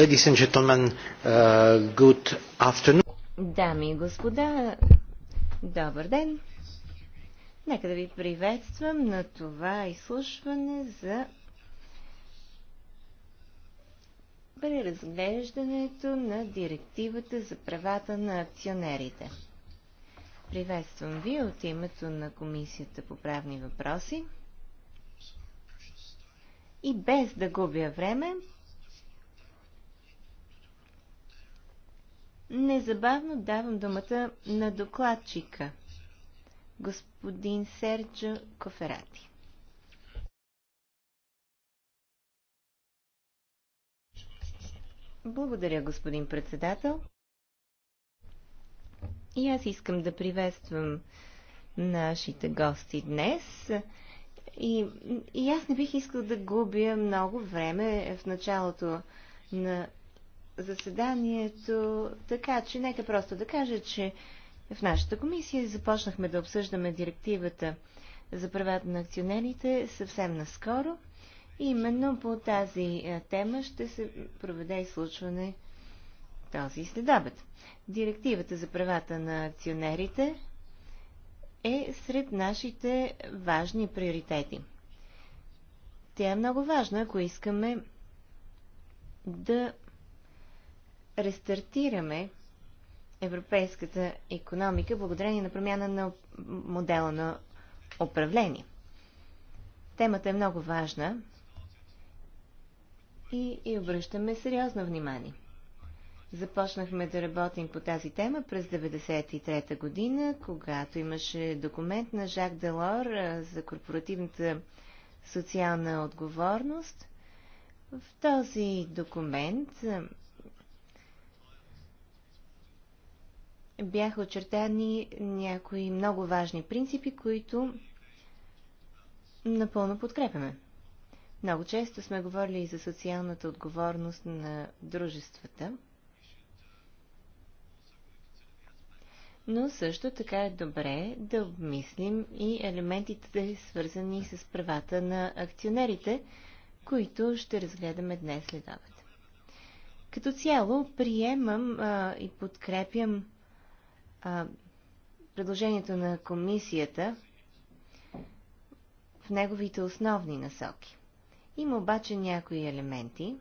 Ladies and gentlemen, uh, good afternoon. Дами и господа, добър ден. Нека да ви приветствам на това изслушване за преразглеждането на директивата за правата на акционерите. Приветствам ви от името на Комисията по правни въпроси. И без да губя време, Незабавно давам думата на докладчика, господин Серджо Коферати. Благодаря, господин председател. И аз искам да приветствам нашите гости днес. И, и аз не бих искал да губя много време в началото на заседанието, така че нека просто да кажа, че в нашата комисия започнахме да обсъждаме директивата за правата на акционерите съвсем наскоро. Именно по тази е, тема ще се проведе изслушване този следобед. Директивата за правата на акционерите е сред нашите важни приоритети. Тя е много важна, ако искаме да рестартираме европейската економика благодарение на промяна на модела на управление. Темата е много важна и, и обръщаме сериозно внимание. Започнахме да работим по тази тема през 1993 година, когато имаше документ на Жак Делор за корпоративната социална отговорност. В този документ бяха очертани някои много важни принципи, които напълно подкрепяме. Много често сме говорили и за социалната отговорност на дружествата, но също така е добре да обмислим и елементите, свързани с правата на акционерите, които ще разгледаме днес след обед. Като цяло приемам а, и подкрепям а, предложението на комисията в неговите основни насоки. Има обаче някои елементи,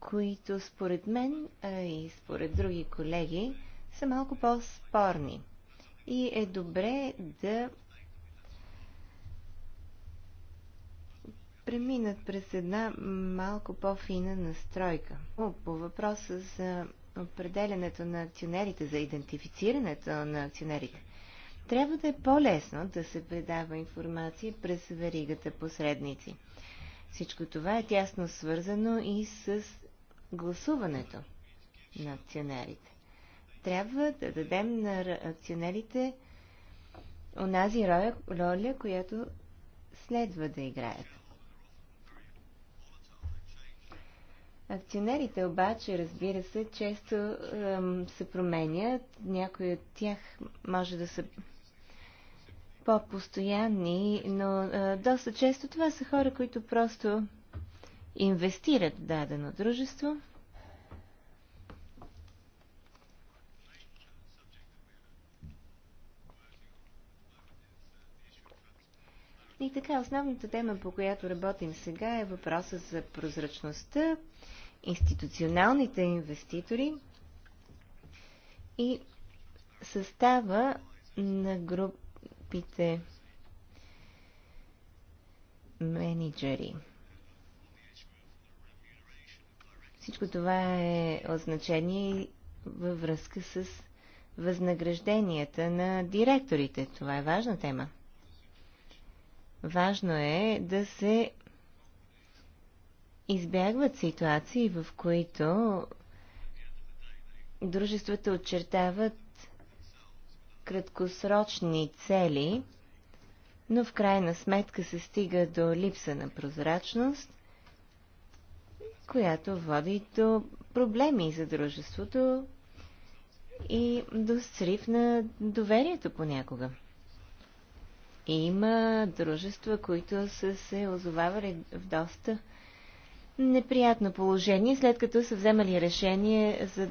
които според мен а и според други колеги са малко по-спорни. И е добре да преминат през една малко по-фина настройка. По въпроса за определенето на акционерите, за идентифицирането на акционерите. Трябва да е по-лесно да се предава информация през веригата посредници. Всичко това е тясно свързано и с гласуването на акционерите. Трябва да дадем на акционерите онази роля, която следва да играят. Акционерите обаче, разбира се, често ем, се променят. Някои от тях може да са по-постоянни, но е, доста често това са хора, които просто инвестират в дадено дружество – И така, основната тема, по която работим сега е въпроса за прозрачността, институционалните инвеститори и състава на групите менеджери. Всичко това е означение във връзка с възнагражденията на директорите. Това е важна тема. Важно е да се избягват ситуации, в които дружествата очертават краткосрочни цели, но в крайна сметка се стига до липса на прозрачност, която води до проблеми за дружеството и до срив на доверието понякога. Има дружества, които са се озовавали в доста неприятно положение, след като са вземали решение за е,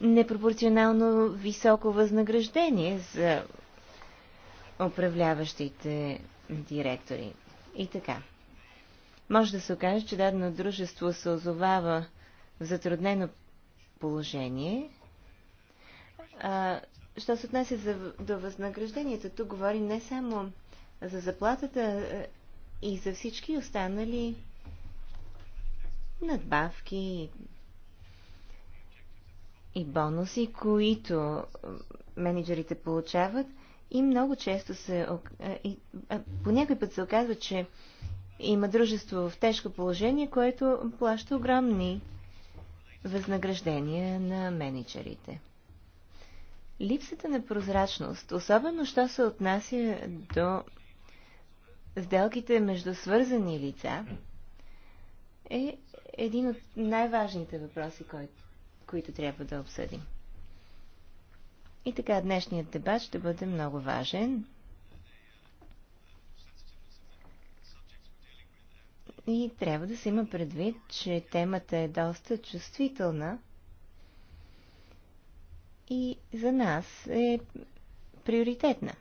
непропорционално високо възнаграждение за управляващите директори. И така. Може да се окаже, че дадено дружество се озовава в затруднено положение, а, Що се отнася за, до възнаграждението, тук говори не само за заплатата и за всички останали надбавки и бонуси, които менеджерите получават и много често се... И, по някой път се оказва, че има дружество в тежко положение, което плаща огромни възнаграждения на менеджерите. Липсата на прозрачност, особено що се отнася до сделките между свързани лица, е един от най-важните въпроси, кой, които трябва да обсъдим. И така, днешният дебат ще бъде много важен. И трябва да се има предвид, че темата е доста чувствителна и за нас е приоритетна.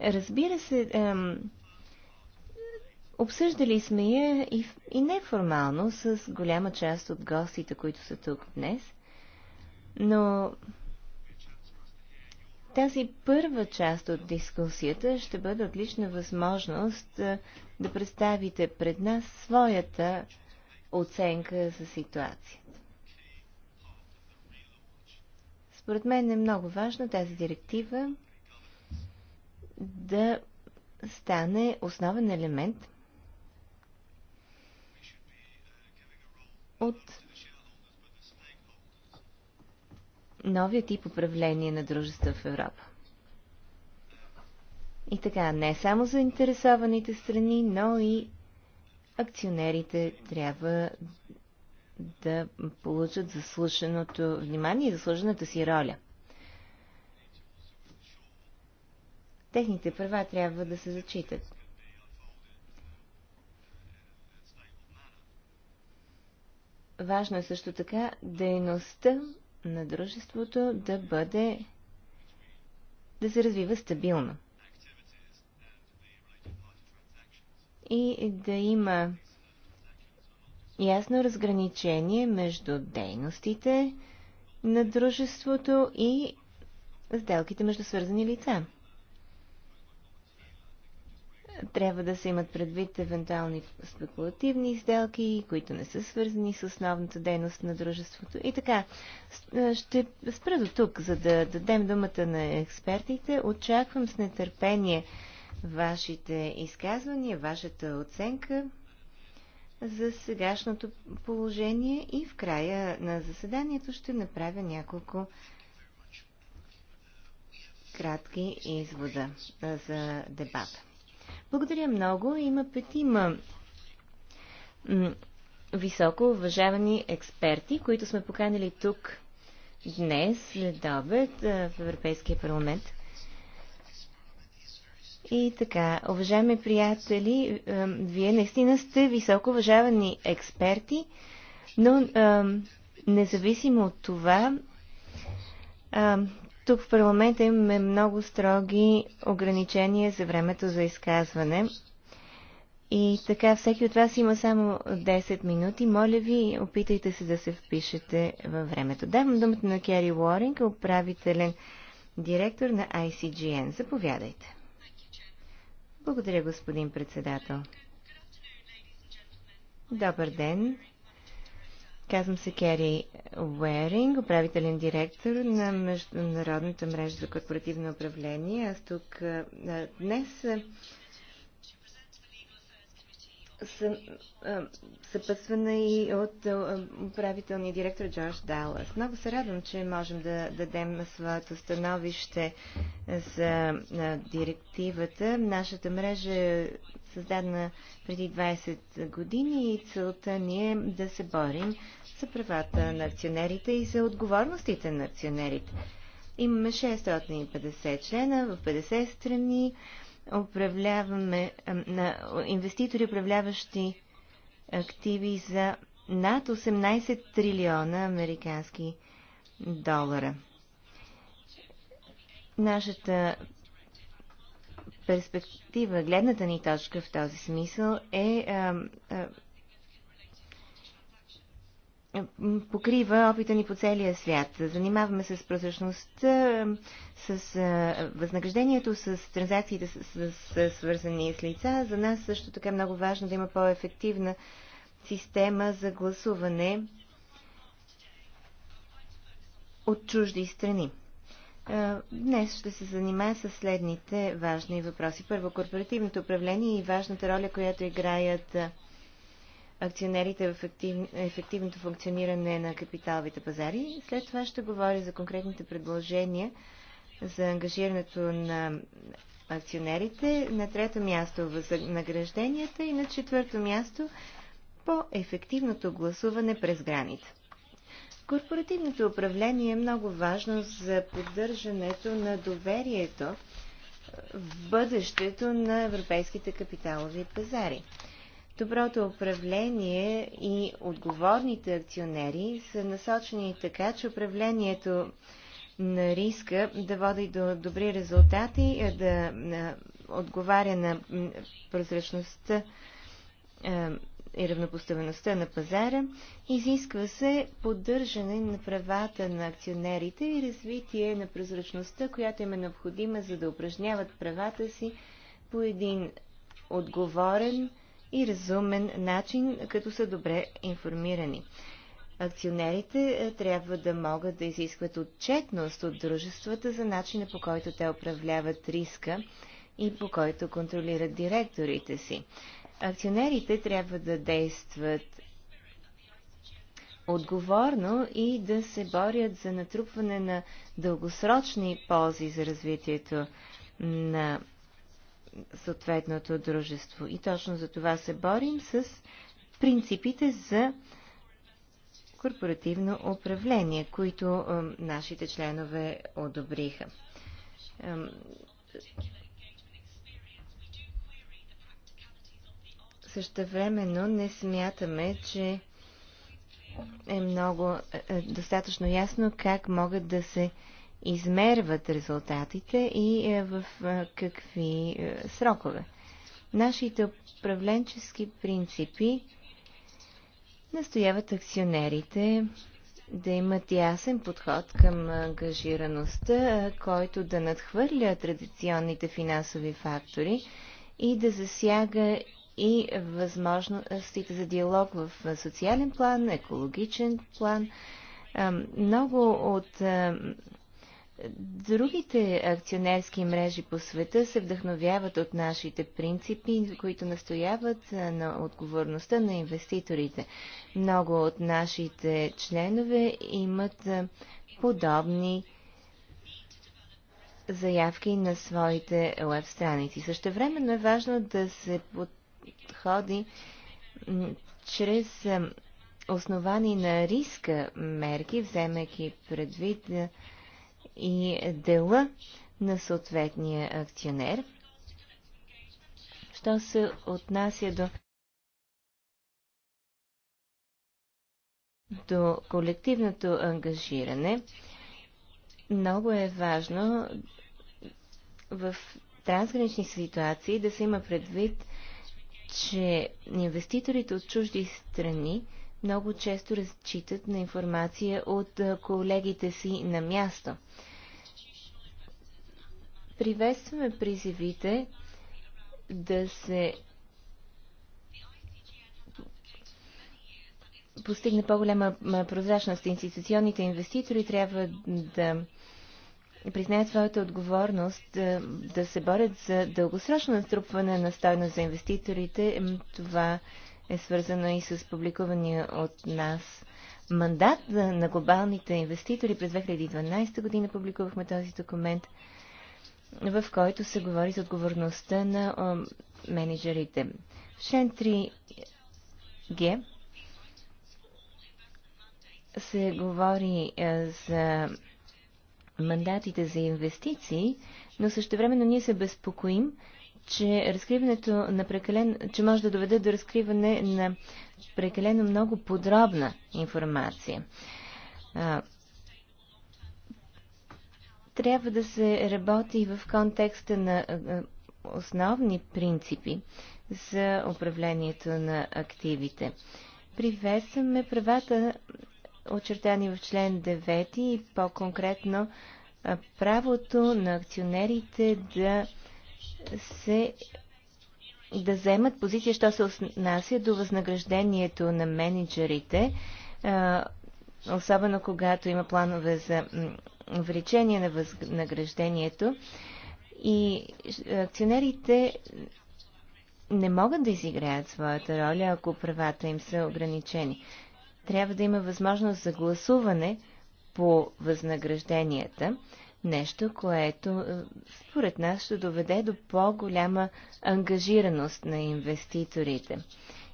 Разбира се, ем, обсъждали сме я и, и неформално с голяма част от гостите, които са тук днес, но тази първа част от дискусията ще бъде отлична възможност да представите пред нас своята оценка за ситуацията. Според мен е много важно тази директива да стане основен елемент от новия тип управление на дружества в Европа. И така, не само заинтересованите страни, но и акционерите трябва да получат заслушаното внимание и заслужената си роля. Техните права трябва да се зачитат. Важно е също така дейността на дружеството да бъде да се развива стабилно. И да има ясно разграничение между дейностите на дружеството и сделките между свързани лица трябва да се имат предвид евентуални спекулативни изделки, които не са свързани с основната дейност на дружеството. И така, ще спра до тук, за да дадем думата на експертите. Очаквам с нетърпение вашите изказвания, вашата оценка за сегашното положение и в края на заседанието ще направя няколко кратки извода за дебата. Благодаря много. Има петима високо уважавани експерти, които сме поканили тук днес, след обед, в Европейския парламент. И така, уважаеми приятели, вие наистина сте високо уважавани експерти, но независимо от това, тук в парламента имаме много строги ограничения за времето за изказване. И така, всеки от вас има само 10 минути. Моля ви, опитайте се да се впишете във времето. Давам думата на Кери Уоринг, управителен директор на ICGN. Заповядайте. Благодаря, господин председател. Добър ден, Казвам се Кери Уеринг, управителен директор на Международната мрежа за корпоративно управление. Аз тук днес съм съпътствана и от управителния директор Джордж Далас. Много се радвам, че можем да дадем своето становище за директивата. Нашата мрежа е създадена преди 20 години и целта ни е да се борим за правата на акционерите и за отговорностите на акционерите. Имаме 650 члена в 50 страни, управляваме на инвеститори, управляващи активи за над 18 трилиона американски долара. Нашата перспектива, гледната ни точка в този смисъл е а, а, покрива опита ни по целия свят. Занимаваме се с прозрачността, с възнаграждението, с транзакциите, с, с, с свързани с лица. За нас също така е много важно да има по-ефективна система за гласуване от чужди страни. Днес ще се занимая с следните важни въпроси. Първо, корпоративното управление и важната роля, която играят акционерите в ефектив... ефективното функциониране на капиталовите пазари. След това ще говоря за конкретните предложения за ангажирането на акционерите, на трето място е възнагражденията и на четвърто място по-ефективното гласуване през граница. Корпоративното управление е много важно за поддържането на доверието в бъдещето на европейските капиталови пазари. Доброто управление и отговорните акционери са насочени така, че управлението на риска да води до добри резултати, да отговаря на прозрачността и равнопоставеността на пазара, изисква се поддържане на правата на акционерите и развитие на прозрачността, която им е необходима, за да упражняват правата си по един отговорен, и разумен начин, като са добре информирани. Акционерите е, трябва да могат да изискват отчетност от дружествата за начина по който те управляват риска и по който контролират директорите си. Акционерите трябва да действат отговорно и да се борят за натрупване на дългосрочни ползи за развитието на съответното дружество. И точно за това се борим с принципите за корпоративно управление, които е, нашите членове одобриха. А, е, същевременно не смятаме, че е много е, е достатъчно ясно как могат да се измерват резултатите и е, в е, какви е, срокове. Нашите управленчески принципи настояват акционерите да имат ясен подход към ангажираността, който да надхвърля традиционните финансови фактори и да засяга и възможностите за диалог в социален план, екологичен план. Много от Другите акционерски мрежи по света се вдъхновяват от нашите принципи, които настояват на отговорността на инвеститорите. Много от нашите членове имат подобни заявки на своите веб страници. Също времено е важно да се подходи чрез основани на риска мерки, вземайки предвид и дела на съответния акционер. Що се отнася до до колективното ангажиране, много е важно в трансгранични ситуации да се има предвид, че инвеститорите от чужди страни много често разчитат на информация от колегите си на място. Приветстваме призивите да се постигне по-голяма прозрачност. Институционните инвеститори трябва да признаят своята отговорност да, се борят за дългосрочно натрупване на стойност за инвеститорите. Това е е свързано и с публикувания от нас мандат на глобалните инвеститори. През 2012 година публикувахме този документ, в който се говори за отговорността на менеджерите. менеджерите. Член 3G се говори за мандатите за инвестиции, но също времено ние се безпокоим, че разкриването на прекалено, че може да доведе до разкриване на прекалено много подробна информация. трябва да се работи в контекста на основни принципи за управлението на активите. Привесваме правата, очертани в член 9 и по-конкретно правото на акционерите да се да вземат позиция, що се отнася до възнаграждението на менеджерите, особено когато има планове за увеличение на възнаграждението. И акционерите не могат да изиграят своята роля, ако правата им са ограничени. Трябва да има възможност за гласуване по възнагражденията Нещо, което е, според нас ще доведе до по-голяма ангажираност на инвеститорите.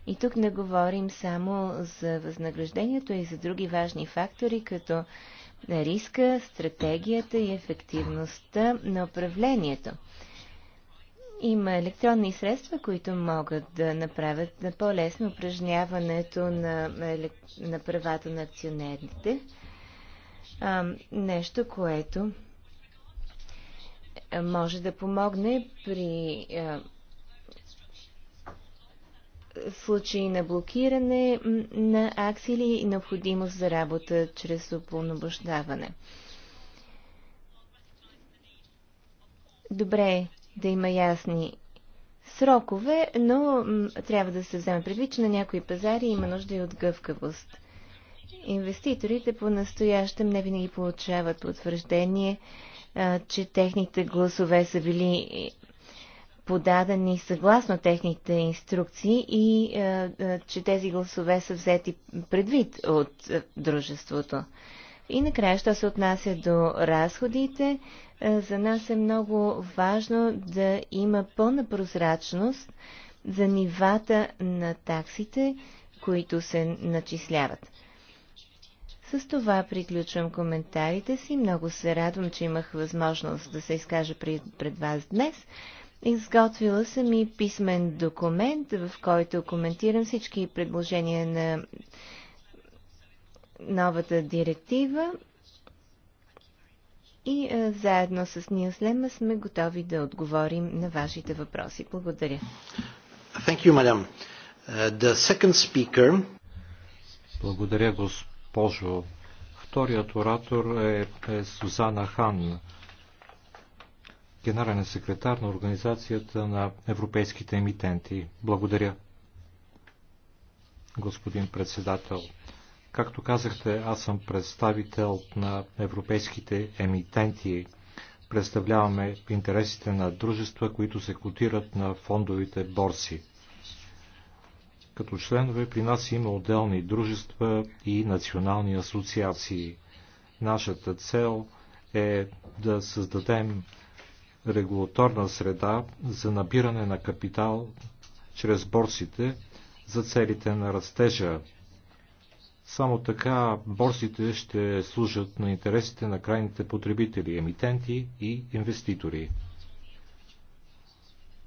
И тук не говорим само за възнаграждението и за други важни фактори, като риска, стратегията и ефективността на управлението. Има електронни средства, които могат да направят на по-лесно упражняването на, на правата на акционерите. А, нещо, което може да помогне при е, случаи на блокиране на акции или необходимост за работа чрез опълнобождаване. Добре е да има ясни срокове, но трябва да се вземе предвид, че на някои пазари има нужда и от гъвкавост. Инвеститорите по-настоящем не винаги получават потвърждение че техните гласове са били подадени съгласно техните инструкции и че тези гласове са взети предвид от дружеството. И накрая, що се отнася до разходите, за нас е много важно да има пълна прозрачност за нивата на таксите, които се начисляват. С това приключвам коментарите си. Много се радвам, че имах възможност да се изкажа пред вас днес. Изготвила съм и писмен документ, в който коментирам всички предложения на новата директива и а, заедно с Нил Слема сме готови да отговорим на вашите въпроси. Благодаря. Thank you, madam. Uh, the second speaker... Благодаря, господин. Божо. Вторият оратор е, е Сузана Хан, генерален секретар на Организацията на европейските емитенти. Благодаря, господин председател. Както казахте, аз съм представител на европейските емитенти. Представляваме интересите на дружества, които се котират на фондовите борси. Като членове при нас има отделни дружества и национални асоциации. Нашата цел е да създадем регулаторна среда за набиране на капитал чрез борсите за целите на растежа. Само така борсите ще служат на интересите на крайните потребители, емитенти и инвеститори.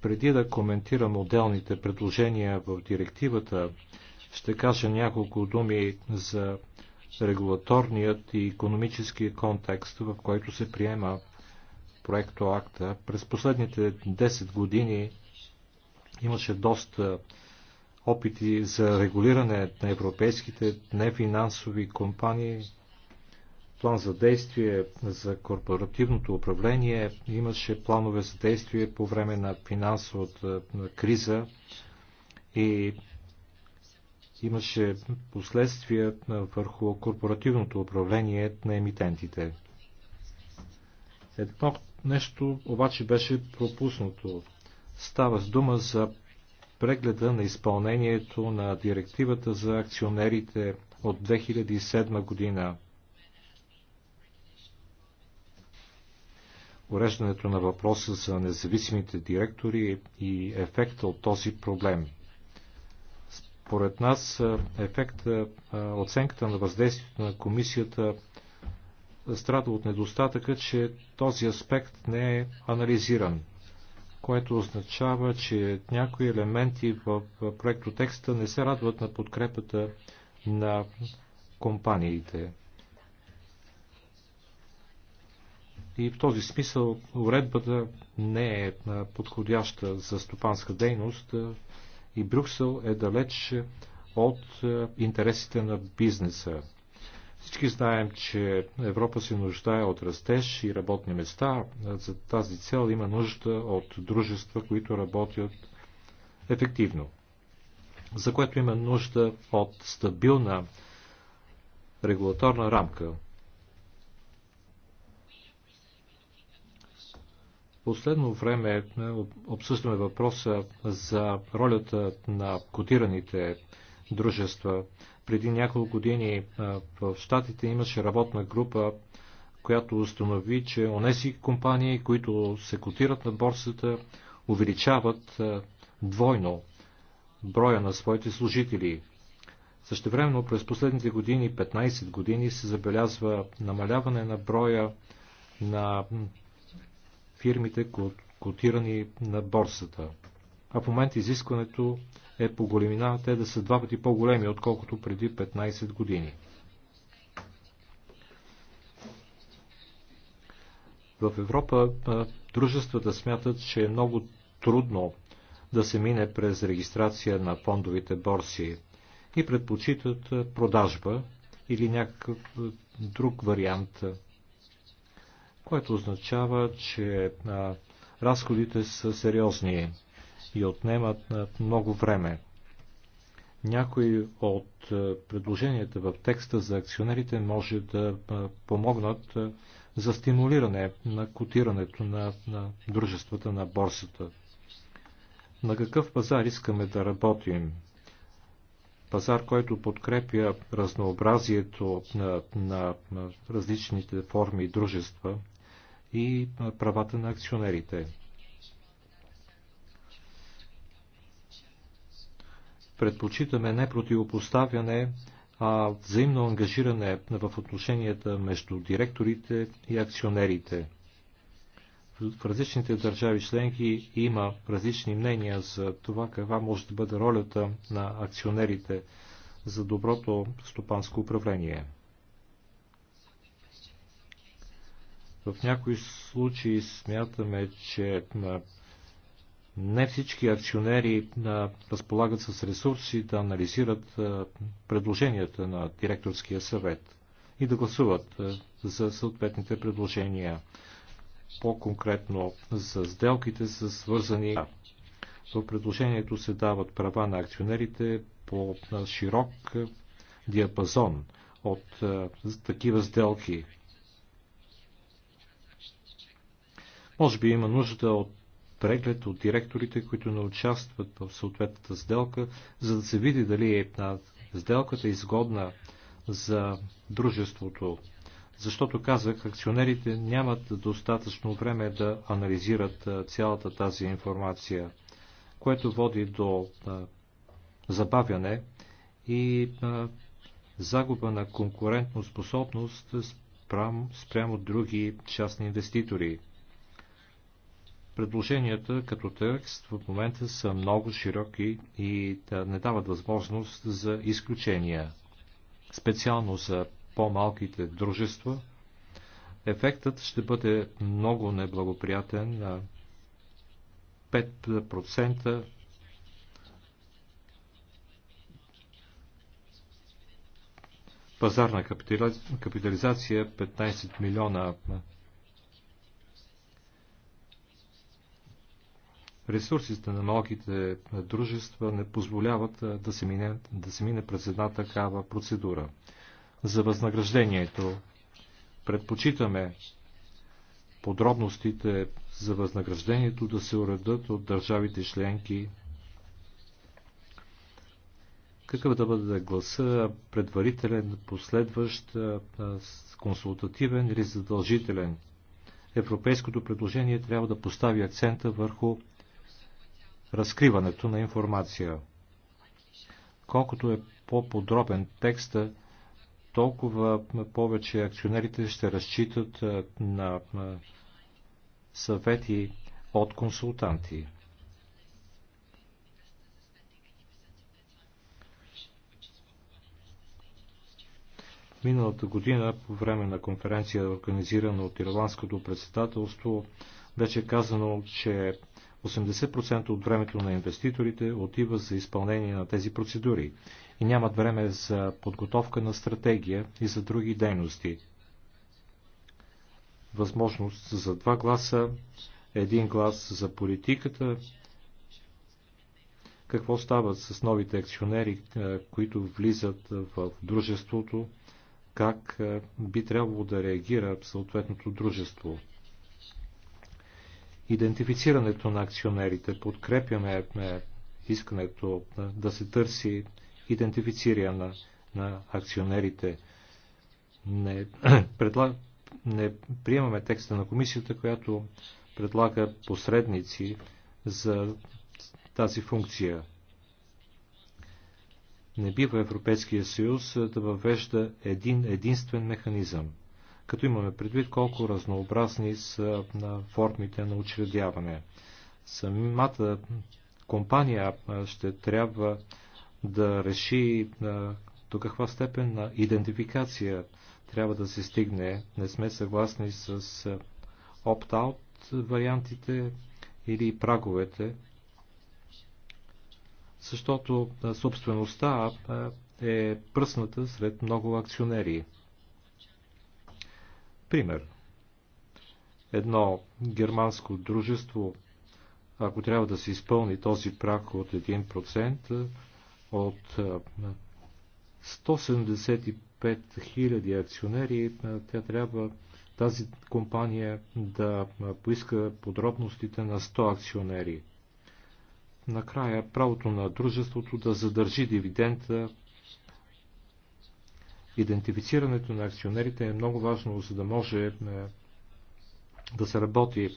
Преди да коментирам отделните предложения в директивата, ще кажа няколко думи за регулаторният и економически контекст, в който се приема проектоакта. През последните 10 години имаше доста опити за регулиране на европейските нефинансови компании план за действие за корпоративното управление, имаше планове за действие по време на финансовата криза и имаше последствия върху корпоративното управление на емитентите. Едно нещо обаче беше пропуснато. Става с дума за прегледа на изпълнението на директивата за акционерите от 2007 година. уреждането на въпроса за независимите директори и ефекта от този проблем. Според нас ефекта, оценката на въздействието на комисията страда от недостатъка, че този аспект не е анализиран, което означава, че някои елементи в проектотекста не се радват на подкрепата на компаниите. И в този смисъл уредбата не е подходяща за стопанска дейност и Брюксел е далеч от интересите на бизнеса. Всички знаем, че Европа се нуждае от растеж и работни места. За тази цел има нужда от дружества, които работят ефективно, за което има нужда от стабилна регулаторна рамка, последно време обсъждаме въпроса за ролята на котираните дружества. Преди няколко години в Штатите имаше работна група, която установи, че онези компании, които се котират на борсата, увеличават двойно броя на своите служители. Същевременно през последните години, 15 години, се забелязва намаляване на броя на фирмите, котирани на борсата. А в момент изискването е по големина те да са два пъти по-големи, отколкото преди 15 години. В Европа дружествата смятат, че е много трудно да се мине през регистрация на фондовите борси и предпочитат продажба или някакъв друг вариант което означава, че а, разходите са сериозни и отнемат а, много време. Някои от а, предложенията в текста за акционерите може да а, помогнат а, за стимулиране на котирането на, на дружествата на борсата. На какъв пазар искаме да работим? пазар, който подкрепя разнообразието на, на, на различните форми и дружества и правата на акционерите. Предпочитаме не противопоставяне, а взаимно ангажиране в отношенията между директорите и акционерите. В различните държави членки има различни мнения за това каква може да бъде ролята на акционерите за доброто стопанско управление. В някои случаи смятаме, че не всички акционери разполагат с ресурси да анализират предложенията на директорския съвет и да гласуват за съответните предложения. По-конкретно за сделките са свързани. В предложението се дават права на акционерите по широк диапазон от такива сделки Може би има нужда от преглед от директорите, които не участват в съответната сделка, за да се види дали е на сделката изгодна за дружеството. Защото казах, акционерите нямат достатъчно време да анализират цялата тази информация, което води до забавяне и загуба на конкурентно способност спрямо други частни инвеститори. Предложенията като текст в момента са много широки и да не дават възможност за изключения. Специално за по-малките дружества, ефектът ще бъде много неблагоприятен на 5% пазарна капитализация 15 милиона ресурсите на малките дружества не позволяват да се мине, да се мине през една такава процедура. За възнаграждението предпочитаме подробностите за възнаграждението да се уредат от държавите членки. Какъв да бъде гласа? Предварителен, последващ, консултативен или задължителен? Европейското предложение трябва да постави акцента върху разкриването на информация. Колкото е по-подробен текста, толкова повече акционерите ще разчитат на съвети от консултанти. Миналата година, по време на конференция, организирана от Ирландското председателство, беше казано, че 80% от времето на инвеститорите отива за изпълнение на тези процедури и нямат време за подготовка на стратегия и за други дейности. Възможност за два гласа, един глас за политиката. Какво става с новите акционери, които влизат в дружеството? Как би трябвало да реагира съответното дружество? идентифицирането на акционерите. Подкрепяме искането да се търси идентифициране на, на акционерите. Не, предла, не приемаме текста на комисията, която предлага посредници за тази функция. Не бива Европейския съюз да въвежда един единствен механизъм като имаме предвид колко разнообразни са на формите на учредяване. Самата компания ще трябва да реши до каква степен на идентификация трябва да се стигне. Не сме съгласни с опт-аут вариантите или праговете, защото собствеността е пръсната сред много акционери. Пример. Едно германско дружество, ако трябва да се изпълни този прак от 1% от 175 000 акционери, тя трябва тази компания да поиска подробностите на 100 акционери. Накрая правото на дружеството да задържи дивидента Идентифицирането на акционерите е много важно, за да може е, да се работи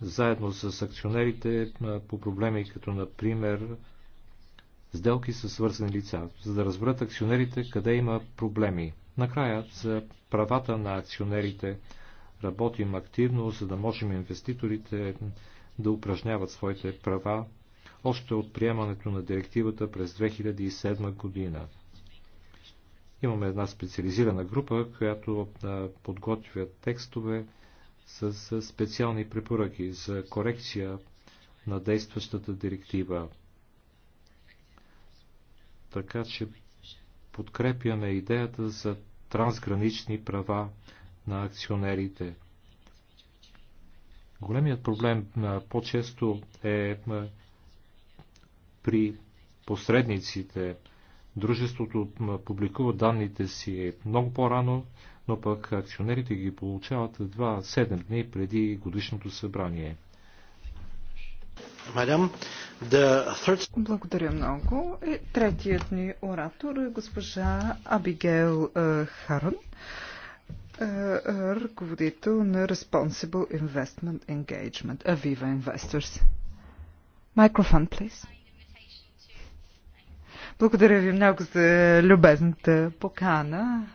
заедно с акционерите е, по проблеми, като например сделки с свързани лица, за да разберат акционерите къде има проблеми. Накрая, за правата на акционерите работим активно, за да можем инвеститорите да упражняват своите права още от приемането на директивата през 2007 година. Имаме една специализирана група, която подготвя текстове с специални препоръки за корекция на действащата директива. Така че подкрепяме идеята за трансгранични права на акционерите. Големият проблем по-често е при посредниците, Дружеството публикува данните си е много по-рано, но пък акционерите ги получават 2-7 дни преди годишното събрание. Благодаря много. И е, третият ни оратор е госпожа Абигейл е, Харон, ръководител на Responsible Investment Engagement, Aviva Investors. Microphone, please. Благодаря ви много за любезната покана.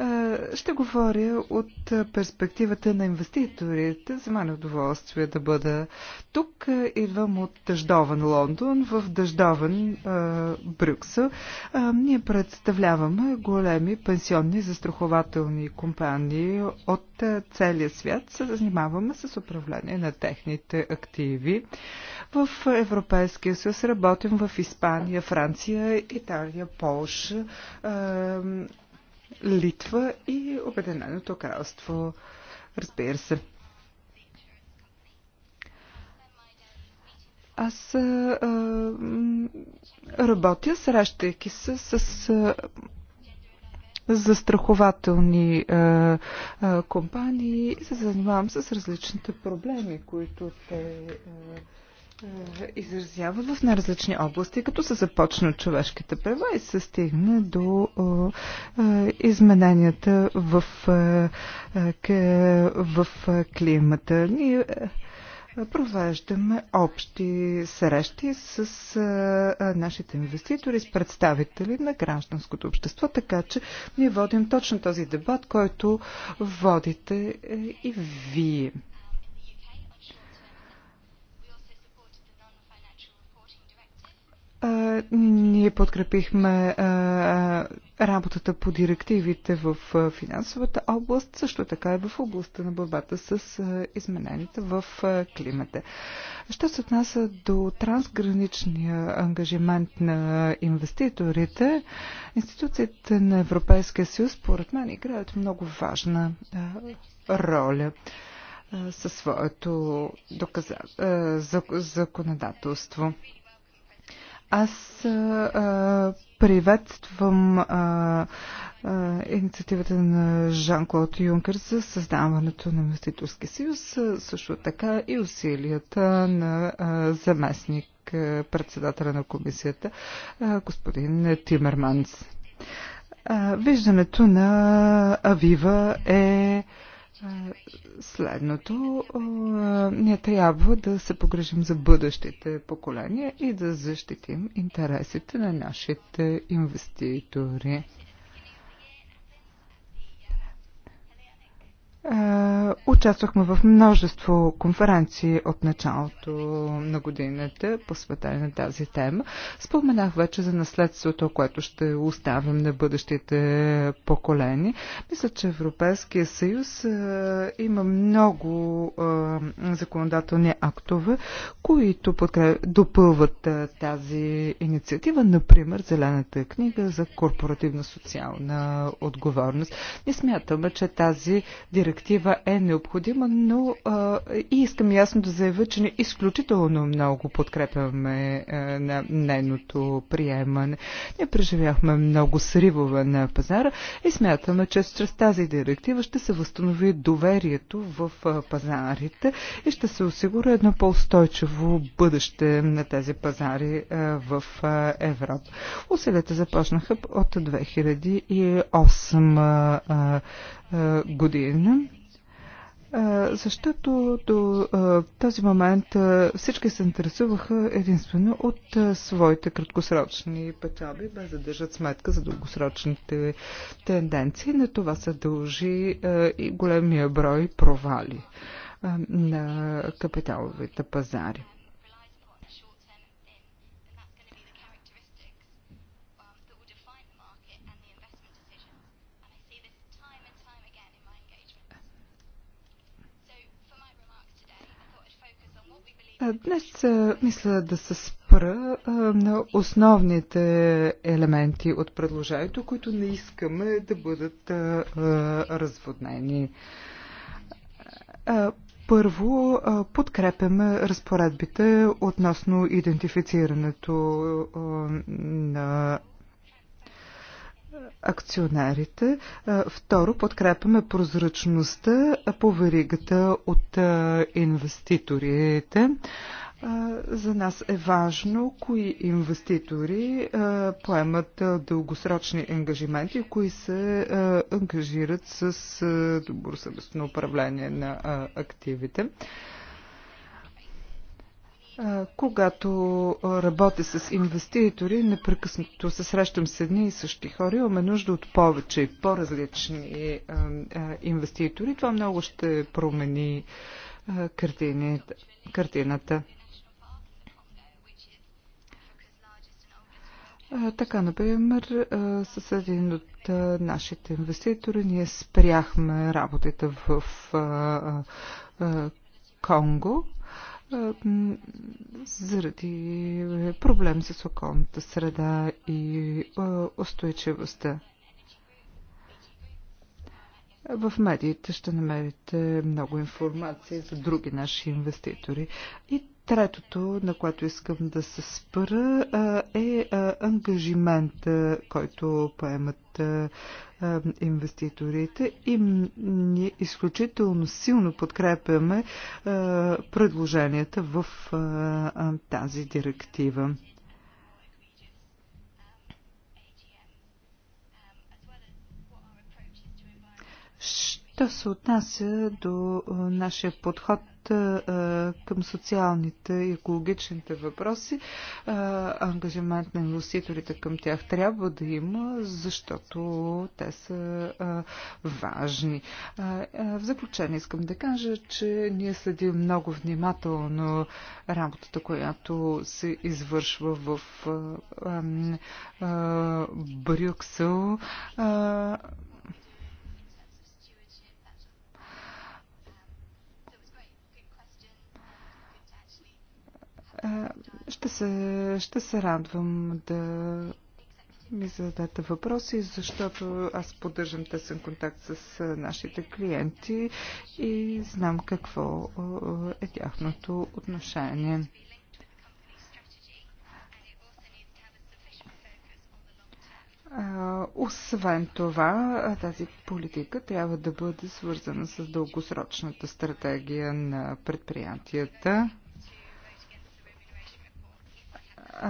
Е, ще говоря от перспективата на инвеститорите. За мен е удоволствие да бъда тук. Идвам от дъждовен Лондон в дъждовен е, Брюксел. Е, ние представляваме големи пенсионни застрахователни компании от целия свят. Се занимаваме с управление на техните активи. В Европейския съюз работим в Испания, Франция, Италия, Полша Литва и Обединеното кралство. Разбира се. Аз а, работя, срещайки се с а, застрахователни а, а, компании и се занимавам с различните проблеми, които те а, е, изразява в най-различни области, като се започна от човешките права и се стигне до измененията в, в климата. Ние провеждаме общи срещи с нашите инвеститори, с представители на гражданското общество, така че ние водим точно този дебат, който водите е, и вие. А, ние подкрепихме а, работата по директивите в финансовата област, също така и в областта на борбата с измененията в климата. Що се отнася до трансграничния ангажимент на инвеститорите, институциите на Европейския съюз, според мен, играят много важна роля със своето законодателство. Аз а, приветствам а, а, инициативата на Жан-Клод Юнкер за създаването на Мститурски съюз, също така и усилията на а, заместник а, председателя на комисията, а, господин Тимерманс. А, виждането на Авива е а, следното. Ние трябва да се погрежим за бъдещите поколения и да защитим интересите на нашите инвеститори. Участвахме в множество конференции от началото на годината, посветени на тази тема. Споменах вече за наследството, което ще оставим на бъдещите поколени. Мисля, че Европейския съюз има много законодателни актове, които допълват тази инициатива, например Зелената книга за корпоративна социална отговорност. Не смятаме, че тази директива перспектива е необходима, но а, и искам ясно да заявя, че не изключително много подкрепяме а, на нейното приемане. Ние преживяхме много сривове на пазара и смятаме, че чрез тази директива ще се възстанови доверието в пазарите и ще се осигури едно по-устойчиво бъдеще на тези пазари а, в а, Европа. Усилията започнаха от 2008 а, е, година, е, защото до е, този момент всички се интересуваха единствено от своите краткосрочни печалби, без да държат сметка за дългосрочните тенденции. На това се дължи и големия брой провали на капиталовите пазари. Днес мисля да се спра на основните елементи от предложението, които не искаме да бъдат разводнени. Първо, подкрепяме разпоредбите относно идентифицирането на акционерите. Второ, подкрепяме прозрачността по веригата от инвеститорите. За нас е важно кои инвеститори поемат дългосрочни ангажименти, кои се ангажират с добросъвестно управление на активите. Когато работя с инвеститори, непрекъснато се срещам с едни и същи хора. Имаме нужда от повече и по-различни инвеститори. Това много ще промени картината. Така, например, с един от нашите инвеститори ние спряхме работата в Конго заради проблем с околната среда и устойчивостта. В медиите ще намерите много информация за други наши инвеститори. И третото, на което искам да се спра, е ангажимент, който поемат инвеститорите и ние изключително силно подкрепяме предложенията в тази директива. Що се отнася до нашия подход а, към социалните и екологичните въпроси, ангажимент на инвеститорите към тях трябва да има, защото те са важни. В заключение искам да кажа, че ние следим много внимателно работата, която се извършва в Брюксел. Ще се, ще се радвам да ми зададете въпроси, защото аз поддържам тесен контакт с нашите клиенти и знам какво е тяхното отношение. Освен това, тази политика трябва да бъде свързана с дългосрочната стратегия на предприятията. А,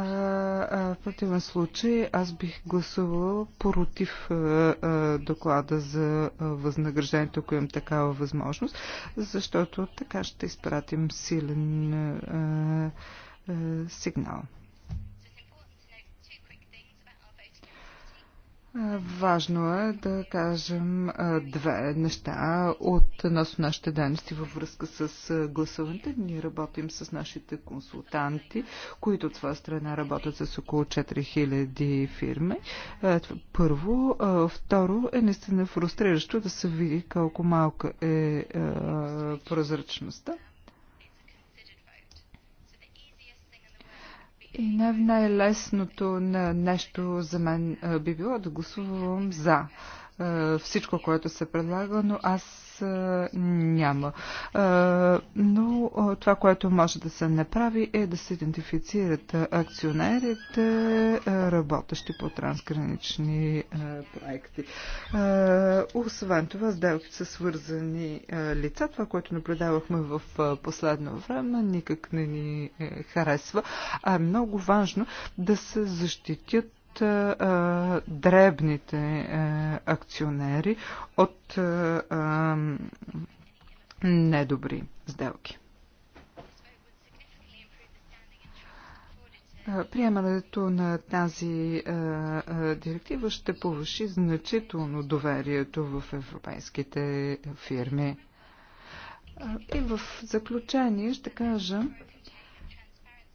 а, в противен случай аз бих гласувала против а, а, доклада за а, възнаграждението, ако имам такава възможност, защото така ще изпратим силен а, а, сигнал. Важно е да кажем две неща от нас нашите дейности във връзка с гласуването. Ние работим с нашите консултанти, които от своя страна работят с около 4000 фирми. Първо. Второ е наистина фрустриращо да се види колко малка е прозрачността. И най-лесното на нещо за мен би било да гласувам за е, всичко, което се предлага, но аз е, няма. Е, но това, което може да се направи е да се идентифицират акционерите, работещи по трансгранични проекти. Освен това, сделките са свързани лица. Това, което наблюдавахме в последно време, никак не ни харесва. А е много важно да се защитят от а, дребните а, акционери, от а, а, недобри сделки. Приемането на тази а, а, директива ще повиши значително доверието в европейските фирми. И в заключение ще кажа,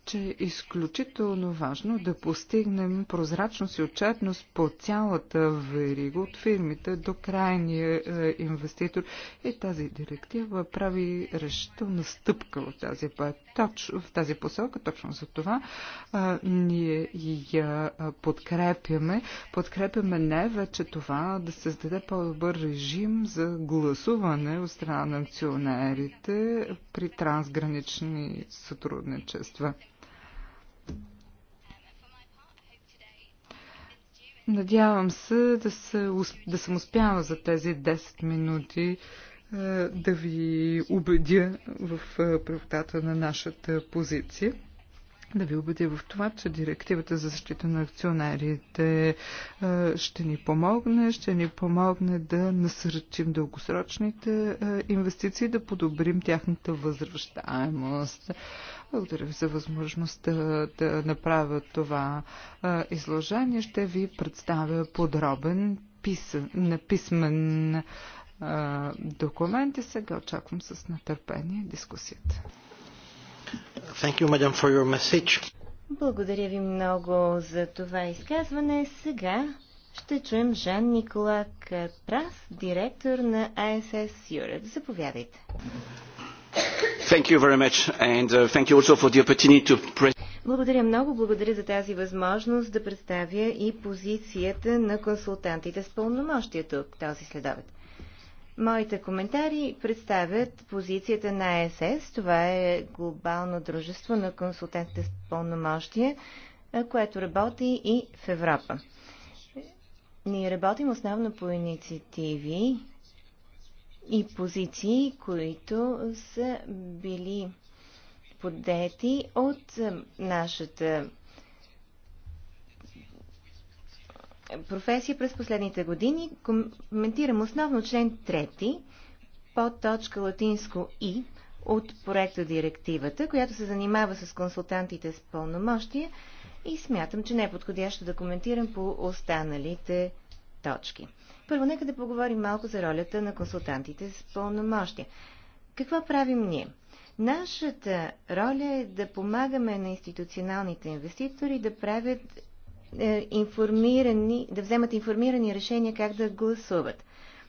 че е изключително важно да постигнем прозрачност и отчетност по цялата верига от фирмите до крайния е, инвеститор. И тази директива прави решителна стъпка в тази, точ, в тази посока. Точно за това е, ние я е, подкрепяме. Подкрепяме не вече това да създаде по-добър режим за гласуване от страна на акционерите при трансгранични сътрудничества. Надявам се да, се, да съм успяла за тези 10 минути е, да ви убедя в е, правотата на нашата позиция да ви убедя в това, че директивата за защита на акционерите ще ни помогне, ще ни помогне да насърчим дългосрочните инвестиции, да подобрим тяхната възвръщаемост. Благодаря ви за възможността да направя това изложение. Ще ви представя подробен писън, писмен документ и сега очаквам с нетърпение дискусията. Thank you, madam, for your message. Благодаря ви много за това изказване. Сега ще чуем Жан Никола Капрас, директор на ISS Europe. Заповядайте. Thank you very much and uh, thank you also for the opportunity to present благодаря много, благодаря за тази възможност да представя и позицията на консултантите с пълномощието този следобед. Моите коментари представят позицията на ЕСС. Това е глобално дружество на консултантите с пълномощие, което работи и в Европа. Ние работим основно по инициативи и позиции, които са били подети от нашата професия през последните години. Коментирам основно член 3 под точка латинско И от проекта директивата, която се занимава с консултантите с пълномощия и смятам, че не е подходящо да коментирам по останалите точки. Първо, нека да поговорим малко за ролята на консултантите с пълномощия. Какво правим ние? Нашата роля е да помагаме на институционалните инвеститори да правят е, информирани, да вземат информирани решения как да гласуват.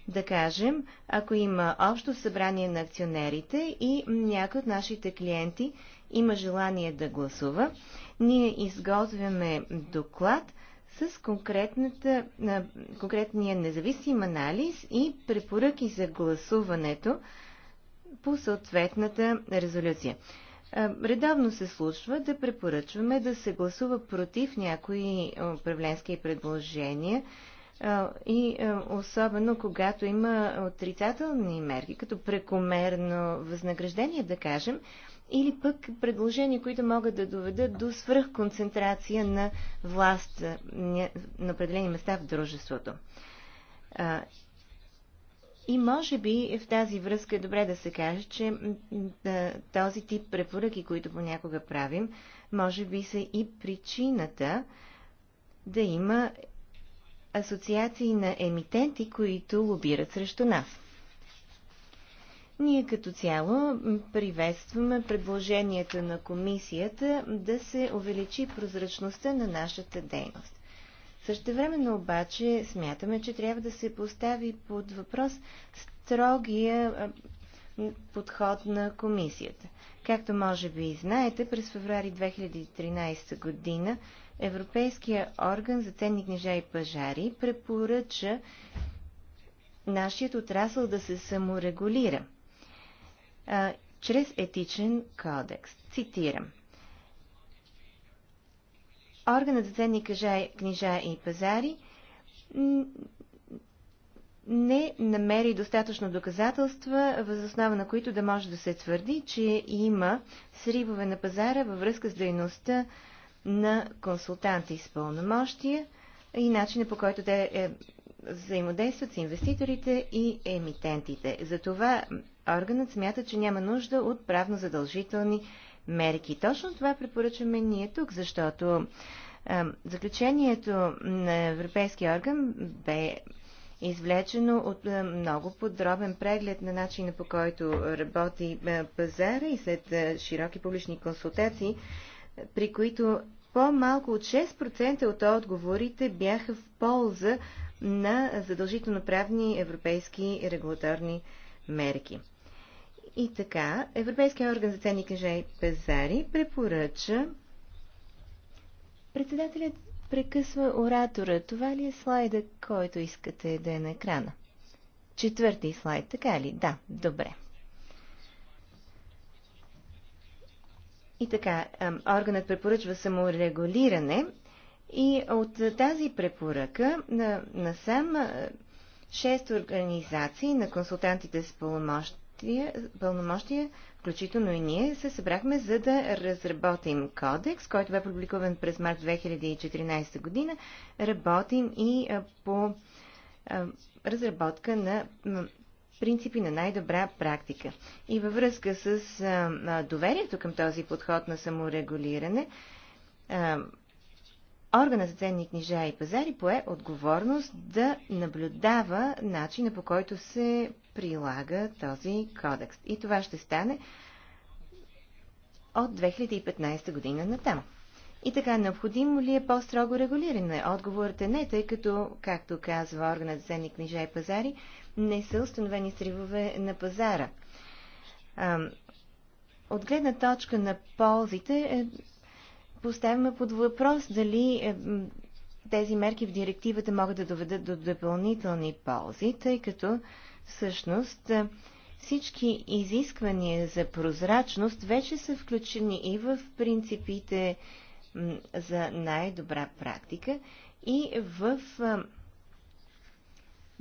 Да кажем, ако има общо събрание на акционерите и някой от нашите клиенти има желание да гласува, ние изготвяме доклад с конкретния независим анализ и препоръки за гласуването по съответната резолюция. Е, Редавно се случва да препоръчваме да се гласува против някои управленски предложения е, и е, особено когато има отрицателни мерки, като прекомерно възнаграждение, да кажем, или пък предложения, които могат да доведат до свръхконцентрация на власт на определени места в дружеството. И може би в тази връзка е добре да се каже, че този тип препоръки, които понякога правим, може би са и причината да има асоциации на емитенти, които лобират срещу нас. Ние като цяло приветстваме предложението на комисията да се увеличи прозрачността на нашата дейност. Същевременно обаче смятаме, че трябва да се постави под въпрос строгия подход на комисията. Както може би и знаете, през феврари 2013 година Европейския орган за ценни книжа и пажари препоръча нашият отрасъл да се саморегулира а, чрез етичен кодекс. Цитирам – органът за ценни книжа, и пазари не намери достатъчно доказателства, възоснова на които да може да се твърди, че има сривове на пазара във връзка с дейността на консултанти и пълномощия и начина по който те е, взаимодействат с инвеститорите и емитентите. Затова органът смята, че няма нужда от правно задължителни мерки. Точно това препоръчваме ние тук, защото а, заключението на Европейския орган бе извлечено от а, много подробен преглед на начина по който работи а, пазара и след а, широки публични консултации, при които по-малко от 6% от отговорите бяха в полза на задължително правни европейски регулаторни мерки. И така, Европейския орган за ценни книжа и пазари препоръча председателят прекъсва оратора. Това ли е слайда, който искате да е на екрана? Четвърти слайд, така ли? Да, добре. И така, органът препоръчва саморегулиране и от тази препоръка на на шест организации на консултантите с полномощ пълномощия, включително и ние, се събрахме за да разработим кодекс, който бе публикуван през март 2014 година. Работим и по разработка на принципи на най-добра практика. И във връзка с доверието към този подход на саморегулиране, органа за ценни книжа и пазари пое отговорност да наблюдава начина по който се прилага този кодекс. И това ще стане от 2015 година натам. И така, необходимо ли е по-строго регулиране? Отговорът е не, тъй като, както казва органът за ценни книжа и пазари, не са установени сривове на пазара. От гледна точка на ползите, е, поставяме под въпрос дали е, тези мерки в директивата могат да доведат до допълнителни ползи, тъй като Всъщност, е, всички изисквания за прозрачност вече са включени и в принципите за най-добра практика и в е,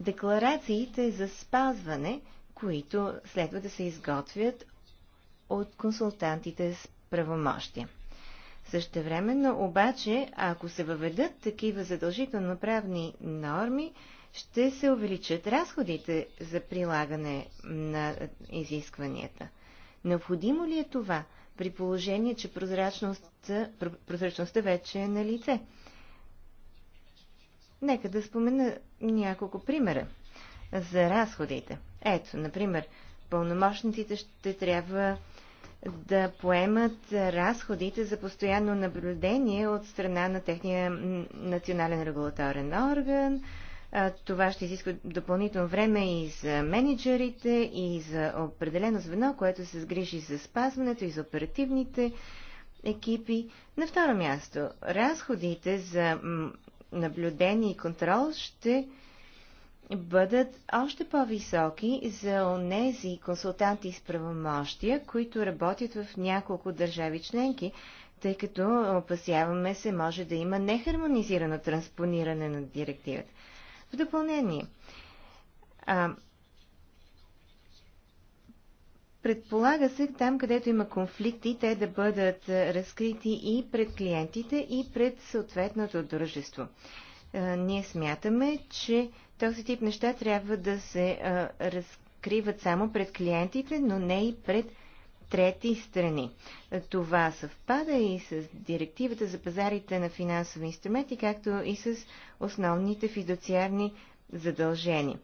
декларациите за спазване, които следва да се изготвят от консултантите с правомощия. Същевременно обаче, ако се въведат такива задължително правни норми, ще се увеличат разходите за прилагане на изискванията. Необходимо ли е това, при положение, че прозрачността, прозрачността вече е на лице? Нека да спомена няколко примера за разходите. Ето, например, пълномощниците ще трябва да поемат разходите за постоянно наблюдение от страна на техния национален регулаторен орган, това ще изисква допълнително време и за менеджерите, и за определено звено, което се сгрижи за спазването, и за оперативните екипи. На второ място, разходите за наблюдение и контрол ще бъдат още по-високи за онези консултанти с правомощия, които работят в няколко държави членки, тъй като опасяваме се може да има нехармонизирано транспониране на директивата. В допълнение, а, предполага се там, където има конфликти, те да бъдат разкрити и пред клиентите, и пред съответното дружество. А, ние смятаме, че този тип неща трябва да се а, разкриват само пред клиентите, но не и пред трети страни. Това съвпада и с директивата за пазарите на финансови инструменти, както и с основните фидуциарни задължения.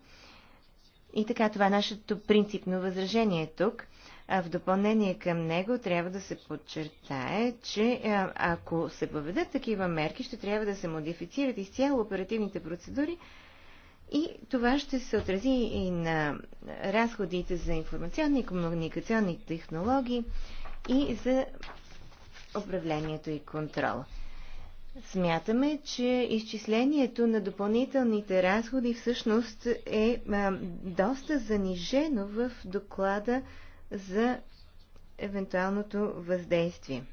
И така, това е нашето принципно възражение тук. А в допълнение към него трябва да се подчертае, че ако се въведат такива мерки, ще трябва да се модифицират изцяло оперативните процедури, и това ще се отрази и на разходите за информационни и комуникационни технологии и за управлението и контрол. Смятаме, че изчислението на допълнителните разходи всъщност е доста занижено в доклада за евентуалното въздействие.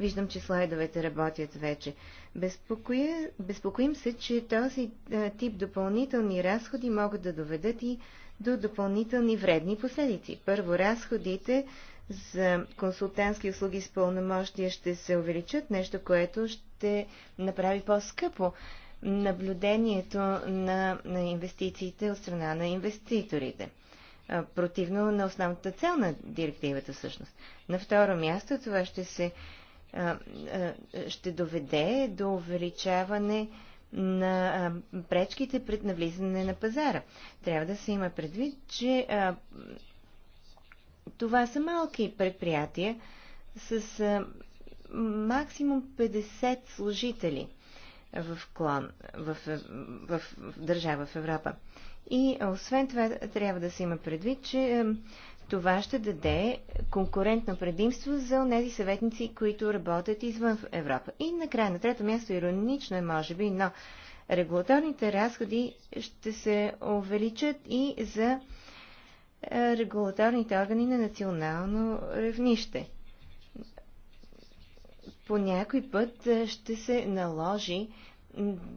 Виждам, че слайдовете работят вече. Безпокоя, безпокоим се, че този е, тип допълнителни разходи могат да доведат и до допълнителни вредни последици. Първо, разходите за консултантски услуги с пълномощия ще се увеличат, нещо, което ще направи по-скъпо наблюдението на, на инвестициите от страна на инвеститорите. Е, противно на основната цел на директивата всъщност. На второ място това ще се ще доведе до увеличаване на пречките пред навлизане на пазара. Трябва да се има предвид, че това са малки предприятия с максимум 50 служители в клон, в, в, в, държава в Европа. И освен това трябва да се има предвид, че това ще даде конкурентно предимство за тези съветници, които работят извън Европа. И накрая, на трето място, иронично е, може би, но регулаторните разходи ще се увеличат и за е, регулаторните органи на национално равнище. По някой път е, ще се наложи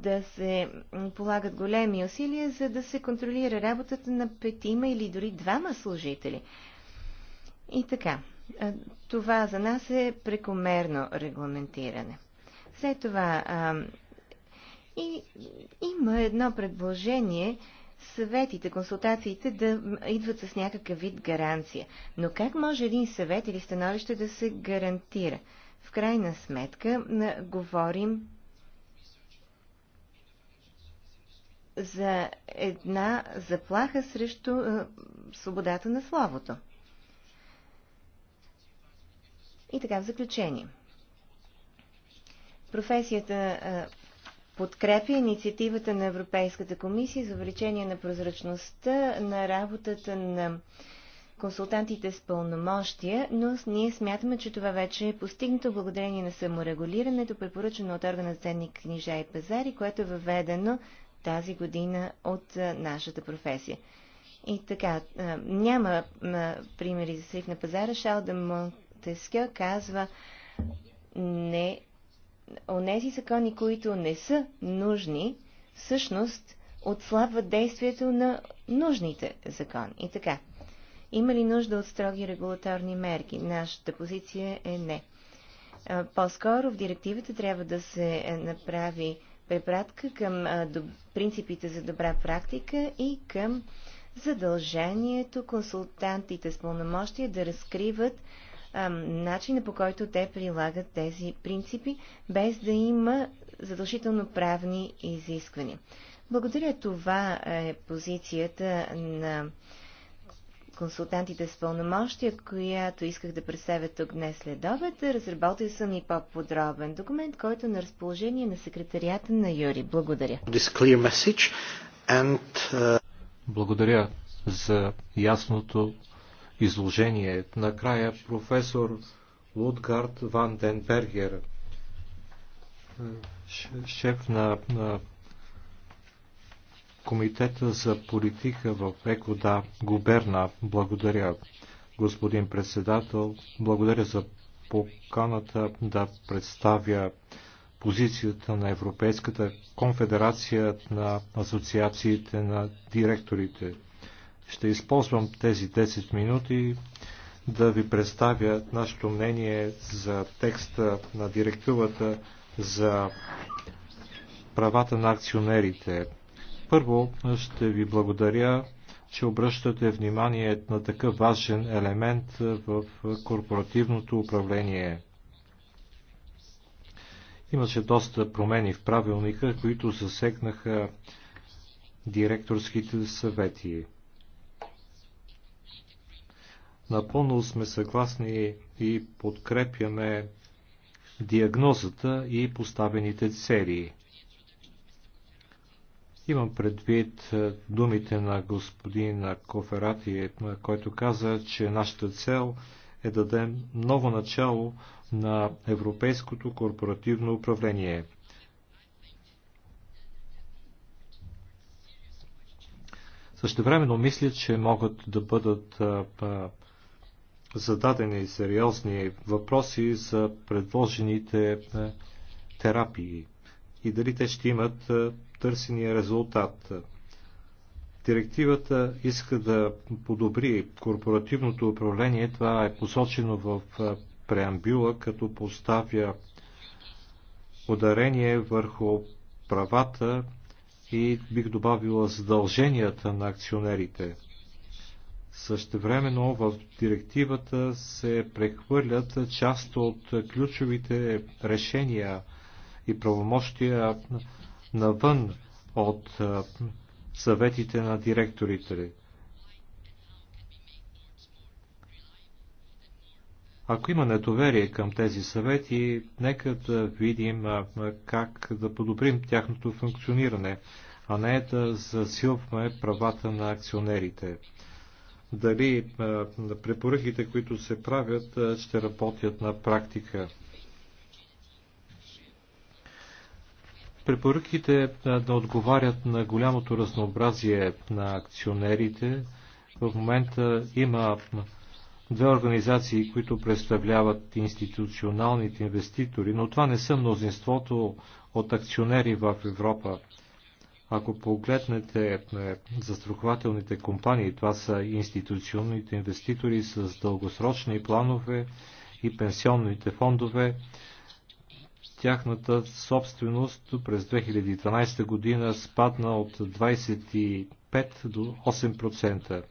да се полагат големи усилия, за да се контролира работата на петима или дори двама служители. И така, това за нас е прекомерно регламентиране. След това а, и, има едно предложение съветите, консултациите да идват с някакъв вид гаранция. Но как може един съвет или становище да се гарантира? В крайна сметка говорим за една заплаха срещу е, свободата на словото. И така в заключение. Професията е, подкрепя инициативата на Европейската комисия за увеличение на прозрачността на работата на консултантите с пълномощия, но ние смятаме, че това вече е постигнато благодарение на саморегулирането, препоръчено от органа за ценни книжа и пазари, което е въведено тази година от нашата професия. И така, няма примери за срив на пазара. Шалда Монтескьо казва, не, онези закони, които не са нужни, всъщност отслабват действието на нужните закони. И така, има ли нужда от строги регулаторни мерки? Нашата позиция е не. По-скоро в директивата трябва да се е, направи препратка към принципите за добра практика и към задължението консултантите с пълномощия да разкриват начина по който те прилагат тези принципи, без да има задължително правни изисквания. Благодаря, това е позицията на консултантите с пълномощия, която исках да представя тук днес след обед. Разработил съм и по-подробен документ, който е на разположение на секретарията на Юри. Благодаря. And, uh... Благодаря за ясното изложение. Накрая професор Лутгард Ван Денбергер, шеф на, на Комитета за политика в Екода Губерна. Благодаря, господин председател. Благодаря за поканата да представя позицията на Европейската конфедерация на асоциациите на директорите. Ще използвам тези 10 минути да ви представя нашето мнение за текста на директивата за правата на акционерите. Първо ще ви благодаря, че обръщате внимание на такъв важен елемент в корпоративното управление. Имаше доста промени в правилника, които засегнаха директорските съвети. Напълно сме съгласни и подкрепяме диагнозата и поставените цели – Имам предвид е, думите на господин Коферати, е, който каза, че нашата цел е да дадем ново начало на европейското корпоративно управление. времено мисля, че могат да бъдат е, зададени сериозни въпроси за предложените терапии и дали те ще имат търсения резултат. Директивата иска да подобри корпоративното управление. Това е посочено в преамбюла, като поставя ударение върху правата и бих добавила задълженията на акционерите. Същевременно в директивата се прехвърлят част от ключовите решения и правомощия навън от съветите на директорите. Ако има недоверие към тези съвети, нека да видим как да подобрим тяхното функциониране, а не да засилваме правата на акционерите. Дали препоръките, които се правят, ще работят на практика. Препоръките да отговарят на голямото разнообразие на акционерите. В момента има две организации, които представляват институционалните инвеститори, но това не са мнозинството от акционери в Европа. Ако погледнете застрахователните компании, това са институционните инвеститори с дългосрочни планове и пенсионните фондове, тяхната собственост през 2012 година спадна от 25 до 8%.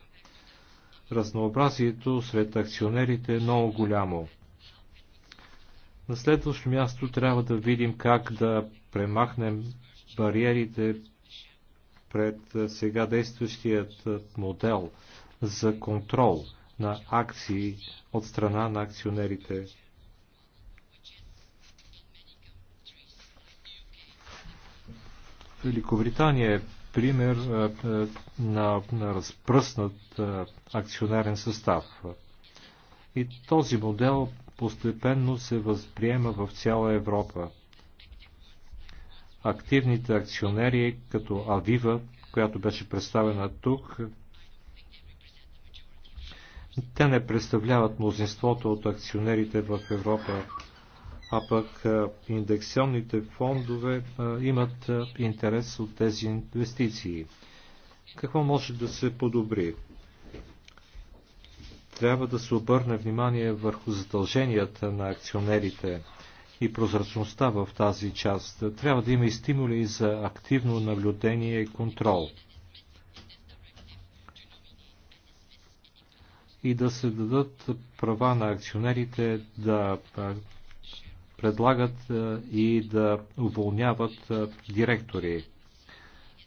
Разнообразието сред акционерите е много голямо. На следващо място трябва да видим как да премахнем бариерите пред сега действащият модел за контрол на акции от страна на акционерите. Великобритания е пример на, на разпръснат акционерен състав. И този модел постепенно се възприема в цяла Европа. Активните акционери, като Авива, която беше представена тук, те не представляват мнозинството от акционерите в Европа а пък индексионните фондове имат интерес от тези инвестиции. Какво може да се подобри? Трябва да се обърне внимание върху задълженията на акционерите и прозрачността в тази част. Трябва да има и стимули за активно наблюдение и контрол. И да се дадат права на акционерите да предлагат и да уволняват директори.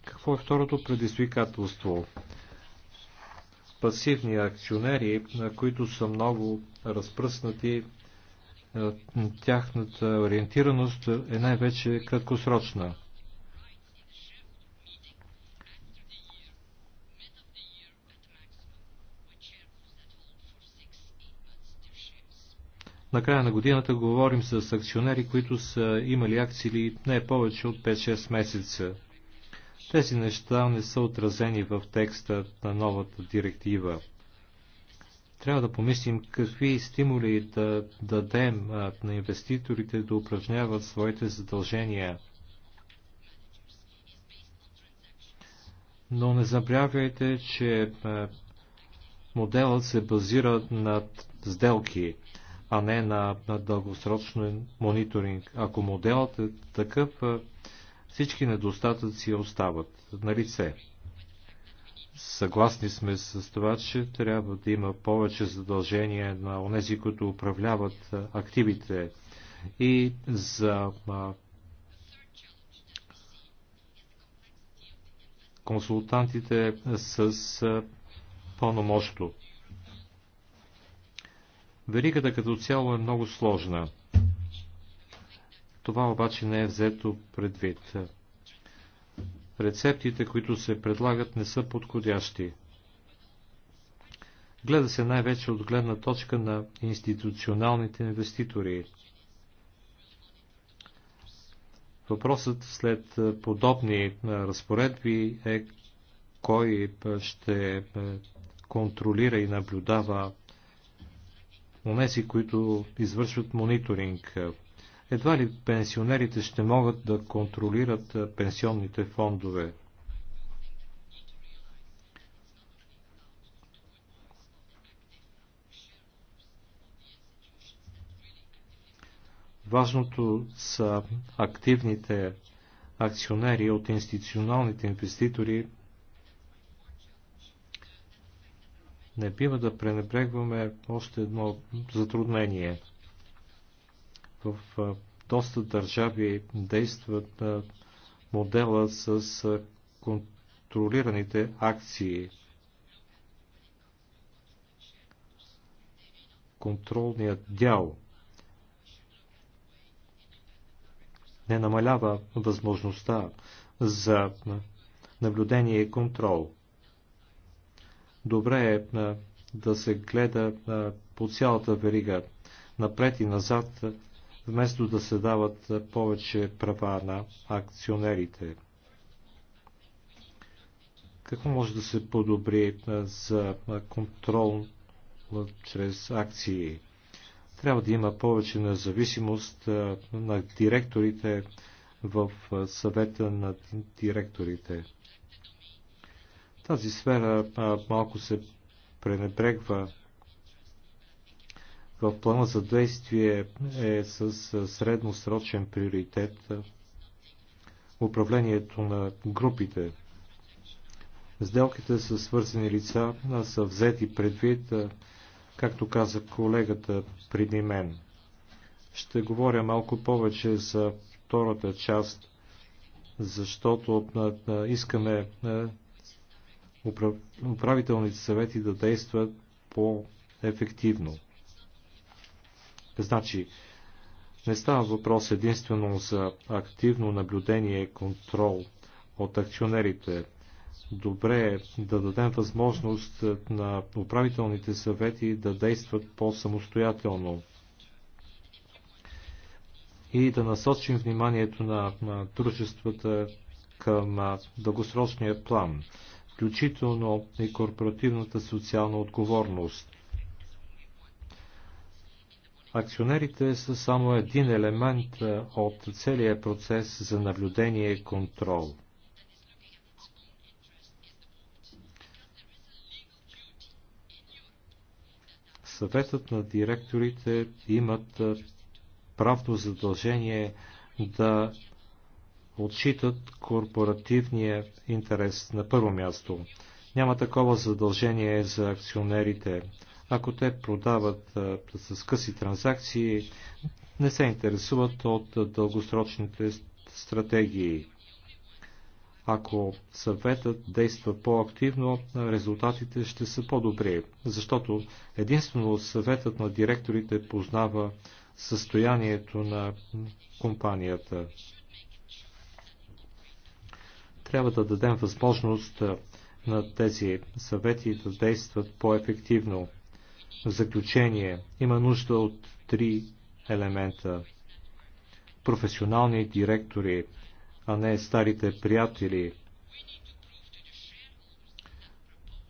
Какво е второто предизвикателство? Пасивни акционери, на които са много разпръснати, тяхната ориентираност е най-вече краткосрочна. Накрая на годината говорим с акционери, които са имали акции не повече от 5-6 месеца. Тези неща не са отразени в текста на новата директива. Трябва да помислим какви стимули да дадем на инвеститорите да упражняват своите задължения. Но не забравяйте, че моделът се базира над сделки а не на, на дългосрочен мониторинг. Ако моделът е такъв, всички недостатъци остават на лице. Съгласни сме с това, че трябва да има повече задължения на онези, които управляват активите и за консултантите с пълномощно. Великата като цяло е много сложна. Това обаче не е взето предвид. Рецептите, които се предлагат, не са подходящи. Гледа се най-вече от гледна точка на институционалните инвеститори. Въпросът след подобни разпоредби е кой ще контролира и наблюдава онези, които извършват мониторинг. Едва ли пенсионерите ще могат да контролират пенсионните фондове? Важното са активните акционери от институционалните инвеститори Не бива да пренебрегваме още едно затруднение. В доста държави действат модела с контролираните акции. Контролният дял не намалява възможността за наблюдение и контрол. Добре е да се гледа по цялата верига, напред и назад, вместо да се дават повече права на акционерите. Какво може да се подобри за контрол чрез акции? Трябва да има повече независимост на директорите в съвета на директорите. Тази сфера малко се пренебрегва. В плана за действие е с средносрочен приоритет управлението на групите. Сделките с свързани лица са взети предвид, както каза колегата преди мен. Ще говоря малко повече за втората част, защото искаме управителните съвети да действат по-ефективно. Значи, не става въпрос единствено за активно наблюдение и контрол от акционерите. Добре е да дадем възможност на управителните съвети да действат по-самостоятелно и да насочим вниманието на дружествата към дългосрочния план включително и корпоративната социална отговорност. Акционерите са само един елемент от целия процес за наблюдение и контрол. Съветът на директорите имат правно задължение да отчитат корпоративния интерес на първо място. Няма такова задължение за акционерите. Ако те продават с къси транзакции, не се интересуват от дългосрочните стратегии. Ако съветът действа по-активно, резултатите ще са по-добри, защото единствено съветът на директорите познава състоянието на компанията. Трябва да дадем възможност на тези съвети да действат по-ефективно. В заключение, има нужда от три елемента. Професионални директори, а не старите приятели,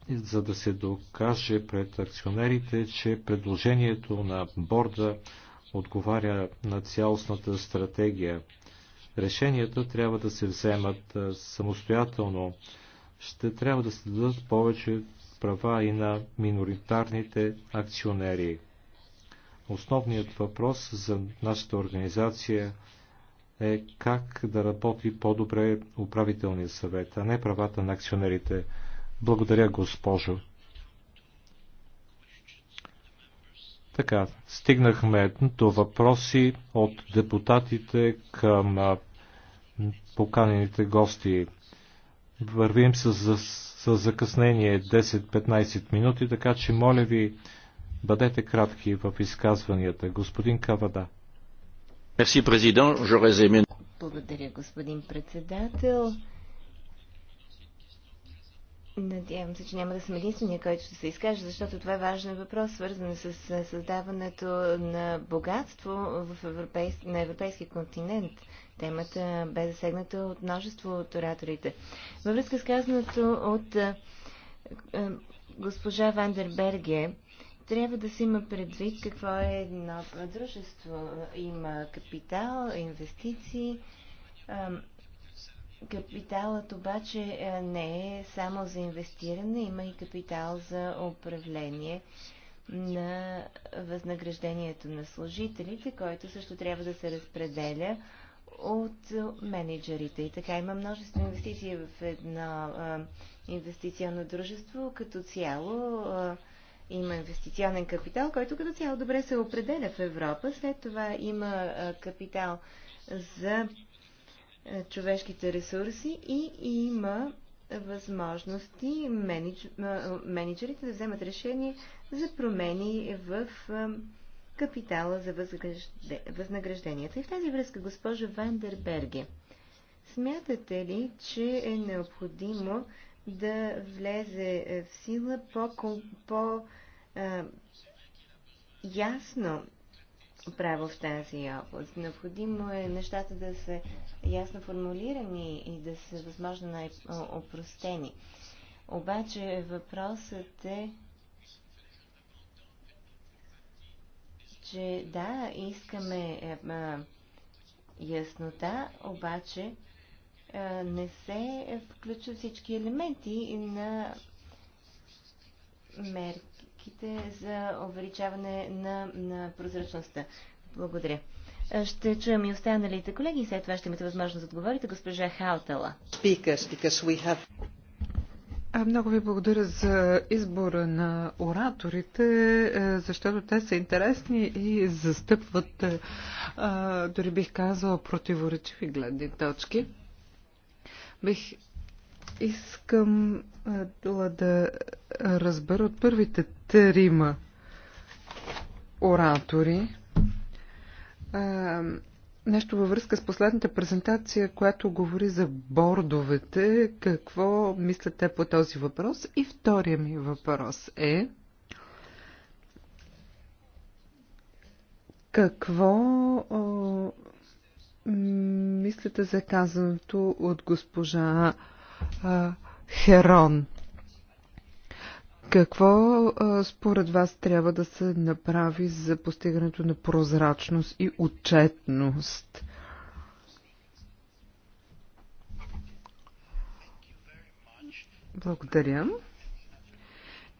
за да се докаже пред акционерите, че предложението на борда отговаря на цялостната стратегия. Решенията трябва да се вземат самостоятелно. Ще трябва да се дадат повече права и на миноритарните акционери. Основният въпрос за нашата организация е как да работи по-добре управителния съвет, а не правата на акционерите. Благодаря, госпожо. Така, стигнахме до въпроси от депутатите към поканените гости. Вървим с, с, с закъснение 10-15 минути, така че моля ви, бъдете кратки в изказванията. Господин Кавада. Благодаря, господин председател. Надявам се, че няма да съм единствения, който ще се изкаже, защото това е важен въпрос, свързан с създаването на богатство в европейс... на европейски континент. Темата бе засегната от множество от ораторите. Във връзка с казаното от госпожа Вандерберге, трябва да се има предвид какво е едно дружество. Има капитал, инвестиции, Капиталът обаче е, не е само за инвестиране, има и капитал за управление на възнаграждението на служителите, който също трябва да се разпределя от менеджерите. И така има множество инвестиции в едно а, инвестиционно дружество. Като цяло а, има инвестиционен капитал, който като цяло добре се определя в Европа. След това има а, капитал за е, човешките ресурси и има възможности менедж, менеджерите да вземат решение за промени в капитала за възнагражденията. И в тази връзка, госпожа Вандерберге, смятате ли, че е необходимо да влезе е, в сила по, по ясно право в тази област. Необходимо е нещата да са ясно формулирани и да са възможно най-опростени. Обаче въпросът е, че да, искаме а, яснота, обаче а, не се включват всички елементи на мерки мерките за увеличаване на, на прозрачността. Благодаря. Ще чуем и останалите колеги и след това ще имате възможност да отговорите госпожа Хаутала. Много ви благодаря за избора на ораторите, е, защото те са интересни и застъпват, е, дори бих казала, противоречиви гледни точки. Бих Искам да разбера от първите трима оратори нещо във връзка с последната презентация, която говори за бордовете. Какво мислят те по този въпрос? И втория ми въпрос е какво а, мислите за казаното от госпожа а, Херон. Какво а, според вас трябва да се направи за постигането на прозрачност и отчетност? Благодаря.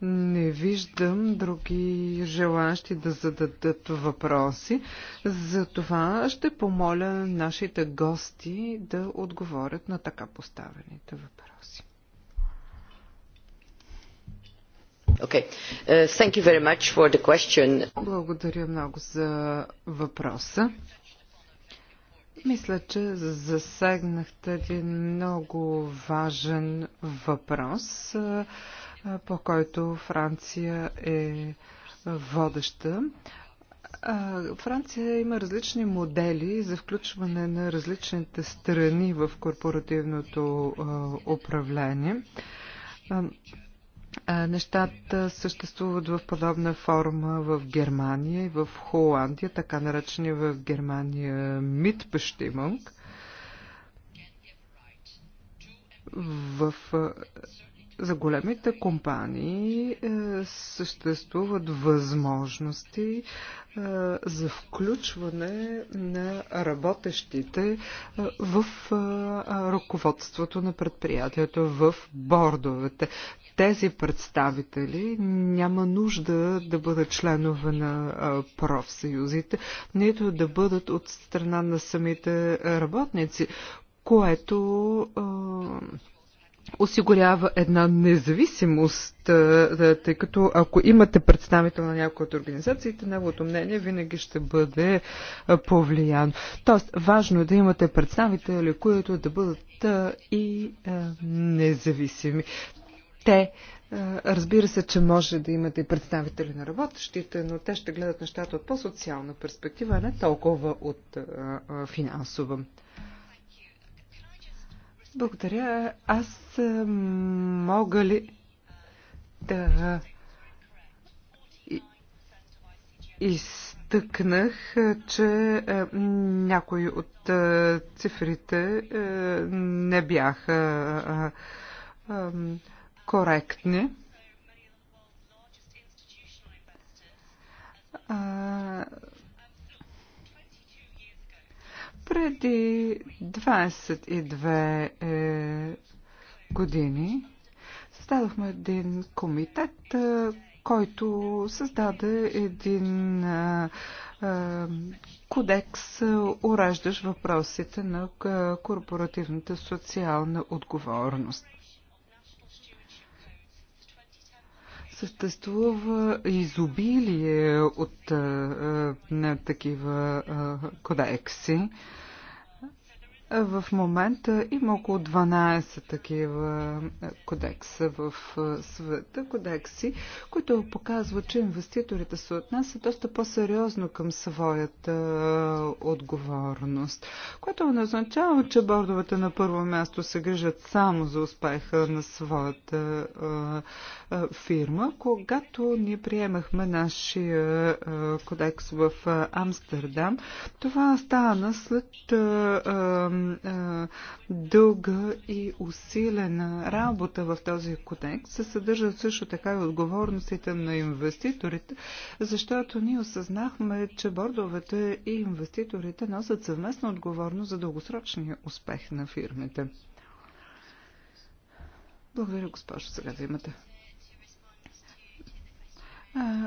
Не виждам други желащи да зададат въпроси. За това ще помоля нашите гости да отговорят на така поставените въпроси. Okay. Uh, Благодаря много за въпроса. Мисля, че засегнахте един много важен въпрос. Uh, по който Франция е водеща. Франция има различни модели за включване на различните страни в корпоративното управление. Нещата съществуват в подобна форма в Германия и в Холандия, така наречени в Германия Митбestimmung. В за големите компании е, съществуват възможности е, за включване на работещите е, в ръководството на предприятието, в бордовете. Тези представители няма нужда да бъдат членове на профсъюзите, нито да бъдат от страна на самите работници, което осигурява една независимост, тъй като ако имате представител на някоя от организациите, неговото мнение винаги ще бъде повлияно. Тоест, важно е да имате представители, които да бъдат и независими. Те Разбира се, че може да имате и представители на работещите, но те ще гледат нещата от по-социална перспектива, а не толкова от финансова. Благодаря. Аз мога ли да изтъкнах, че някои от цифрите не бяха коректни. Преди 22 е, години създадохме един комитет, е, който създаде един е, е, кодекс, уреждащ въпросите на е, корпоративната социална отговорност. съществува изобилие от а, не, такива а, кодекси. В момента има около 12 такива кодекса в света, кодекси, които показват, че инвеститорите се отнасят доста по-сериозно към своята отговорност, което не означава, че бордовете на първо място се грижат само за успеха на своята фирма, когато ние приемахме нашия кодекс в Амстердам. Това стана след дълга и усилена работа в този кодекс. Се съдържат също така и отговорностите на инвеститорите, защото ние осъзнахме, че бордовете и инвеститорите носят съвместна отговорност за дългосрочния успех на фирмите. Благодаря, госпожо. Сега да имате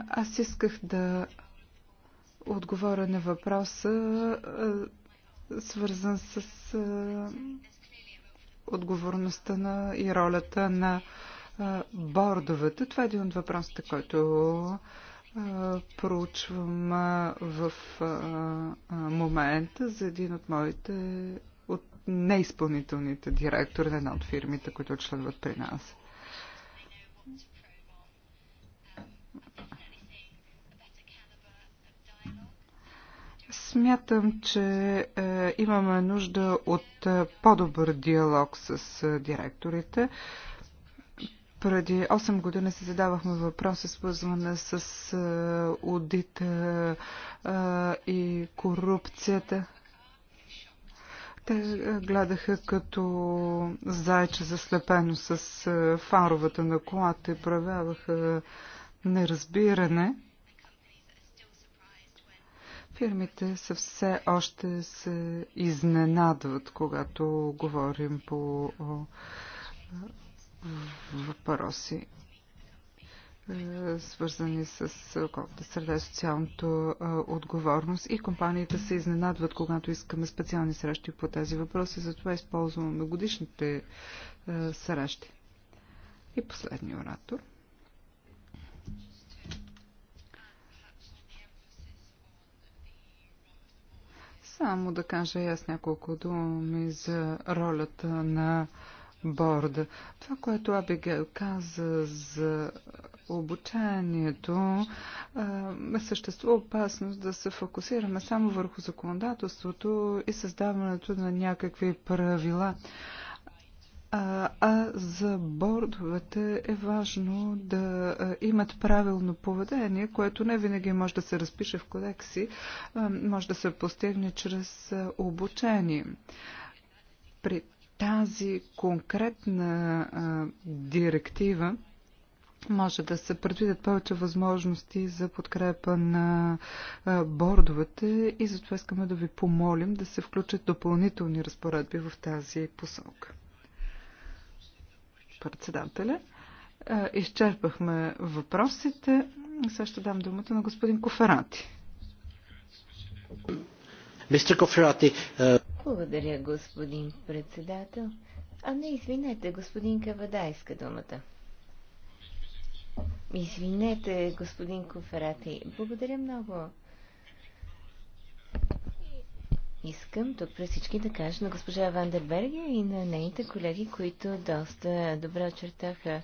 аз исках да отговоря на въпроса, свързан с отговорността на и ролята на бордовете. Това е един от въпросите, който проучвам в момента за един от моите от неизпълнителните директори на една от фирмите, които членват при нас. Смятам, че е, имаме нужда от е, по-добър диалог с е, директорите. Преди 8 години се задавахме въпроси, свързване с е, аудита е, и корупцията. Те е, гледаха като зайче заслепено с е, фаровата на колата и проявяваха неразбиране. Фирмите са все още се изненадват, когато говорим по въпроси, е, свързани с околната среда и социалната е, отговорност. И компаниите се изненадват, когато искаме специални срещи по тези въпроси, затова използваме годишните е, срещи. И последния оратор – Само да кажа и аз няколко думи за ролята на борда. Това, което Абигел каза за обучението, е съществува опасност да се фокусираме само върху законодателството и създаването на някакви правила. А, а за бордовете е важно да имат правилно поведение, което не винаги може да се разпише в кодекси, може да се постигне чрез обучение. При тази конкретна а, директива може да се предвидят повече възможности за подкрепа на бордовете и затова искаме да ви помолим да се включат допълнителни разпоредби в тази посока председателя. Изчерпахме въпросите. Сега ще дам думата на господин Коферати. Мистер Коферати. Благодаря, господин председател. А не, извинете, господин Кавада иска думата. Извинете, господин Коферати. Благодаря много. Искам тук при всички да кажа на госпожа Вандерберге и на нейните колеги, които доста добре очертаха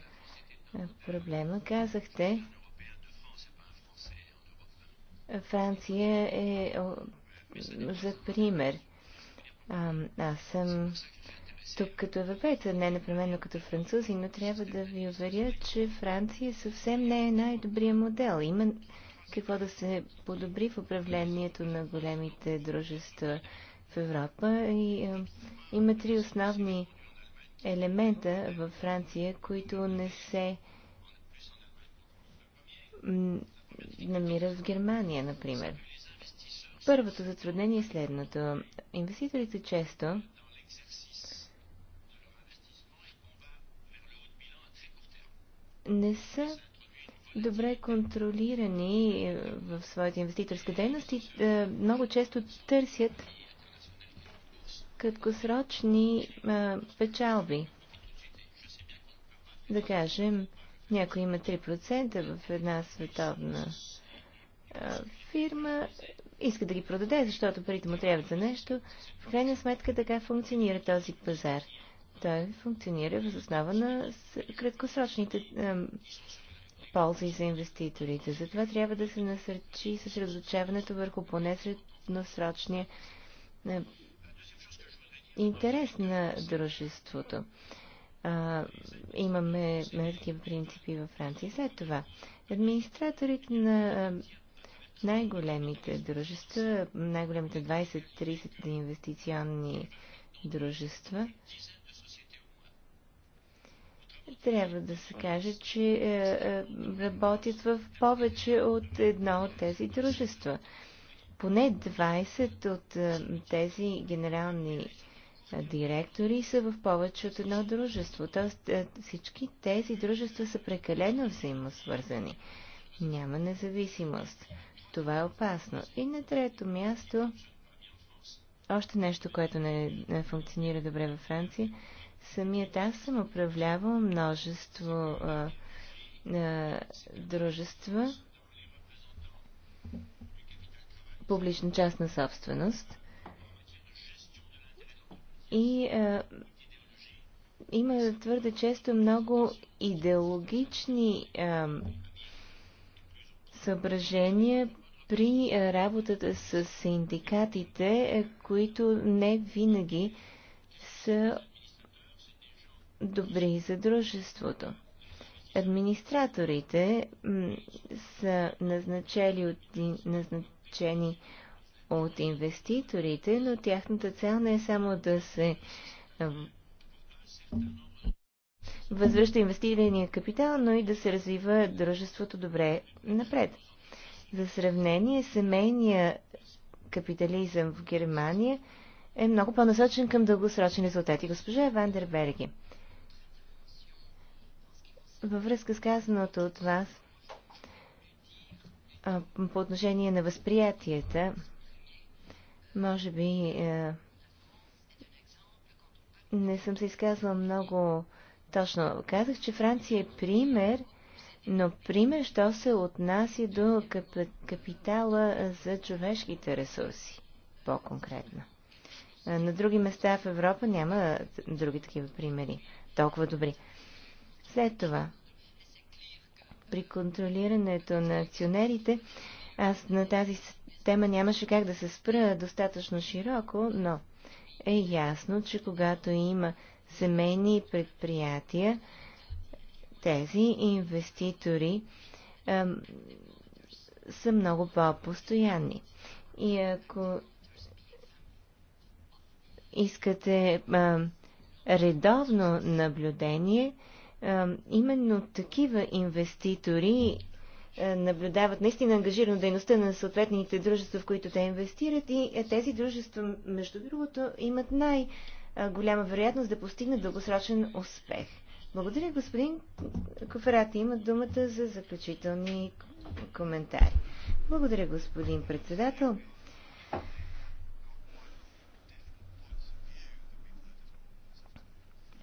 проблема. Казахте, Франция е за пример. аз съм тук като европейца, не непременно като французи, но трябва да ви уверя, че Франция съвсем не е най-добрият модел. Има какво да се подобри в управлението на големите дружества в Европа. И а, е, има три основни елемента във Франция, които не се намира в Германия, например. Първото затруднение е следното. Инвеститорите често не са добре контролирани е, в своята инвеститорска дейност и е, много често търсят краткосрочни е, печалби. Да кажем, някой има 3% в една световна фирма, иска да ги продаде, защото парите му трябват за нещо. В крайна сметка така функционира този пазар. Той функционира въз основа на краткосрочните ползи за инвеститорите. Затова трябва да се насърчи съсредоточаването върху поне средносрочния е, интерес на дружеството. А, имаме такива принципи във Франция. След това, администраторите на е, най-големите дружества, най-големите 20-30 инвестиционни дружества, трябва да се каже, че е, е, работят в повече от едно от тези дружества. Поне 20 от е, тези генерални директори са в повече от едно дружество. Тоест всички тези дружества са прекалено взаимосвързани. Няма независимост. Това е опасно. И на трето място, още нещо, което не функционира добре във Франция, Самият аз съм управлявал множество а, а, дружества, публична частна собственост. И а, има твърде често много идеологични а, съображения при работата с синдикатите, които не винаги са добри за дружеството. Администраторите са назначени от, назначени от инвеститорите, но тяхната цел не е само да се възвръща инвестирания капитал, но и да се развива дружеството добре напред. За сравнение, семейния капитализъм в Германия е много по-насочен към дългосрочни резултати. Госпожа Вандерберги. Във връзка с казаното от вас по отношение на възприятията, може би е, не съм се изказвала много точно. Казах, че Франция е пример, но пример, що се отнася до капитала за човешките ресурси, по-конкретно. Е, на други места в Европа няма други такива примери, толкова добри. След това, при контролирането на акционерите, аз на тази тема нямаше как да се спра достатъчно широко, но е ясно, че когато има семейни предприятия, тези инвеститори а, са много по-постоянни. И ако искате а, редовно наблюдение, именно такива инвеститори е, наблюдават наистина ангажирано дейността на съответните дружества, в които те инвестират и е, тези дружества, между другото, имат най-голяма вероятност да постигнат дългосрочен успех. Благодаря, господин Коферати. Има думата за заключителни коментари. Благодаря, господин председател.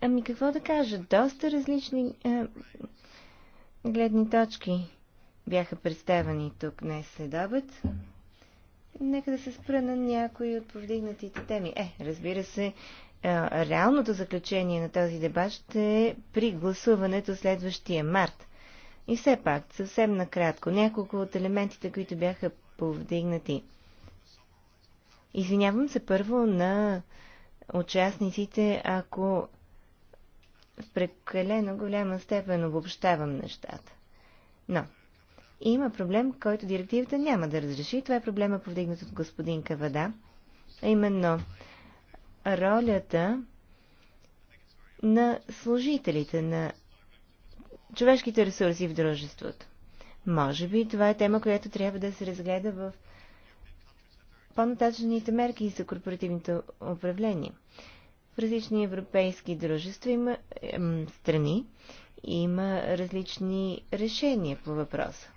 Ами какво да кажа, доста различни е, гледни точки бяха представени тук днес след обед. Нека да се спра на някои от повдигнатите теми. Е, разбира се, е, реалното заключение на този дебат ще е при гласуването следващия март. И все пак, съвсем накратко, няколко от елементите, които бяха повдигнати. Извинявам се първо на участниците, ако в прекалено голяма степен обобщавам нещата. Но има проблем, който директивата няма да разреши. Това е проблема повдигнат от господин Кавада. А именно ролята на служителите, на човешките ресурси в дружеството. Може би това е тема, която трябва да се разгледа в по-нататъчните мерки за корпоративното управление различни европейски дружества има ем, страни и има различни решения по въпроса.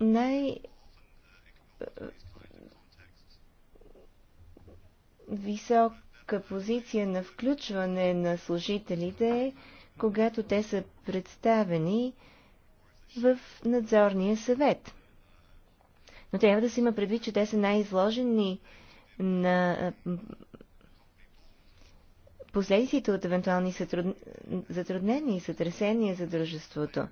Най- висока позиция на включване на служителите е, когато те са представени в надзорния съвет. Но трябва да се има предвид, че те са най-изложени на последиците от евентуални сътруд... затруднения и сътресения за дружеството.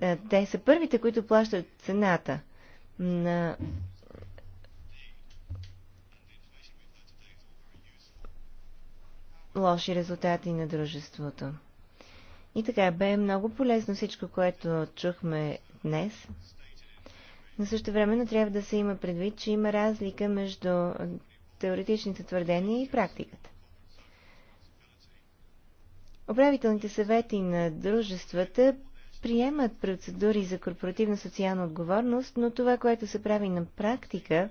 Е, те са първите, които плащат цената на лоши резултати на дружеството. И така, бе много полезно всичко, което чухме днес. Но също времено трябва да се има предвид, че има разлика между теоретичните твърдения и практиката. Управителните съвети на дружествата приемат процедури за корпоративна социална отговорност, но това, което се прави на практика,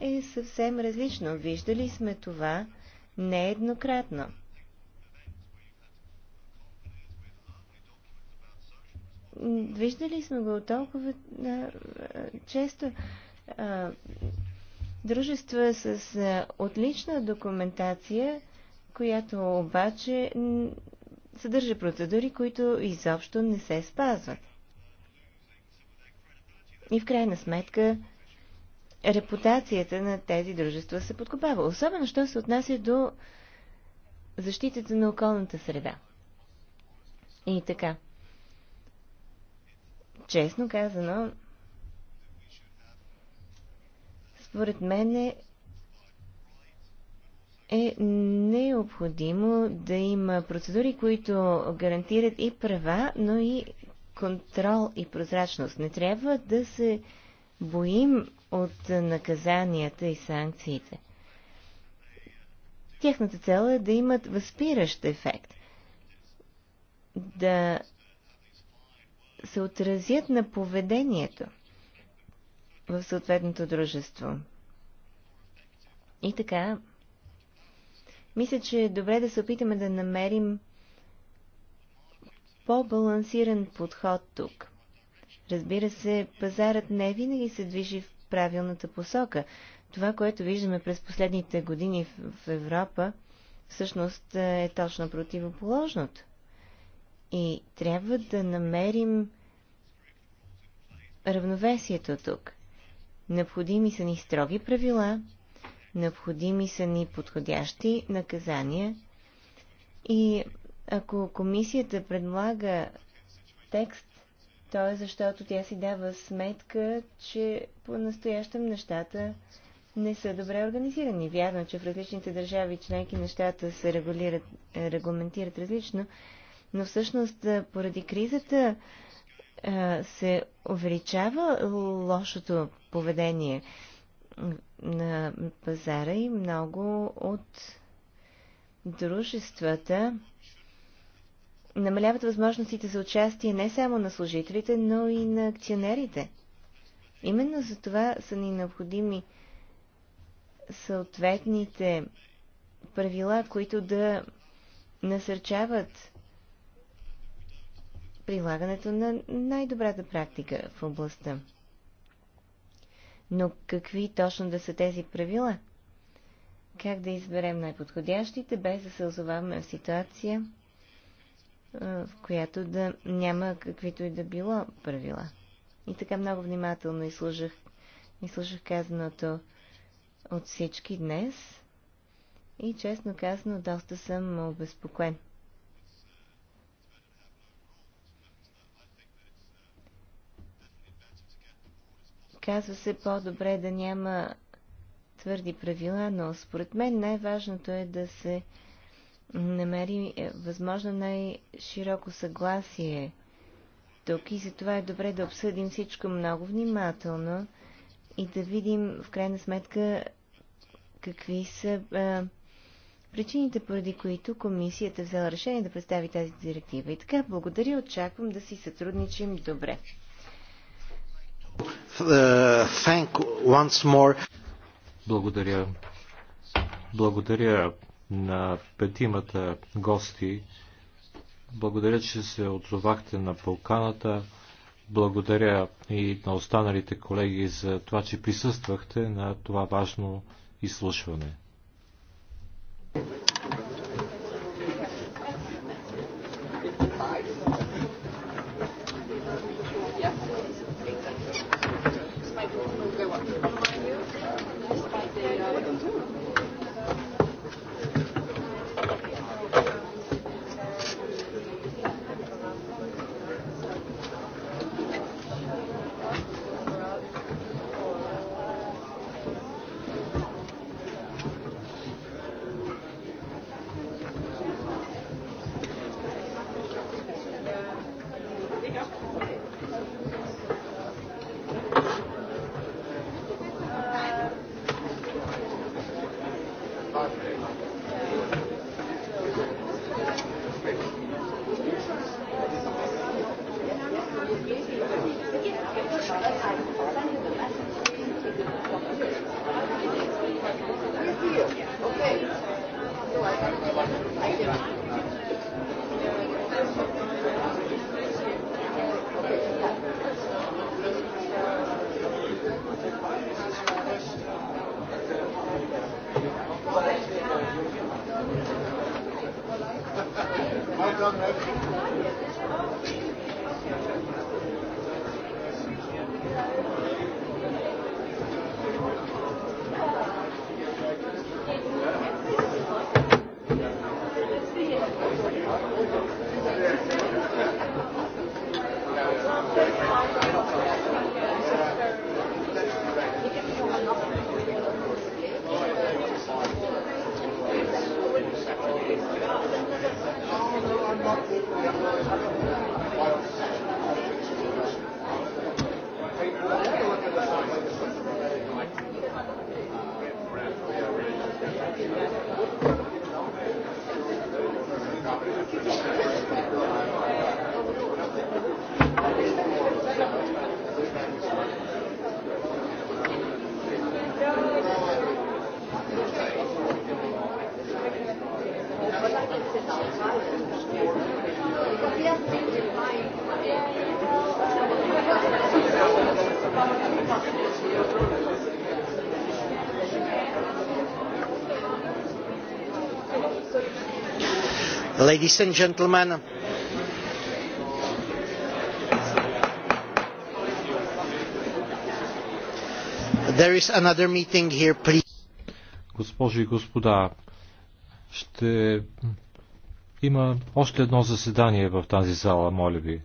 е съвсем различно. Виждали сме това нееднократно. Виждали сме го толкова а, често. А, дружества е с а, отлична документация, която обаче съдържа процедури, които изобщо не се спазват. И в крайна сметка репутацията на тези дружества се подкопава. Особено, що се отнася до защитата на околната среда. И така. Честно казано, според мен е, е необходимо да има процедури, които гарантират и права, но и контрол и прозрачност. Не трябва да се боим от наказанията и санкциите. Тяхната цел е да имат възпиращ ефект. Да се отразят на поведението в съответното дружество. И така, мисля, че е добре да се опитаме да намерим по-балансиран подход тук. Разбира се, пазарът не винаги се движи в правилната посока. Това, което виждаме през последните години в Европа, всъщност е точно противоположното. И трябва да намерим равновесието тук. Необходими са ни строги правила, необходими са ни подходящи наказания и ако комисията предлага текст, то е защото тя си дава сметка, че по-настоящем нещата не са добре организирани. Вярно, че в различните държави членки нещата се регулират, регламентират различно, но всъщност поради кризата се увеличава лошото поведение на пазара и много от дружествата намаляват възможностите за участие не само на служителите, но и на акционерите. Именно за това са ни необходими съответните правила, които да насърчават прилагането на най-добрата практика в областта. Но какви точно да са тези правила? Как да изберем най-подходящите, без да се озоваваме в ситуация, в която да няма каквито и да било правила? И така много внимателно изслушах, изслужах казаното от всички днес и честно казано доста съм обезпокоен. Казва се по-добре да няма твърди правила, но според мен най-важното е да се намери е, възможно най-широко съгласие тук и затова е добре да обсъдим всичко много внимателно и да видим в крайна сметка какви са а, причините, поради които комисията взела решение да представи тази директива. И така, благодаря, очаквам да си сътрудничим добре thank once more. Благодаря. Благодаря на петимата гости. Благодаря, че се отзовахте на поканата. Благодаря и на останалите колеги за това, че присъствахте на това важно изслушване. Ladies and gentlemen, there is another meeting here, please. Госпожи и господа, ще има още едно заседание в тази зала, моля ви.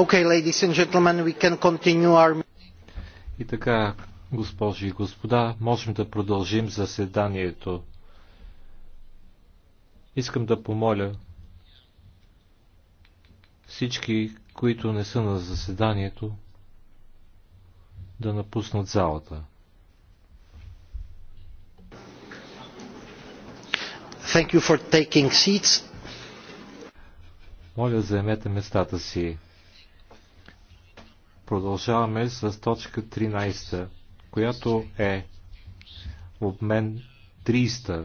Okay, ladies and gentlemen, we can continue our... И така, госпожи и господа, можем да продължим заседанието. Искам да помоля всички, които не са на заседанието, да напуснат залата. Thank you for taking seats. Моля, заемете местата си. Продължаваме с точка 13, която е обмен 300.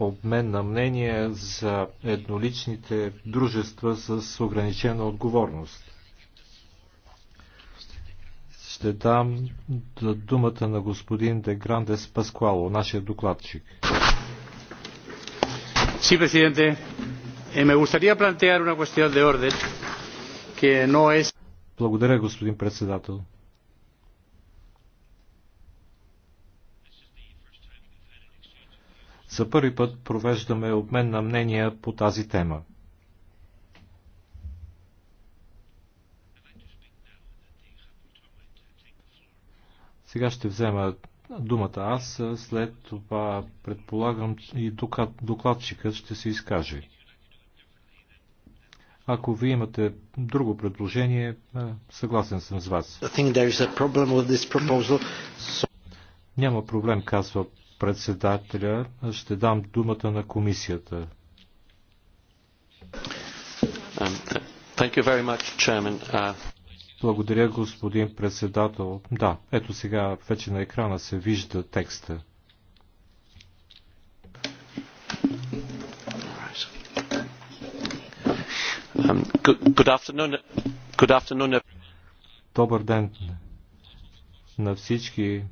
Обмен на мнение за едноличните дружества с ограничена отговорност. Ще дам думата на господин Де Грандес Паскуало, нашия докладчик. Sí, presidente. Eh, me gustaría plantear una cuestión de orden que no es благодаря, господин председател. За първи път провеждаме обмен на мнения по тази тема. Сега ще взема думата аз, след това предполагам и докладчикът ще се изкаже. Ако ви имате друго предложение, е, съгласен съм с вас. Няма проблем, казва председателя. Ще дам думата на комисията. Um, uh, Благодаря, господин председател. Да, ето сега вече на екрана се вижда текста. Um, Добър ден на всички.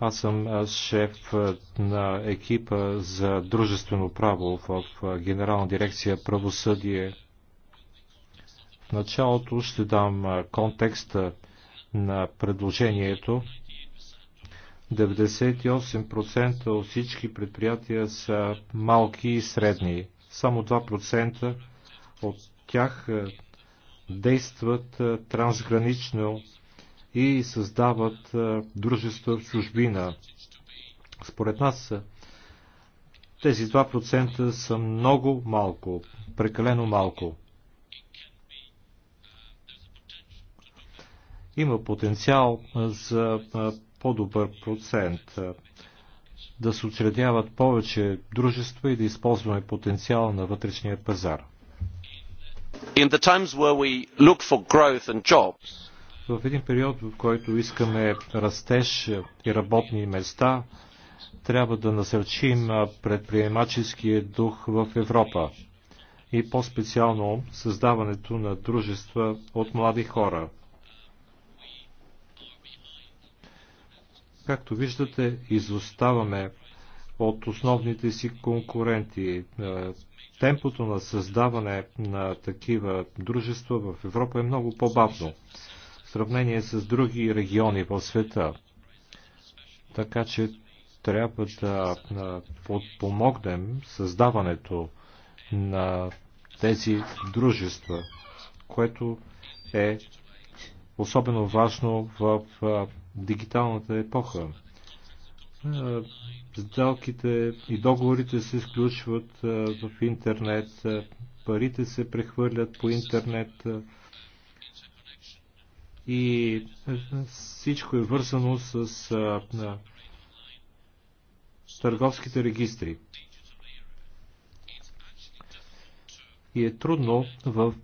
Аз съм шеф на екипа за дружествено право в Генерална дирекция правосъдие. В началото ще дам контекста на предложението. 98% от всички предприятия са малки и средни. Само 2% от тях е, действат е, трансгранично и създават е, дружества в чужбина. Според нас тези 2% са много малко, прекалено малко. Има потенциал за по-добър процент да се учредяват повече дружества и да използваме потенциал на вътрешния пазар. В един период, в който искаме растеж и работни места, трябва да насърчим предприемаческия дух в Европа и по-специално създаването на дружества от млади хора. Както виждате, изоставаме от основните си конкуренти е, темпото на създаване на такива дружества в Европа е много по-бавно в сравнение с други региони в света. Така че трябва да подпомогнем създаването на тези дружества, което е особено важно в дигиталната епоха. Сделките и договорите се изключват в интернет, парите се прехвърлят по интернет и всичко е вързано с търговските регистри. И е трудно в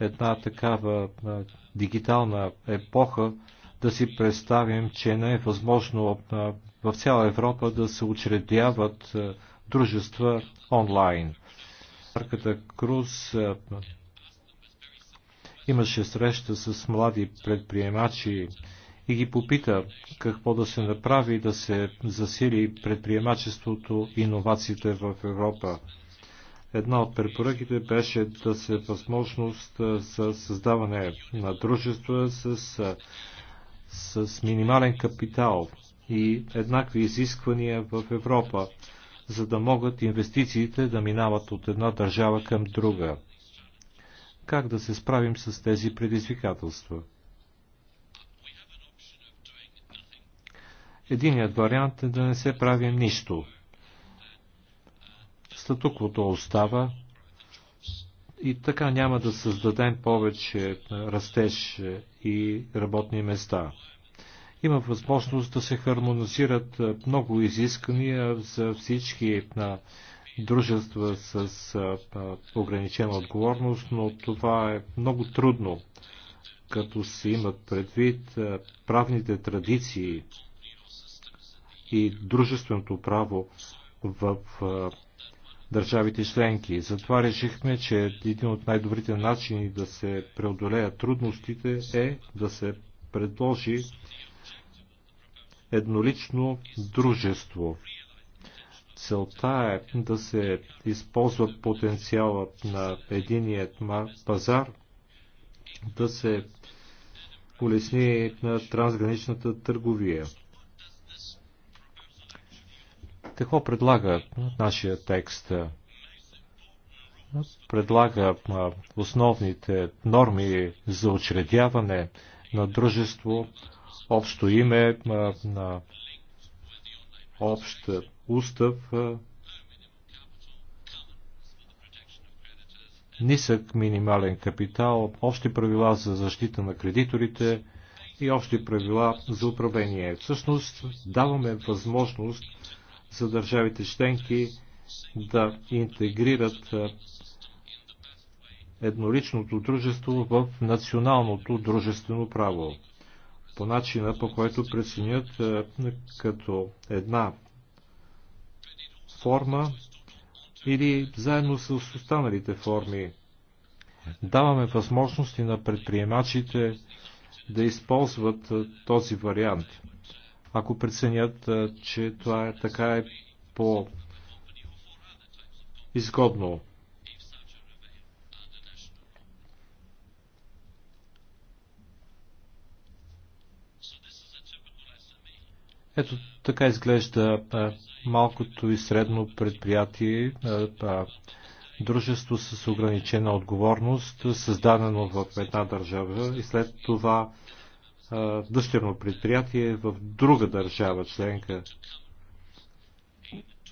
една такава дигитална епоха да си представим, че не е възможно в цяла Европа да се учредяват дружества онлайн. Марката Круз имаше среща с млади предприемачи и ги попита какво да се направи да се засили предприемачеството и иновациите в Европа. Една от препоръките беше да се възможност за създаване на дружества с с минимален капитал и еднакви изисквания в Европа, за да могат инвестициите да минават от една държава към друга. Как да се справим с тези предизвикателства? Единият вариант е да не се правим нищо. Статуквото остава и така няма да създадем повече растеж и работни места. Има възможност да се хармонизират много изисквания за всички на дружества с ограничена отговорност, но това е много трудно, като се имат предвид правните традиции и дружественото право в държавите членки. Затова решихме, че един от най-добрите начини да се преодолеят трудностите е да се предложи еднолично дружество. Целта е да се използва потенциалът на единият пазар, да се улесни на трансграничната търговия. Какво предлага нашия текст? Предлага основните норми за учредяване на дружество, общо име, на общ устав, нисък минимален капитал, общи правила за защита на кредиторите и общи правила за управление. Всъщност даваме възможност за държавите членки да интегрират едноличното дружество в националното дружествено право по начина, по който преценят като една форма или заедно с останалите форми. Даваме възможности на предприемачите да използват този вариант – ако преценят, че това е така е по изгодно. Ето така изглежда малкото и средно предприятие, дружество с ограничена отговорност, създадено в една държава и след това дъщерно предприятие в друга държава членка,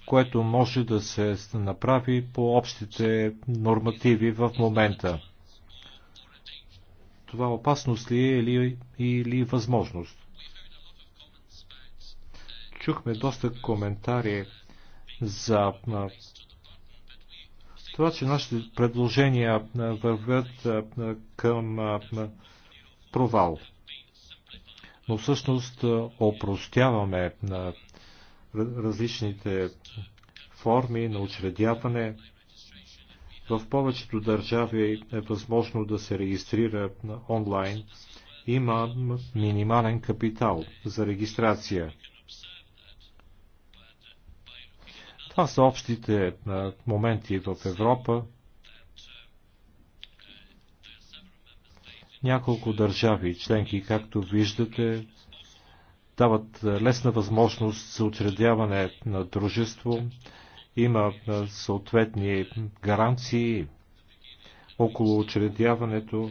което може да се направи по общите нормативи в момента. Това опасност ли е или, или възможност? Чухме доста коментари за това, че нашите предложения вървят към провал но всъщност опростяваме на различните форми на учредяване. В повечето държави е възможно да се регистрира онлайн. Има минимален капитал за регистрация. Това са общите моменти в Европа. Няколко държави и членки, както виждате, дават е, лесна възможност за учредяване на дружество. Има е, съответни гаранции около учредяването.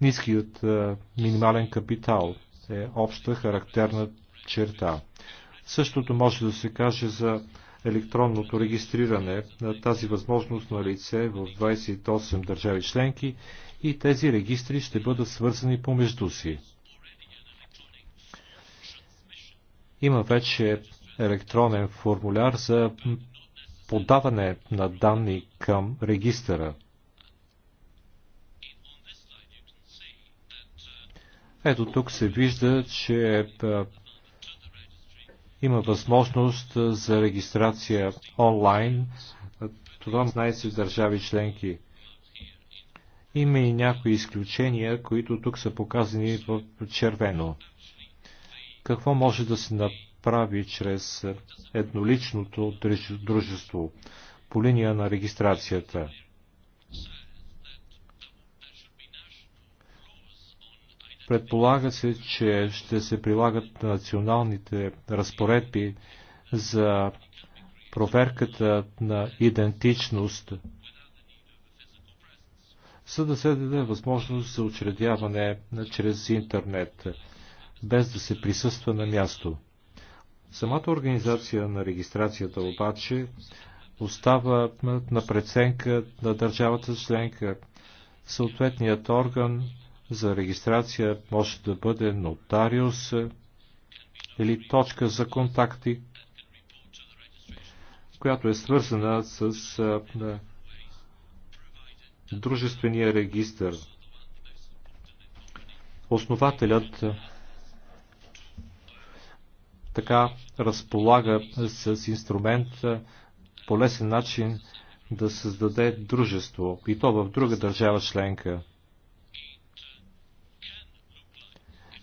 Ниският е, минимален капитал е обща характерна черта. Същото може да се каже за електронното регистриране на тази възможност на лице в 28 държави членки и тези регистри ще бъдат свързани помежду си. Има вече електронен формуляр за подаване на данни към регистъра. Ето тук се вижда, че има възможност за регистрация онлайн. Това в държави членки. Има и някои изключения, които тук са показани в червено. Какво може да се направи чрез едноличното дружество по линия на регистрацията? Предполага се, че ще се прилагат националните разпоредби за проверката на идентичност за да се даде възможност за учредяване чрез интернет, без да се присъства на място. Самата организация на регистрацията обаче остава на преценка на държавата членка. Съответният орган за регистрация може да бъде нотариус или точка за контакти, която е свързана с дружествения регистр. Основателят така разполага с инструмент по лесен начин да създаде дружество и то в друга държава членка.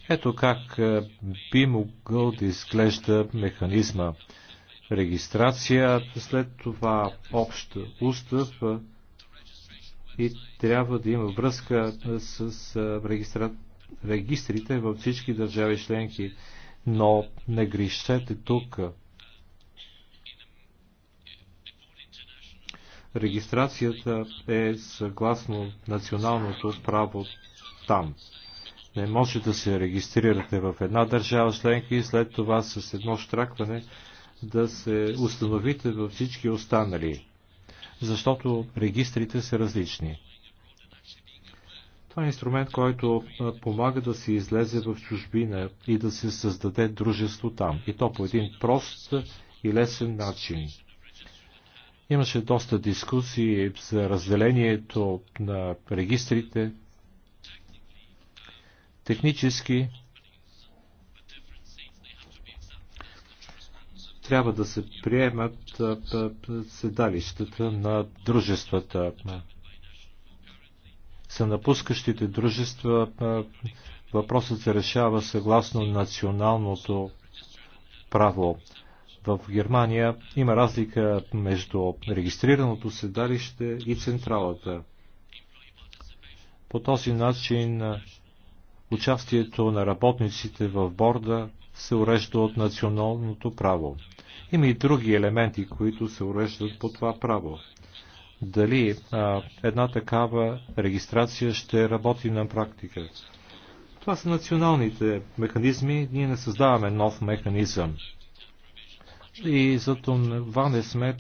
Ето как би могъл да изглежда механизма. Регистрация, след това общ устав, и трябва да има връзка с регистра... регистрите във всички държави членки. Но не грешете тук. Регистрацията е съгласно националното право там. Не може да се регистрирате в една държава членка и след това с едно штракване да се установите във всички останали защото регистрите са различни. Това е инструмент, който помага да се излезе в чужбина и да се създаде дружество там. И то по един прост и лесен начин. Имаше доста дискусии за разделението на регистрите. Технически трябва да се приемат седалищата на дружествата. Са напускащите дружества въпросът се решава съгласно националното право. В Германия има разлика между регистрираното седалище и централата. По този начин участието на работниците в борда се урежда от националното право. Има и други елементи, които се уреждат по това право. Дали а, една такава регистрация ще работи на практика? Това са националните механизми. Ние не създаваме нов механизъм. И за това не сме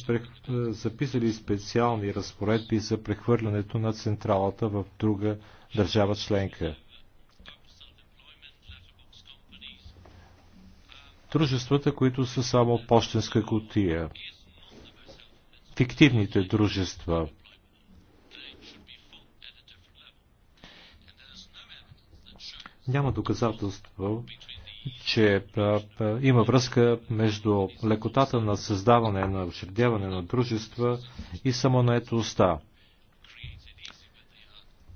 записали специални разпоредби за прехвърлянето на централата в друга държава членка. дружествата, които са само почтенска котия, фиктивните дружества. Няма доказателство, че има връзка между лекотата на създаване, на учредяване на дружества и самонаетостта.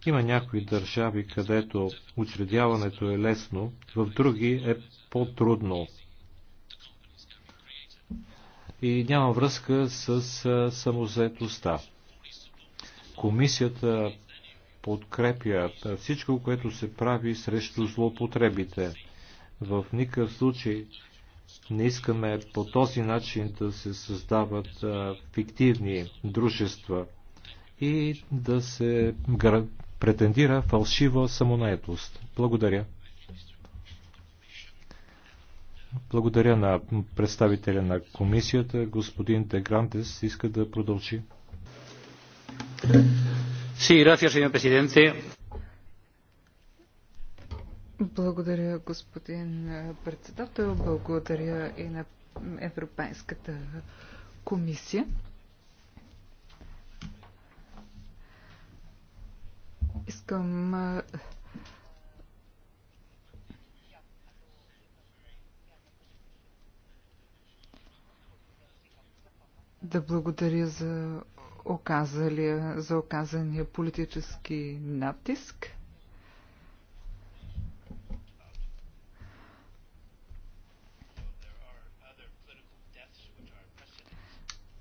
Има някои държави, където учредяването е лесно, в други е по-трудно и няма връзка с самозаетостта. Комисията подкрепя всичко, което се прави срещу злоупотребите. В никакъв случай не искаме по този начин да се създават фиктивни дружества и да се претендира фалшива самонаетост. Благодаря. Благодаря на представителя на комисията. Господин Тегрантес иска да продължи. Sí, gracias, señor presidente. Благодаря, господин председател. Благодаря и на Европейската комисия. Искам да благодаря за оказалия, за оказания политически натиск.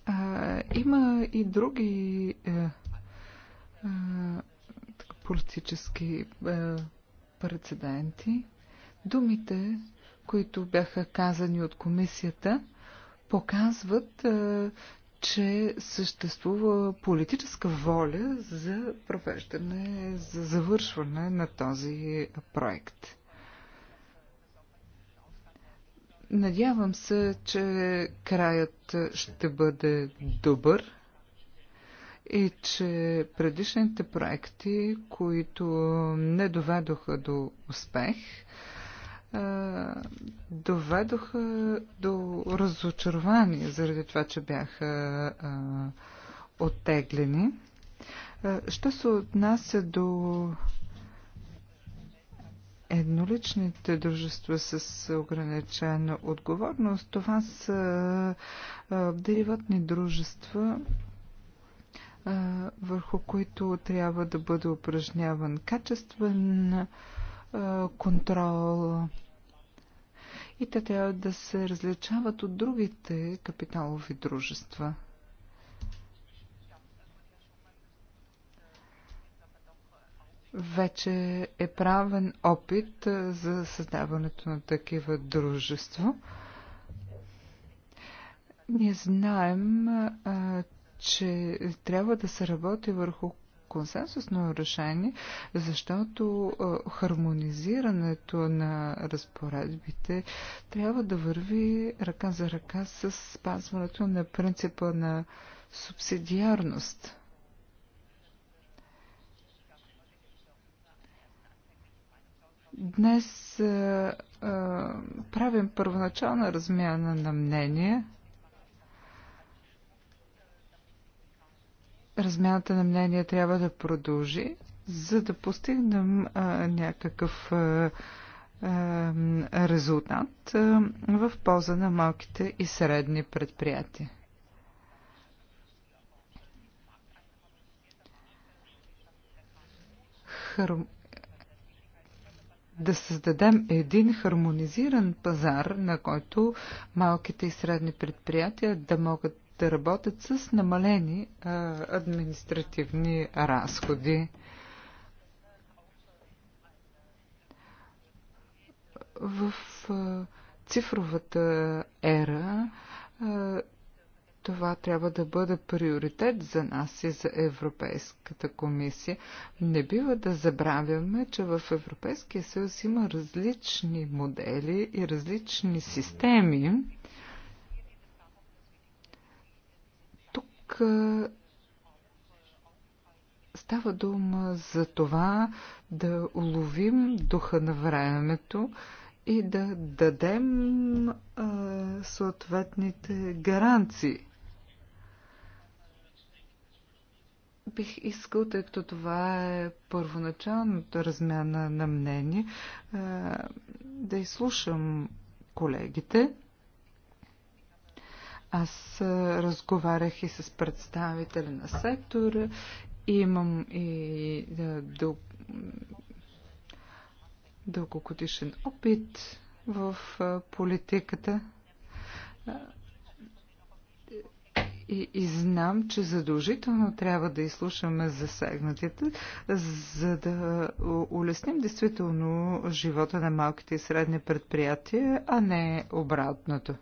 А, има и други е, е, а, а, политически а, е, прецеденти. Думите, които бяха казани от комисията, показват, че съществува политическа воля за провеждане, за завършване на този проект. Надявам се, че краят ще бъде добър и че предишните проекти, които не доведоха до успех, доведоха до разочарование заради това, че бяха оттеглени. Що се отнася до едноличните дружества с ограничена отговорност, това са дериватни дружества, върху които трябва да бъде упражняван качествен контрол. И те трябва да се различават от другите капиталови дружества. Вече е правен опит за създаването на такива дружества. Ние знаем, че трябва да се работи върху консенсусно решение, защото хармонизирането на разпоредбите трябва да върви ръка за ръка с спазването на принципа на субсидиарност. Днес а, правим първоначална размяна на мнения. размяната на мнения трябва да продължи, за да постигнем а, някакъв а, а, резултат а, в полза на малките и средни предприятия. Хар... Да създадем един хармонизиран пазар, на който малките и средни предприятия да могат да работят с намалени административни разходи. В цифровата ера това трябва да бъде приоритет за нас и за Европейската комисия. Не бива да забравяме, че в Европейския съюз има различни модели и различни системи. Тук става дума за това да уловим духа на времето и да дадем а, съответните гаранции. Бих искал, тъй като това е първоначалната размяна на мнение, да изслушам колегите. Аз разговарях и с представителя на сектора, имам и дъл... опит в политиката и, и знам, че задължително трябва да изслушаме засегнатите, за да улесним действително живота на малките и средни предприятия, а не обратното.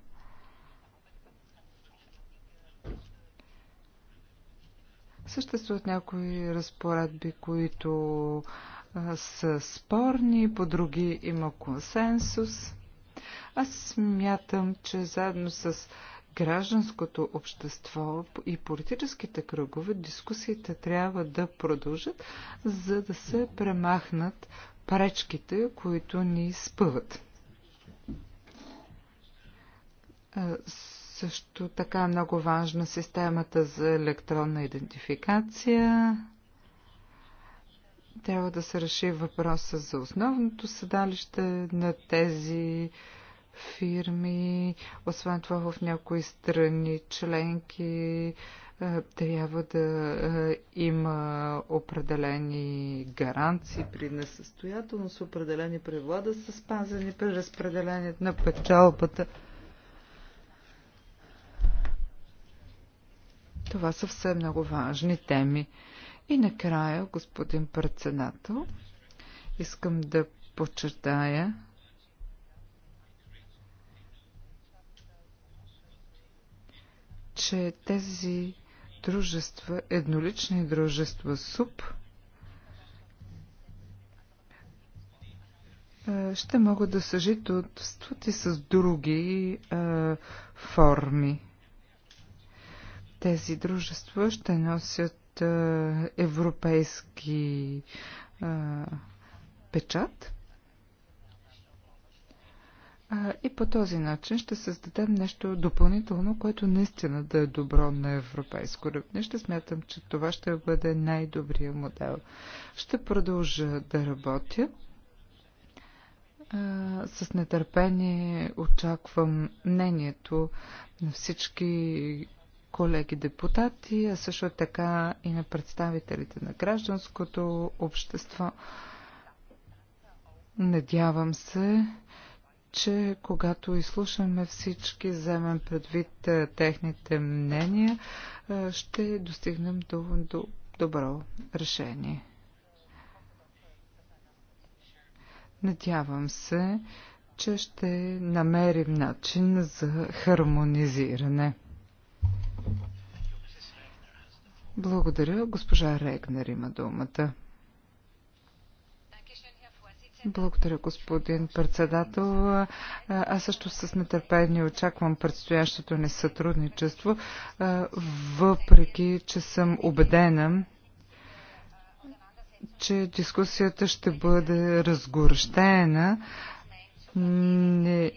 Съществуват някои разпоредби, които са спорни, по други има консенсус. Аз смятам, че заедно с гражданското общество и политическите кръгове дискусиите трябва да продължат, за да се премахнат пречките, които ни спъват също така е много важна системата за електронна идентификация. Трябва да се реши въпроса за основното седалище на тези фирми. Освен това в някои страни членки е, трябва да е, има определени гаранции при несъстоятелност, определени правила да са спазени при разпределението на печалбата. Това са все много важни теми. И накрая, господин председател, искам да подчертая, че тези дружества, еднолични дружества СУП, е, ще могат да съжителстват и с други е, форми. Тези дружества ще носят европейски печат и по този начин ще създадем нещо допълнително, което наистина да е добро на европейско Ще Смятам, че това ще бъде най-добрия модел. Ще продължа да работя. С нетърпение очаквам мнението на всички колеги депутати, а също така и на представителите на гражданското общество. Надявам се, че когато изслушаме всички, вземем предвид техните мнения, ще достигнем до, до добро решение. Надявам се, че ще намерим начин за хармонизиране. Благодаря. Госпожа Регнер има думата. Благодаря, господин председател. Аз също с нетърпение очаквам предстоящото ни сътрудничество, въпреки че съм убедена, че дискусията ще бъде разгорещена. Не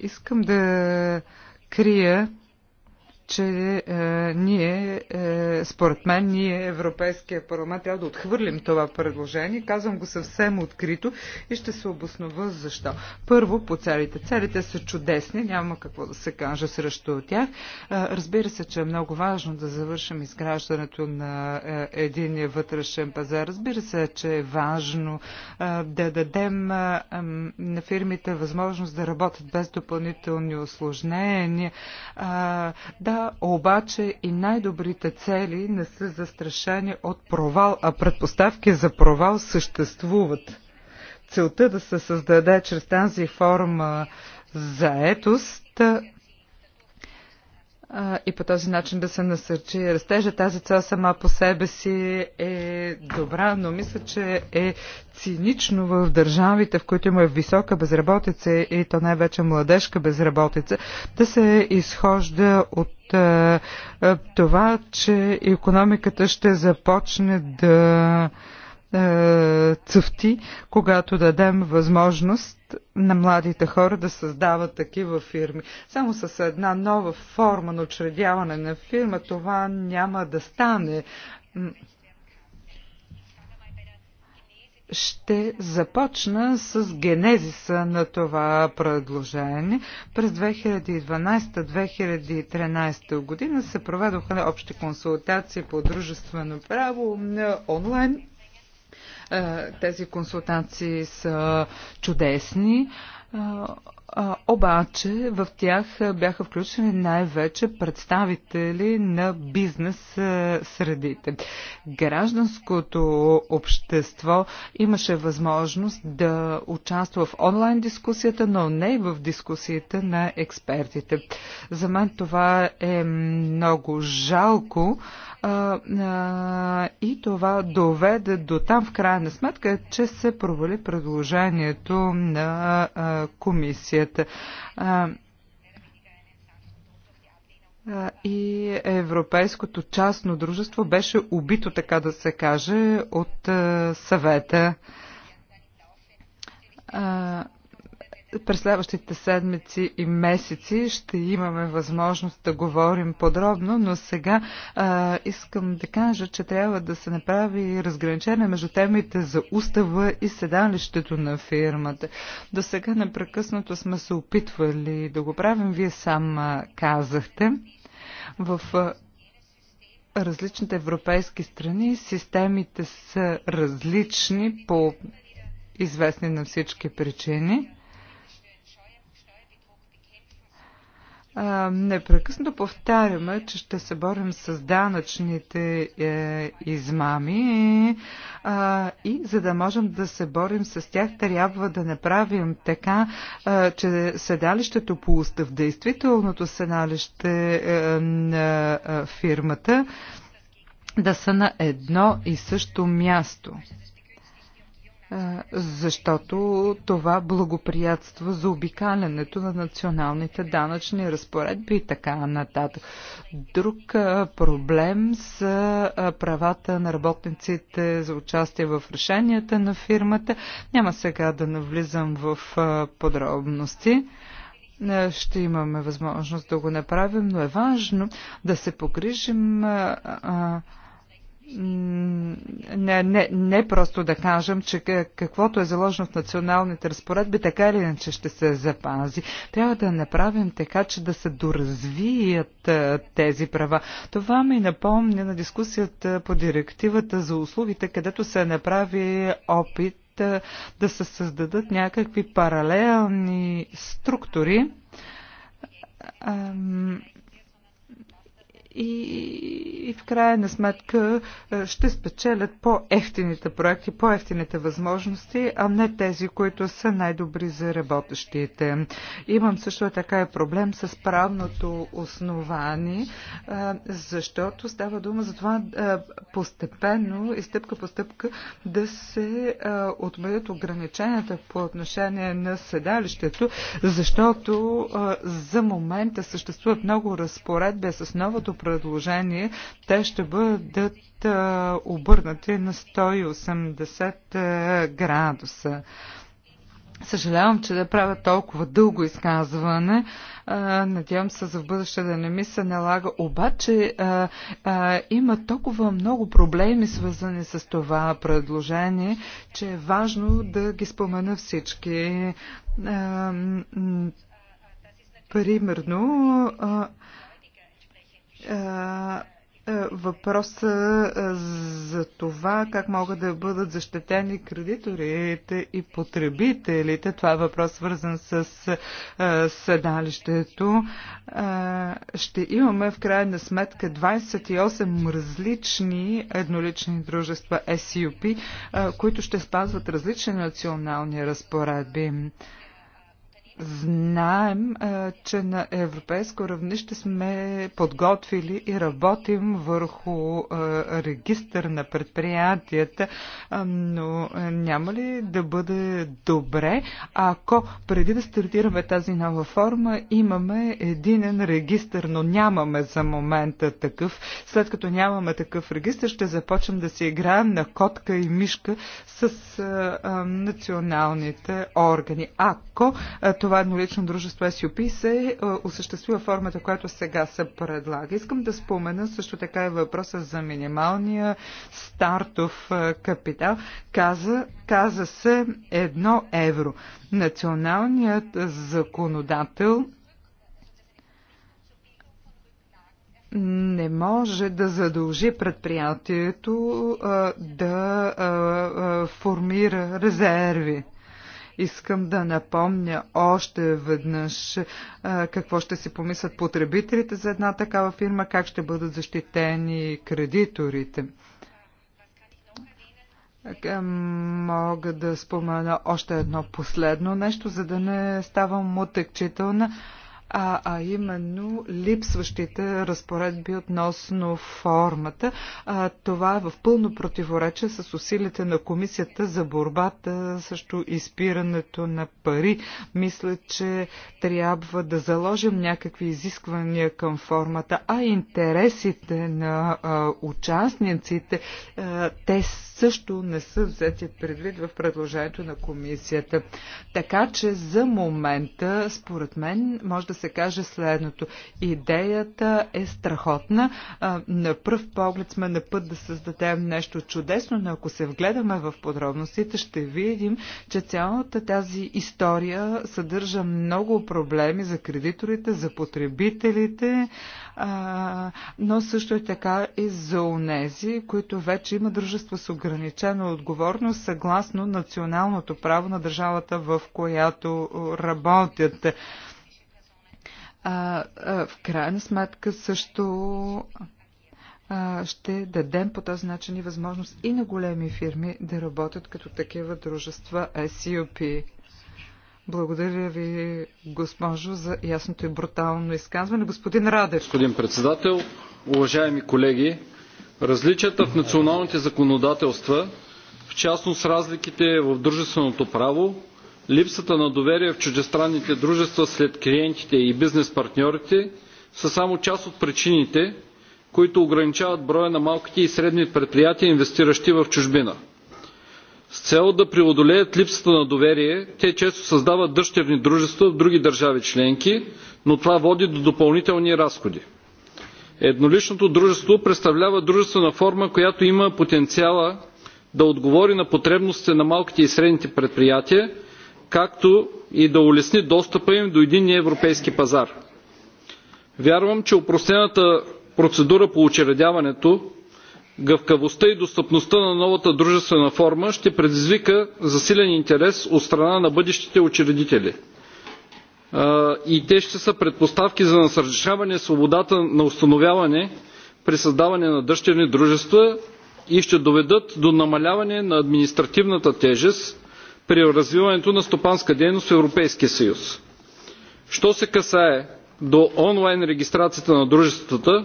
искам да крия че е, ние, е, според мен, ние, Европейския парламент, трябва да отхвърлим това предложение. Казвам го съвсем открито и ще се обоснува защо. Първо, по целите. Целите са чудесни, няма какво да се каже срещу тях. Е, разбира се, че е много важно да завършим изграждането на е, един вътрешен пазар. Разбира се, че е важно е, да дадем е, е, на фирмите възможност да работят без допълнителни осложнения. Е, да, обаче и най-добрите цели не са застрашени от провал, а предпоставки за провал съществуват. Целта да се създаде чрез тази форма заетост и по този начин да се насърчи растежа. Тази цел сама по себе си е добра, но мисля, че е цинично в държавите, в които има висока безработица и то най-вече младежка безработица, да се изхожда от това, че економиката ще започне да е, цъфти, когато дадем възможност на младите хора да създават такива фирми. Само с една нова форма на учредяване на фирма това няма да стане. Ще започна с генезиса на това предложение. През 2012-2013 година се проведоха общи консултации по дружествено право онлайн е, тези консултации са чудесни. Е, а, обаче в тях бяха включени най-вече представители на бизнес средите. Гражданското общество имаше възможност да участва в онлайн дискусията, но не и в дискусията на експертите. За мен това е много жалко а, а, и това доведе до там в крайна сметка, че се провали предложението на комисия комисията. И Европейското частно дружество беше убито, така да се каже, от съвета през следващите седмици и месеци ще имаме възможност да говорим подробно, но сега а, искам да кажа, че трябва да се направи разграничение между темите за устава и седалището на фирмата. До сега непрекъснато сме се опитвали да го правим, вие сам казахте. В различните европейски страни системите са различни по известни на всички причини. А, непрекъснато повтаряме, че ще се борим с данъчните е, измами а, и за да можем да се борим с тях, трябва да направим така, а, че седалището по устав, действителното седалище е, на е, фирмата, да са на едно и също място защото това благоприятства за обикалянето на националните данъчни разпоредби и така нататък. Друг проблем са правата на работниците за участие в решенията на фирмата. Няма сега да навлизам в подробности ще имаме възможност да го направим, но е важно да се погрижим а, а, не, не, не просто да кажем, че каквото е заложено в националните разпоредби, така или иначе ще се запази. Трябва да направим така, че да се доразвият тези права. Това ми напомня на дискусията по директивата за услугите, където се направи опит да се създадат някакви паралелни структури и, и в крайна сметка е, ще спечелят по-ефтините проекти, по-ефтините възможности, а не тези, които са най-добри за работещите. Имам също така и проблем с правното основание, е, защото става дума за това е, постепенно и стъпка по стъпка да се отмерят ограниченията по отношение на седалището, защото за момента съществуват много разпоредби с новото предложение, те ще бъдат обърнати на 180 градуса. Съжалявам, че да правя толкова дълго изказване. Надявам се за в бъдеще да не ми се налага. Обаче има толкова много проблеми, свързани с това предложение, че е важно да ги спомена всички. примерно въпроса за това как могат да бъдат защитени кредиторите и потребителите. Това е въпрос свързан с седалището. Ще имаме в крайна сметка 28 различни еднолични дружества SUP, които ще спазват различни национални разпоредби. Знаем, че на европейско равнище сме подготвили и работим върху регистър на предприятията, но няма ли да бъде добре, ако преди да стартираме тази нова форма, имаме единен регистър, но нямаме за момента такъв. След като нямаме такъв регистър, ще започнем да си играем на котка и мишка с националните органи. Ако това еднолично дружество SUP се е, осъществува формата, която сега се предлага. Искам да спомена също така и въпроса за минималния стартов е, капитал. Каза, каза се едно евро. Националният законодател не може да задължи предприятието а, е, да а, а, формира резерви. Искам да напомня още веднъж какво ще си помислят потребителите за една такава фирма, как ще бъдат защитени кредиторите. Е, мога да спомена още едно последно нещо, за да не ставам отекчителна а, а именно липсващите разпоредби относно формата. А, това е в пълно противоречие с усилите на комисията за борбата също изпирането на пари. Мисля, че трябва да заложим някакви изисквания към формата, а интересите на а, участниците, а, те са също не са взети предвид в предложението на комисията. Така че за момента, според мен, може да се каже следното. Идеята е страхотна. На пръв поглед сме на път да създадем нещо чудесно, но ако се вгледаме в подробностите, ще видим, че цялата тази история съдържа много проблеми за кредиторите, за потребителите, но също е така и за унези, които вече има дружество с ограничения ограничена отговорност съгласно националното право на държавата, в която работят. А, а, в крайна сметка също а, ще дадем по този начин и възможност и на големи фирми да работят като такива дружества SUP. Благодаря ви, госпожо, за ясното и брутално изказване. Господин Радев. Господин председател, уважаеми колеги, Различията в националните законодателства, в частност разликите в дружественото право, липсата на доверие в чуждестранните дружества след клиентите и бизнес партньорите са само част от причините, които ограничават броя на малките и средни предприятия, инвестиращи в чужбина. С цел да преодолеят липсата на доверие, те често създават дъщерни дружества в други държави членки, но това води до допълнителни разходи едноличното дружество представлява дружествена форма, която има потенциала да отговори на потребностите на малките и средните предприятия, както и да улесни достъпа им до единния европейски пазар. Вярвам, че упростената процедура по учредяването, гъвкавостта и достъпността на новата дружествена форма ще предизвика засилен интерес от страна на бъдещите учредители – и те ще са предпоставки за насърчаване свободата на установяване при създаване на дъщерни дружества и ще доведат до намаляване на административната тежест при развиването на стопанска дейност в Европейския съюз. Що се касае до онлайн регистрацията на дружествата,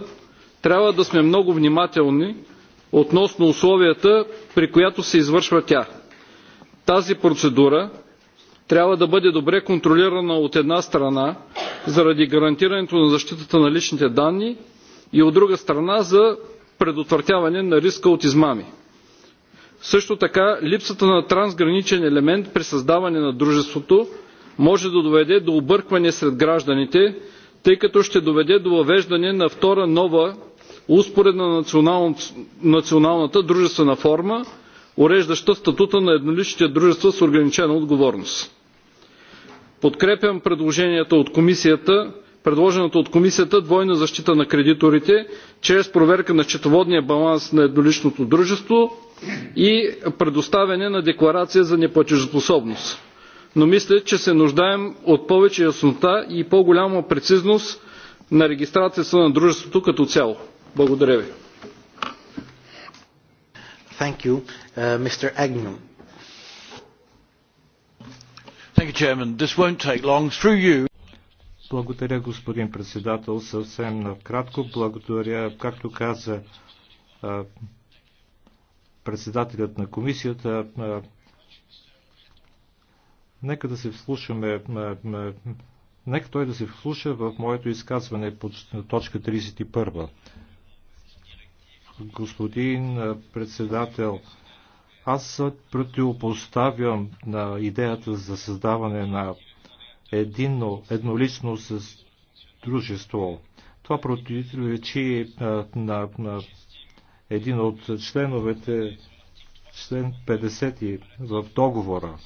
трябва да сме много внимателни относно условията, при които се извършва тя. Тази процедура трябва да бъде добре контролирана от една страна заради гарантирането на защитата на личните данни и от друга страна за предотвратяване на риска от измами. Също така липсата на трансграничен елемент при създаване на дружеството може да доведе до объркване сред гражданите, тъй като ще доведе до въвеждане на втора нова успоредна национал... националната дружествена форма, уреждаща статута на едноличните дружества с ограничена отговорност подкрепям предложената от комисията двойна защита на кредиторите чрез проверка на счетоводния баланс на едноличното дружество и предоставяне на декларация за неплатежоспособност но мисля че се нуждаем от повече яснота и по голяма прецизност на регистрацията на дружеството като цяло. благодаря ви. Uh, благодаря, господин председател. Съвсем накратко. Благодаря, както каза председателят на комисията. Нека да се вслушаме. Нека той да се вслуша в моето изказване по точка 31. Господин председател, аз противопоставям на идеята за създаване на едино, еднолично с дружество. Това противоречи на, на, на един от членовете, член 50 в договора.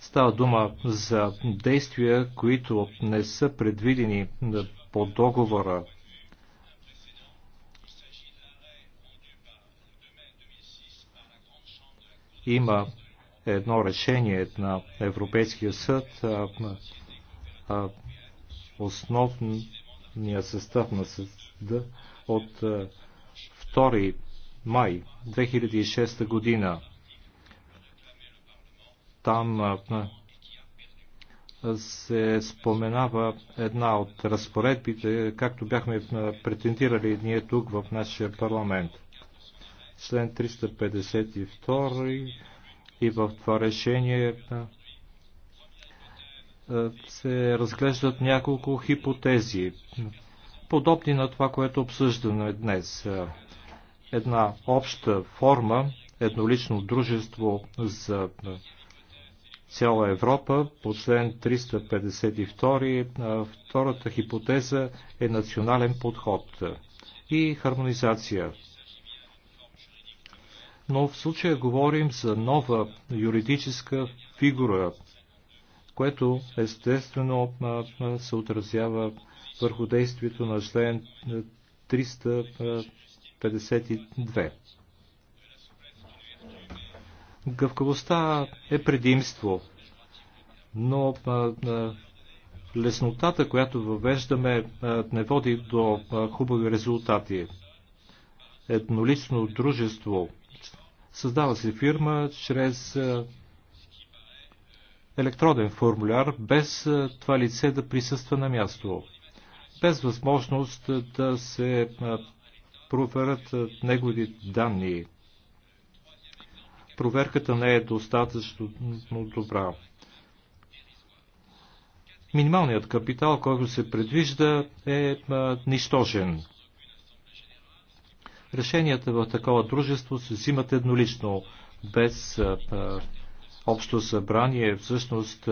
Става дума за действия, които не са предвидени по договора има едно решение на Европейския съд. основния състав на съда от 2 май 2006 година. Там се споменава една от разпоредбите, както бяхме претендирали ние тук в нашия парламент член 352 и в това решение се разглеждат няколко хипотези, подобни на това, което обсъждаме днес. Една обща форма, еднолично дружество за цяла Европа по член 352. Втората хипотеза е национален подход и хармонизация но в случая говорим за нова юридическа фигура, което естествено се отразява върху действието на член 352. Гъвкавостта е предимство, но леснотата, която въвеждаме, не води до хубави резултати. Еднолично дружество – Създава се фирма чрез е, електроден формуляр, без е, това лице да присъства на място, без възможност е, да се проверят негови данни. Проверката не е достатъчно добра. Минималният капитал, който се предвижда, е нищожен. Решенията в такова дружество се взимат еднолично, без общо събрание. Всъщност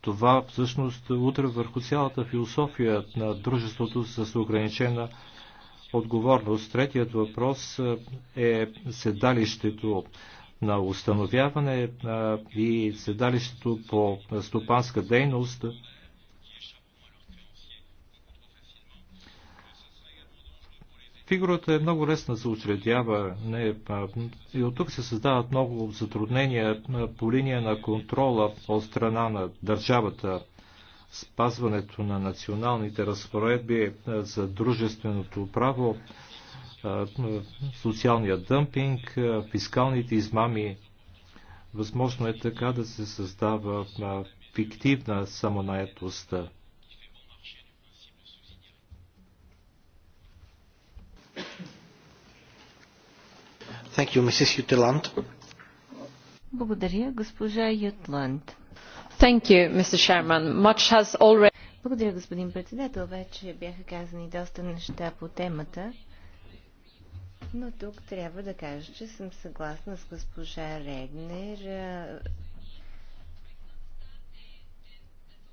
това всъщност утре върху цялата философия на дружеството с ограничена отговорност. Третият въпрос е седалището на установяване и седалището по стопанска дейност Фигурата е много лесна за а, и от тук се създават много затруднения по линия на контрола от страна на държавата, спазването на националните разпоредби за дружественото право, социалния дъмпинг, фискалните измами. Възможно е така да се създава фиктивна самонаетост. Thank you, Mrs. Jutland. Благодаря, госпожа Ютланд. Thank you, Mr. Chairman. Much has already... Благодаря, господин председател. Вече бяха казани доста неща по темата, но тук трябва да кажа, че съм съгласна с госпожа Регнер,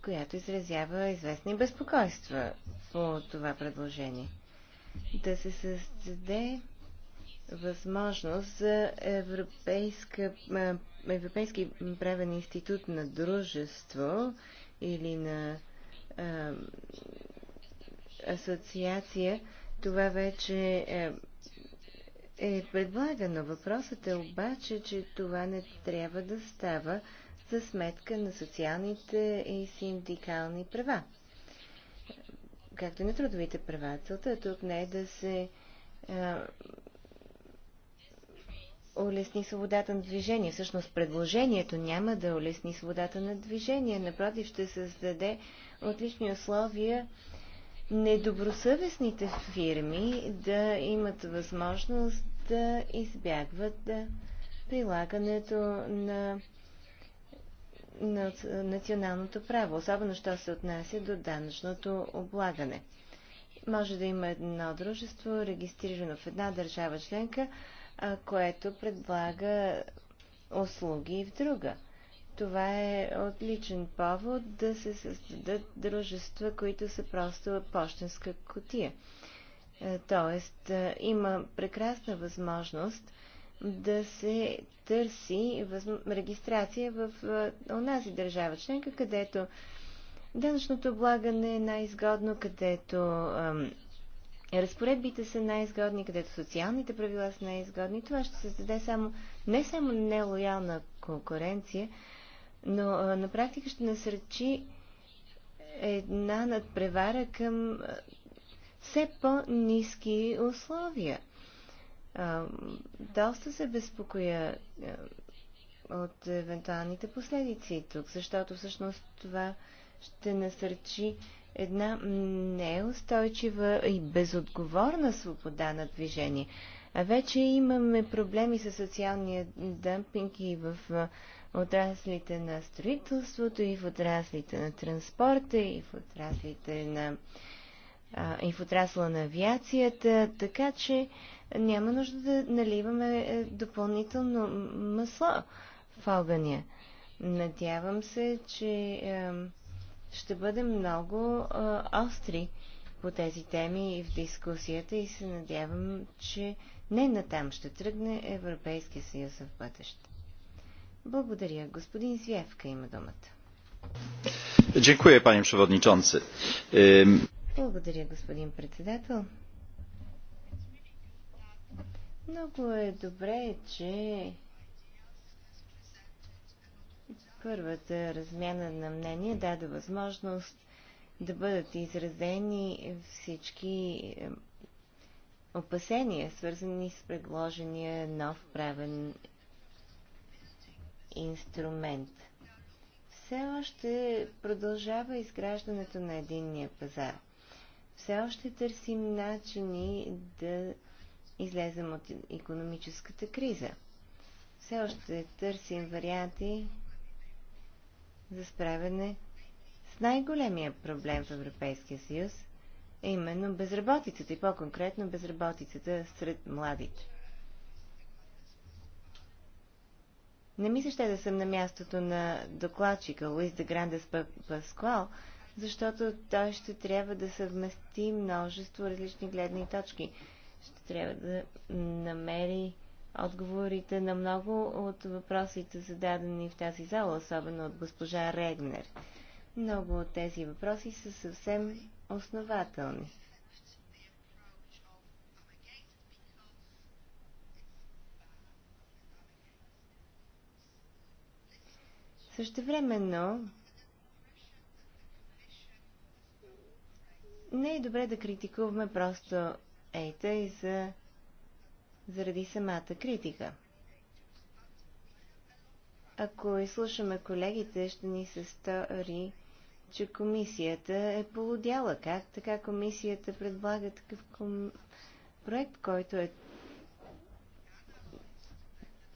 която изразява известни безпокойства по това предложение. Да се създаде възможност за европейска, Европейски правен институт на дружество или на а, асоциация. Това вече е, е предлагано. Въпросът е обаче, че това не трябва да става за сметка на социалните и синдикални права. Както и на трудовите права. Целта е тук не е да се улесни свободата на движение. Всъщност предложението няма да улесни свободата на движение. Напротив, ще създаде отлични условия недобросъвестните фирми да имат възможност да избягват да прилагането на, на националното право, особено що се отнася до данъчното облагане. Може да има едно дружество, регистрирано в една държава членка, което предлага услуги в друга. Това е отличен повод да се създадат дружества, които са просто почтенска котия. Е, тоест, е, има прекрасна възможност да се търси регистрация в е, онази държава членка, където данъчното облагане е най-изгодно, където ам, разпоредбите са най-изгодни, където социалните правила са най-изгодни, това ще създаде само, не само нелоялна конкуренция, но а, на практика ще насръчи една надпревара към а, все по-низки условия. А, доста се безпокоя от евентуалните последици тук, защото всъщност това ще насърчи една неустойчива и безотговорна свобода на движение. А вече имаме проблеми с социалния дъмпинг и в отраслите на строителството, и в отраслите на транспорта, и в отраслите на и в отрасла на авиацията, така че няма нужда да наливаме е, допълнително масло в огъня. Надявам се, че ще бъде много а, остри по тези теми и в дискусията и се надявам, че не натам ще тръгне Европейския съюз в бъдеще. Благодаря. Господин Звявка има думата. Дякую, пани przewodniczący. Благодаря, господин председател. Много е добре, че Първата размяна на мнение даде възможност да бъдат изразени всички опасения, свързани с предложения нов правен инструмент. Все още продължава изграждането на единния пазар. Все още търсим начини да излезем от економическата криза. Все още търсим варианти за справяне с най-големия проблем в Европейския съюз, а именно безработицата и по-конкретно безработицата сред младите. Не ми се ще да съм на мястото на докладчика Луис де Грандес Паскуал, защото той ще трябва да съвмести множество различни гледни точки. Ще трябва да намери отговорите на много от въпросите, зададени в тази зала, особено от госпожа Регнер. Много от тези въпроси са съвсем основателни. Същевременно не е добре да критикуваме просто ейта и за заради самата критика. Ако изслушаме колегите, ще ни се стори, че комисията е полудяла. Как така комисията предлага такъв ком... проект, който е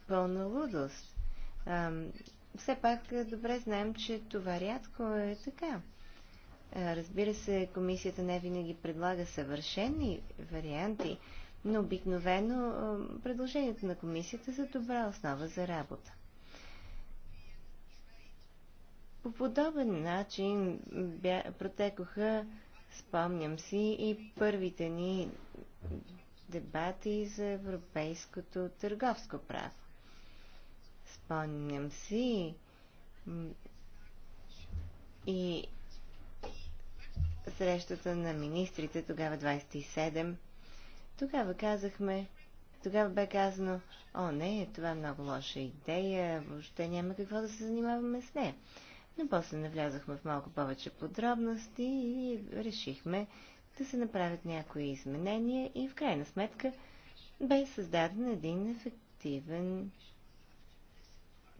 пълна лудост? А, все пак е, добре знаем, че това рядко е така. Е, разбира се, комисията не винаги предлага съвършени варианти, но обикновено предложението на комисията е за добра основа за работа. По подобен начин бя, протекоха, спомням си, и първите ни дебати за европейското търговско право. Спомням си и срещата на министрите, тогава 27, тогава казахме, тогава бе казано, о не, това е много лоша идея, въобще няма какво да се занимаваме с нея. Но после навлязахме в малко повече подробности и решихме да се направят някои изменения и в крайна сметка бе създаден един ефективен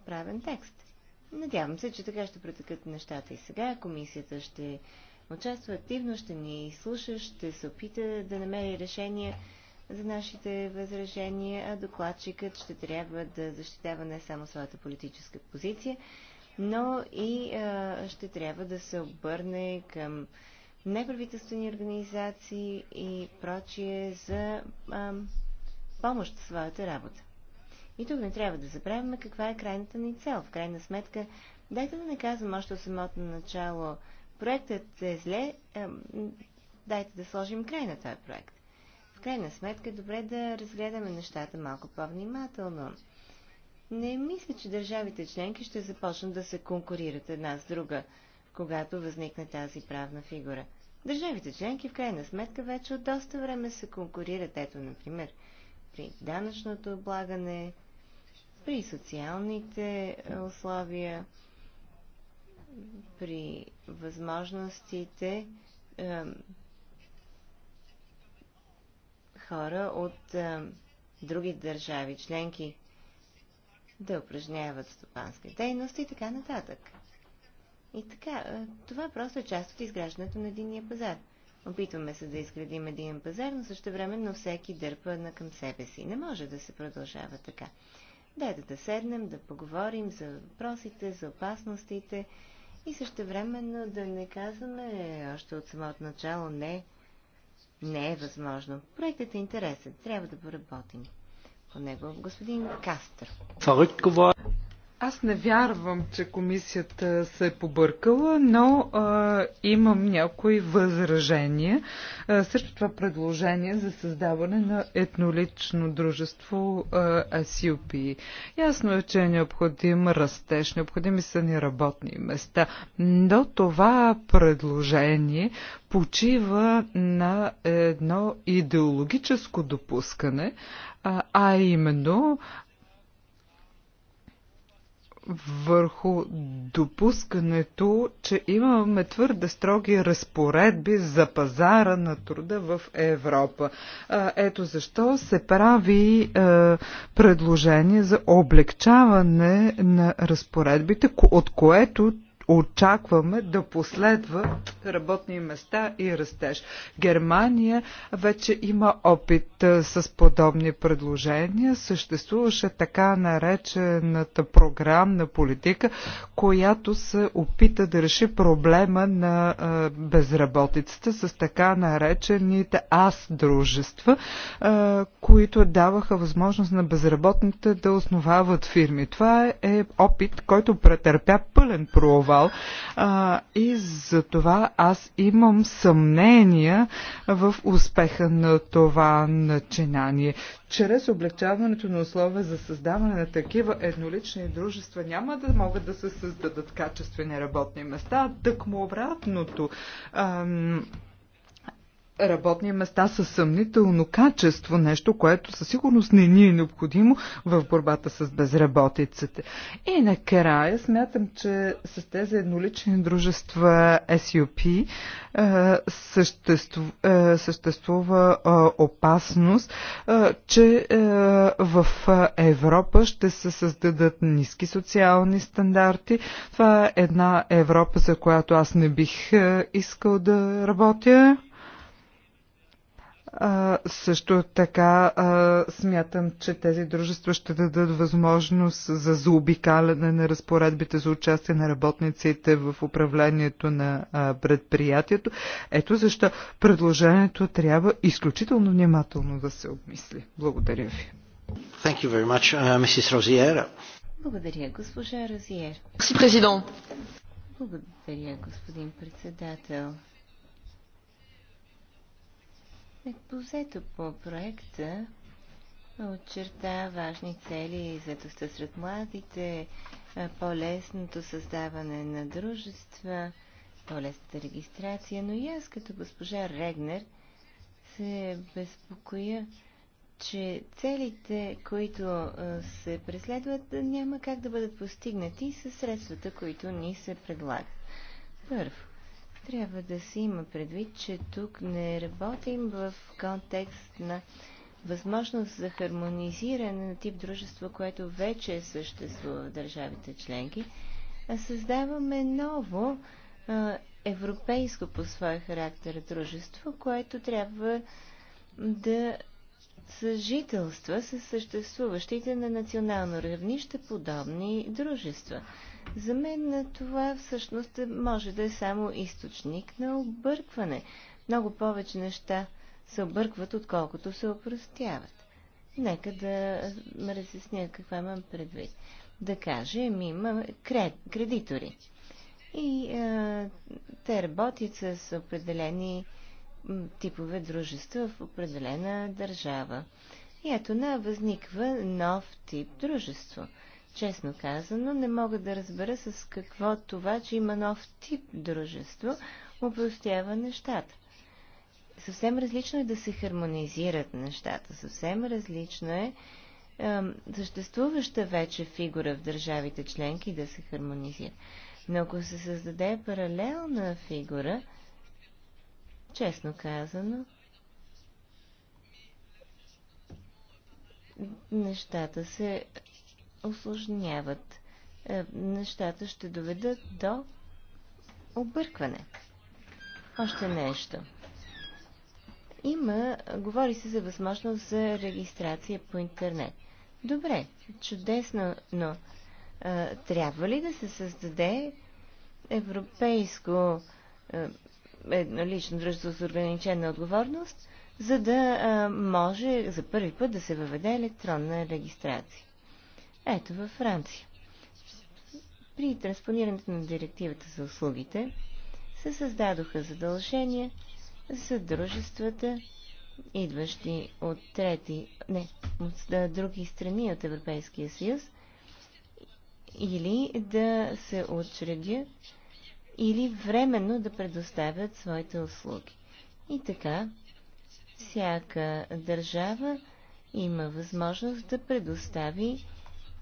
правен текст. Надявам се, че така ще протекат нещата и сега. Комисията ще участва активно, ще ни слуша, ще се опита да намери решение за нашите възражения, а докладчикът ще трябва да защитава не само своята политическа позиция, но и а, ще трябва да се обърне към неправителствени организации и прочие за а, помощ в своята работа. И тук не трябва да забравяме каква е крайната ни цел. В крайна сметка, дайте да не казвам още от самото начало, проектът е зле, а, дайте да сложим край на този проект крайна сметка е добре да разгледаме нещата малко по-внимателно. Не мисля, че държавите членки ще започнат да се конкурират една с друга, когато възникне тази правна фигура. Държавите членки в крайна сметка вече от доста време се конкурират. Ето, например, при данъчното облагане, при социалните условия, при възможностите хора от а, други държави, членки, да упражняват стопанска дейност и така нататък. И така, това просто е част от изграждането на единния пазар. Опитваме се да изградим един пазар, но също но всеки дърпа на към себе си. Не може да се продължава така. Дайте да седнем, да поговорим за въпросите, за опасностите и също времено да не казваме още от самото начало не не е възможно. Проектът е интересен. Трябва да поработим по него. Господин Кастър. Аз не вярвам, че комисията се е побъркала, но а, имам някои възражения а, срещу това предложение за създаване на етнолично дружество Асиопи. Ясно е, че е необходим растеж, необходими са ни работни места, но това предложение почива на едно идеологическо допускане, а, а именно върху допускането, че имаме твърде строги разпоредби за пазара на труда в Европа. Ето защо се прави е, предложение за облегчаване на разпоредбите, от което очакваме да последват работни места и растеж. Германия вече има опит е, с подобни предложения. Съществуваше така наречената програмна политика, която се опита да реши проблема на е, безработицата с така наречените аз-дружества, е, които даваха възможност на безработните да основават фирми. Това е опит, който претърпя пълен провал провал. А, и за това аз имам съмнения в успеха на това начинание. Чрез облегчаването на условия за създаване на такива еднолични дружества няма да могат да се създадат качествени работни места, тъкмо обратното. Ам, работни места със съмнително качество, нещо, което със сигурност не ни е необходимо в борбата с безработицата. И накрая смятам, че с тези еднолични дружества SUP е, е, съществува, съществува опасност, е, че в Европа ще се създадат ниски социални стандарти. Това е една Европа, за която аз не бих искал да работя. А, също така а, смятам, че тези дружества ще дадат възможност за заобикаляне на разпоредбите за участие на работниците в управлението на а, предприятието. Ето защо предложението трябва изключително внимателно да се обмисли. Благодаря ви. Thank you very much, uh, Mrs. Благодаря, госпожа Розиер. Благодаря, господин председател. Експозето по проекта очерта важни цели за доста сред младите, по-лесното създаване на дружества, по-лесната регистрация, но и аз като госпожа Регнер се безпокоя, че целите, които се преследват, няма как да бъдат постигнати със средствата, които ни се предлагат. Първо, трябва да се има предвид, че тук не работим в контекст на възможност за хармонизиране на тип дружество, което вече съществува в държавите членки, а създаваме ново а, европейско по своя характер дружество, което трябва да съжителства с съществуващите на национално равнище подобни дружества. За мен това всъщност може да е само източник на объркване. Много повече неща се объркват, отколкото се опростяват. Нека да ме разясня какво имам предвид. Да кажем, има кред, кредитори. И е, те работят с определени типове дружества в определена държава. И ето на възниква нов тип дружество – Честно казано, не мога да разбера с какво това, че има нов тип дружество, упростява нещата. Съвсем различно е да се хармонизират нещата. Съвсем различно е, съществуваща вече фигура в държавите членки да се хармонизира. Но ако се създаде паралелна фигура, честно казано, нещата се осложняват е, нещата, ще доведат до объркване. Още нещо. Има, говори се за възможност за регистрация по интернет. Добре, чудесно, но а, е, трябва ли да се създаде европейско а, е, лично дружество с ограничена отговорност, за да а, може за първи път да се въведе електронна регистрация? Ето във Франция. При транспонирането на директивата за услугите се създадоха задължения за дружествата, идващи от трети, не, от други страни от Европейския съюз, или да се учредят, или временно да предоставят своите услуги. И така, всяка държава има възможност да предостави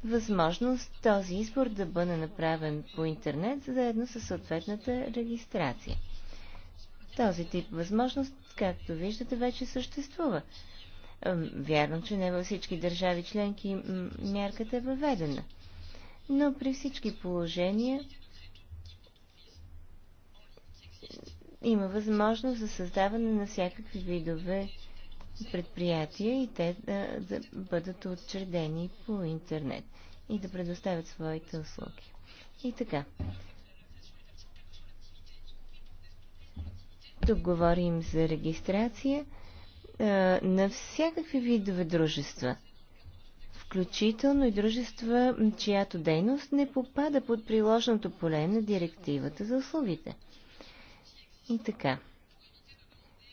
възможност този избор да бъде направен по интернет, заедно с съответната регистрация. Този тип възможност, както виждате, вече съществува. Вярно, че не във всички държави членки мярката е въведена. Но при всички положения има възможност за създаване на всякакви видове предприятия и те да, да бъдат отчредени по интернет и да предоставят своите услуги. И така. Тук говорим за регистрация а, на всякакви видове дружества, включително и дружества, чиято дейност не попада под приложното поле на директивата за услугите. И така.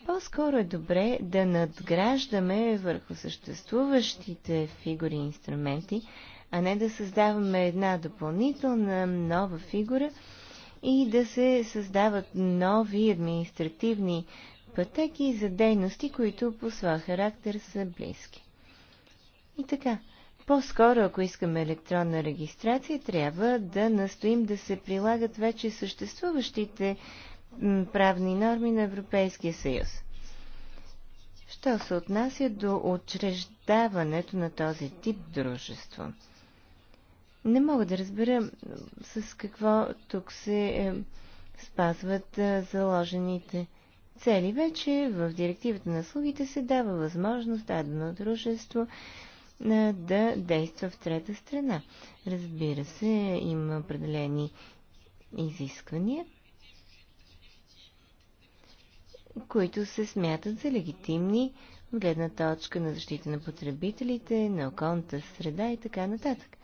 По-скоро е добре да надграждаме върху съществуващите фигури и инструменти, а не да създаваме една допълнителна нова фигура и да се създават нови административни пътеки за дейности, които по своя характер са близки. И така, по-скоро, ако искаме електронна регистрация, трябва да настоим да се прилагат вече съществуващите правни норми на Европейския съюз. Що се отнася до учреждаването на този тип дружество? Не мога да разбера с какво тук се е, спазват е, заложените цели. Вече в директивата на слугите се дава възможност дадено дружество е, да действа в трета страна. Разбира се, има определени изисквания – които се смятат за легитимни в гледна точка на защита на потребителите, на околната среда и така нататък.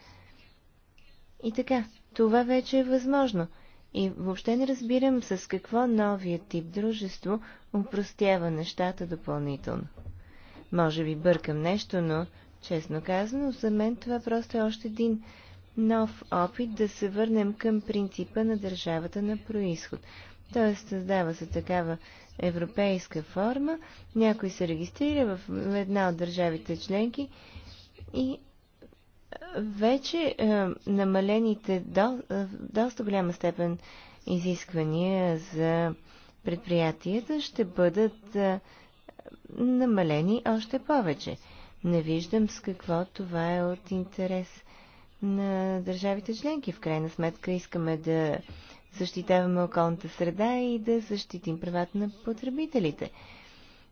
И така, това вече е възможно. И въобще не разбирам с какво новия тип дружество упростява нещата допълнително. Може би бъркам нещо, но, честно казано, за мен това просто е още един нов опит да се върнем към принципа на държавата на происход. Тоест, създава се такава европейска форма, някой се регистрира в една от държавите членки и вече е, намалените до, е, доста голяма степен изисквания за предприятията ще бъдат е, намалени още повече. Не виждам с какво това е от интерес на държавите членки. В крайна сметка искаме да защитаваме околната среда и да защитим правата на потребителите.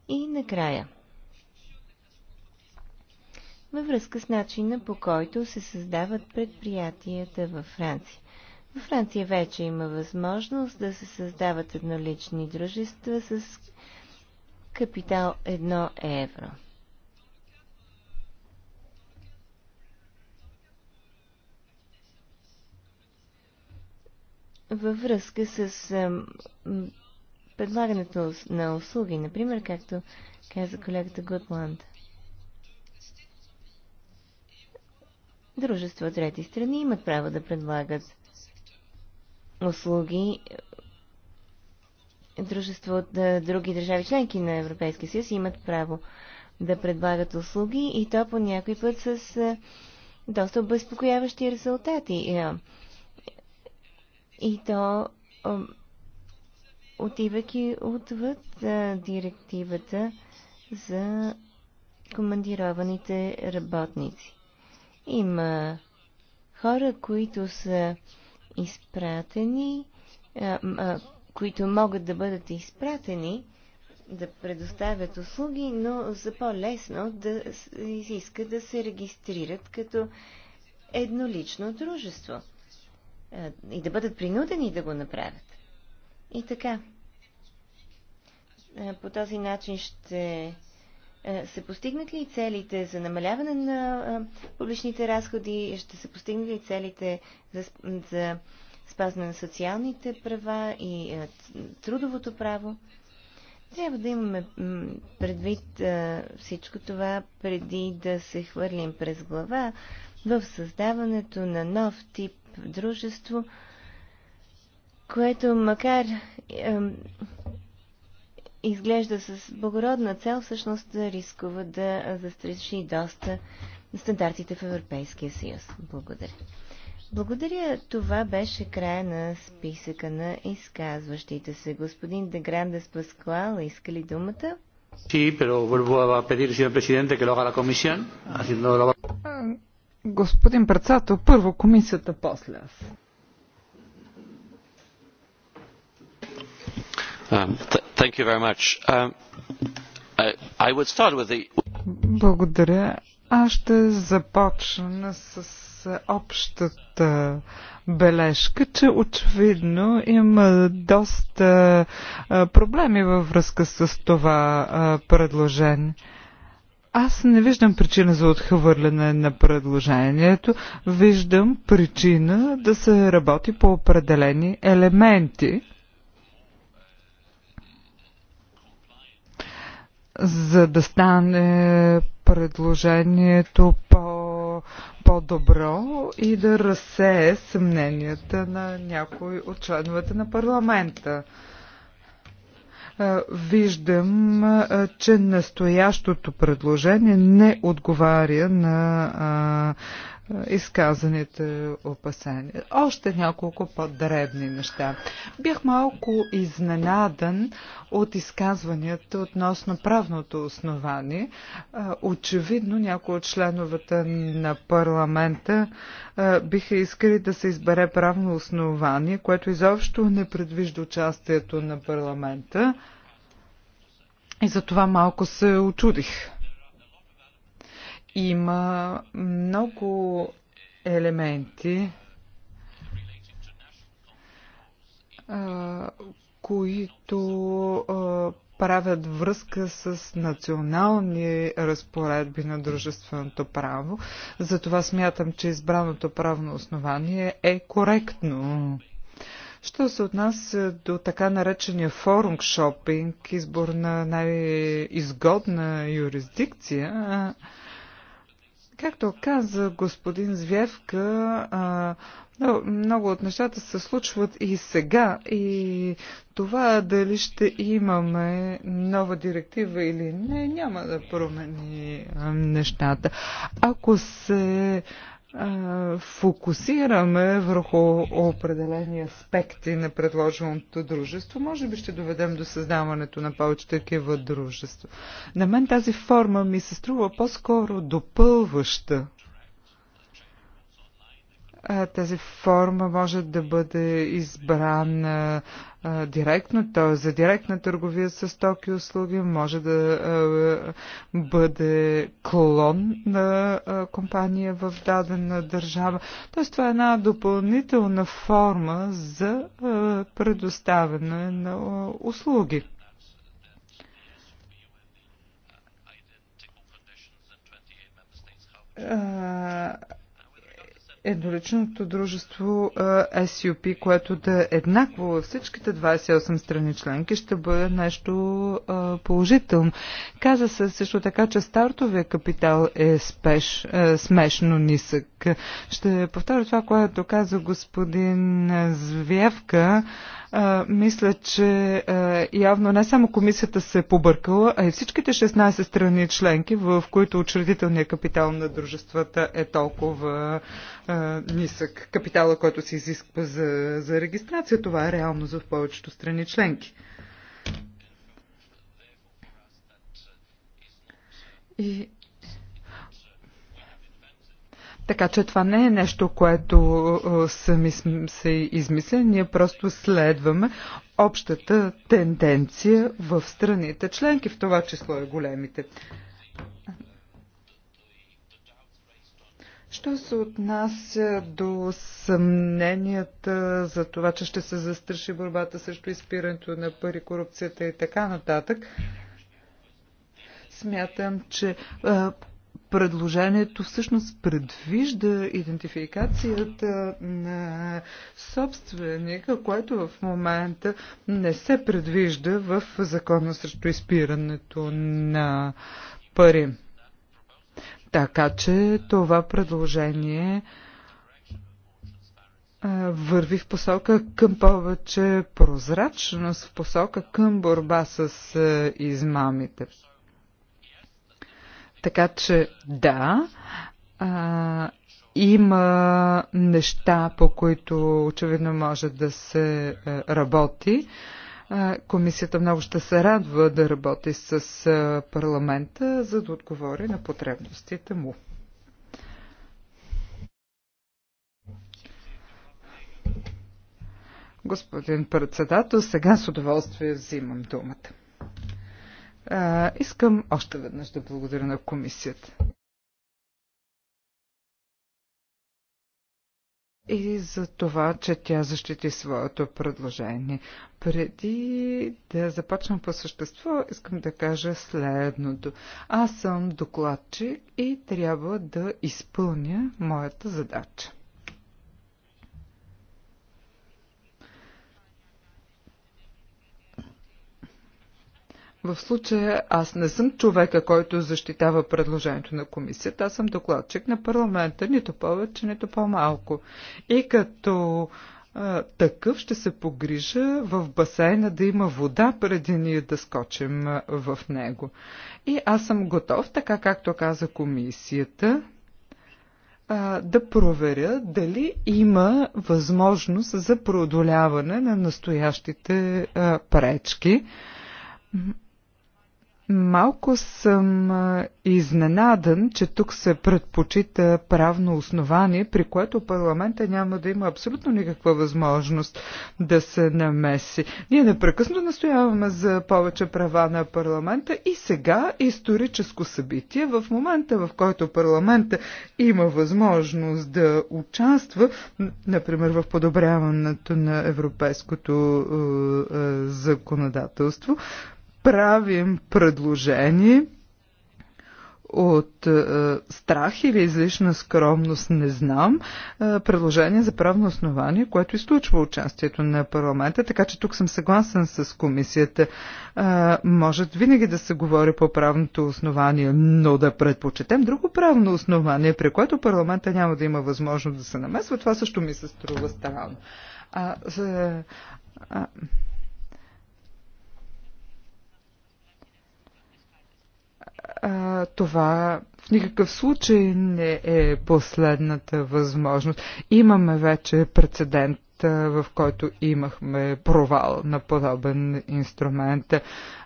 И накрая. Във връзка с начина по който се създават предприятията във Франция. Във Франция вече има възможност да се създават еднолични дружества с капитал 1 евро. във връзка с предлагането на услуги, например, както каза колегата Гудланд. Дружества от трети страни имат право да предлагат услуги. Е, дружества от е, други държави членки на Европейския съюз имат право да предлагат услуги и то по някой път с е, доста обезпокояващи резултати. И то отивайки отвъд директивата за командированите работници. Има хора, които са изпратени, а, а, които могат да бъдат изпратени да предоставят услуги, но за по-лесно да изискат да се регистрират като еднолично дружество – е, и да бъдат принудени да го направят. И така. Е, по този начин ще е, се постигнат ли целите за намаляване на публичните разходи, ще се постигнат ли целите за, за спазване на социалните права и трудовото право? Трябва да имаме предвид всичко това преди да се хвърлим през глава в създаването на нов тип дружество, което макар ем, изглежда с благородна цел, всъщност рискува да застреши доста стандартите в Европейския съюз. Благодаря. Благодаря. Това беше края на списъка на изказващите се. Господин Деграндес Паскуал, иска ли думата? Sí, pero vuelvo a pedir, señor presidente, que lo haga la comisión, haciéndolo Господин председател, първо комисията, после аз. Um, um, Благодаря. Аз ще започна с общата бележка, че очевидно има доста проблеми във връзка с това предложение. Аз не виждам причина за отхвърляне на предложението. Виждам причина да се работи по определени елементи. за да стане предложението по, по-добро и да разсее съмненията на някои от членовете на парламента. Виждам, че настоящото предложение не отговаря на изказаните опасения. Още няколко по-дребни неща. Бях малко изненадан от изказванията относно правното основание. Очевидно някои от членовете на парламента биха искали да се избере правно основание, което изобщо не предвижда участието на парламента. И за това малко се очудих. Има много елементи, които правят връзка с национални разпоредби на дружественото право. Затова смятам, че избраното правно основание е коректно. Що се отнася до така наречения форум шопинг, избор на най-изгодна юрисдикция, Както каза господин Звявка, много от нещата се случват и сега. И това дали ще имаме нова директива или не, няма да промени нещата. Ако се фокусираме върху определени аспекти на предложеното дружество, може би ще доведем до създаването на повече такива дружества. На мен тази форма ми се струва по-скоро допълваща тази форма може да бъде избрана директно, т.е. за директна търговия с стоки и услуги, може да бъде клон на компания в дадена държава. Т.е. това е една допълнителна форма за предоставяне на услуги. Uh едноличното дружество SUP, което да е еднакво във всичките 28 страни членки, ще бъде нещо положително. Каза се също така, че стартовия капитал е спеш, смешно нисък. Ще повторя това, което каза господин Звявка. А, мисля, че а, явно не само комисията се е побъркала, а и всичките 16 страни членки, в които учредителният капитал на дружествата е толкова а, нисък. Капитала, който се изисква за, за регистрация, това е реално за в повечето страни членки. И така че това не е нещо, което е, сами се измисля, ние просто следваме общата тенденция в страните членки, в това число и големите. Що се отнася до съмненията за това, че ще се застраши борбата срещу изпирането на пари, корупцията и така нататък, смятам, че е, предложението всъщност предвижда идентификацията на собственика, което в момента не се предвижда в закона срещу изпирането на пари. Така че това предложение върви в посока към повече прозрачност, в посока към борба с измамите. Така че да, а, има неща, по които очевидно може да се работи. Комисията много ще се радва да работи с парламента, за да отговори на потребностите му. Господин председател, сега с удоволствие взимам думата. А, искам още веднъж да благодаря на комисията. и за това, че тя защити своето предложение. Преди да започна по същество, искам да кажа следното. Аз съм докладчик и трябва да изпълня моята задача. В случая аз не съм човека, който защитава предложението на комисията, аз съм докладчик на парламента, нито повече, нито по-малко. И като а, такъв ще се погрижа в басейна да има вода, преди ние да скочим в него. И аз съм готов, така както каза комисията, а, да проверя дали има възможност за преодоляване на настоящите а, пречки. Малко съм изненадан, че тук се предпочита правно основание, при което парламента няма да има абсолютно никаква възможност да се намеси. Ние непрекъсно настояваме за повече права на парламента и сега историческо събитие, в момента в който парламента има възможност да участва, например в подобряването на европейското е, е, законодателство, правим предложение от е, страх или излишна скромност, не знам, е, предложение за правно основание, което изключва участието на парламента, така че тук съм съгласен с комисията. Е, може винаги да се говори по правното основание, но да предпочетем друго правно основание, при което парламента няма да има възможност да се намесва, това също ми се струва странно. А, а, а, това в никакъв случай не е последната възможност. Имаме вече прецедент в който имахме провал на подобен инструмент.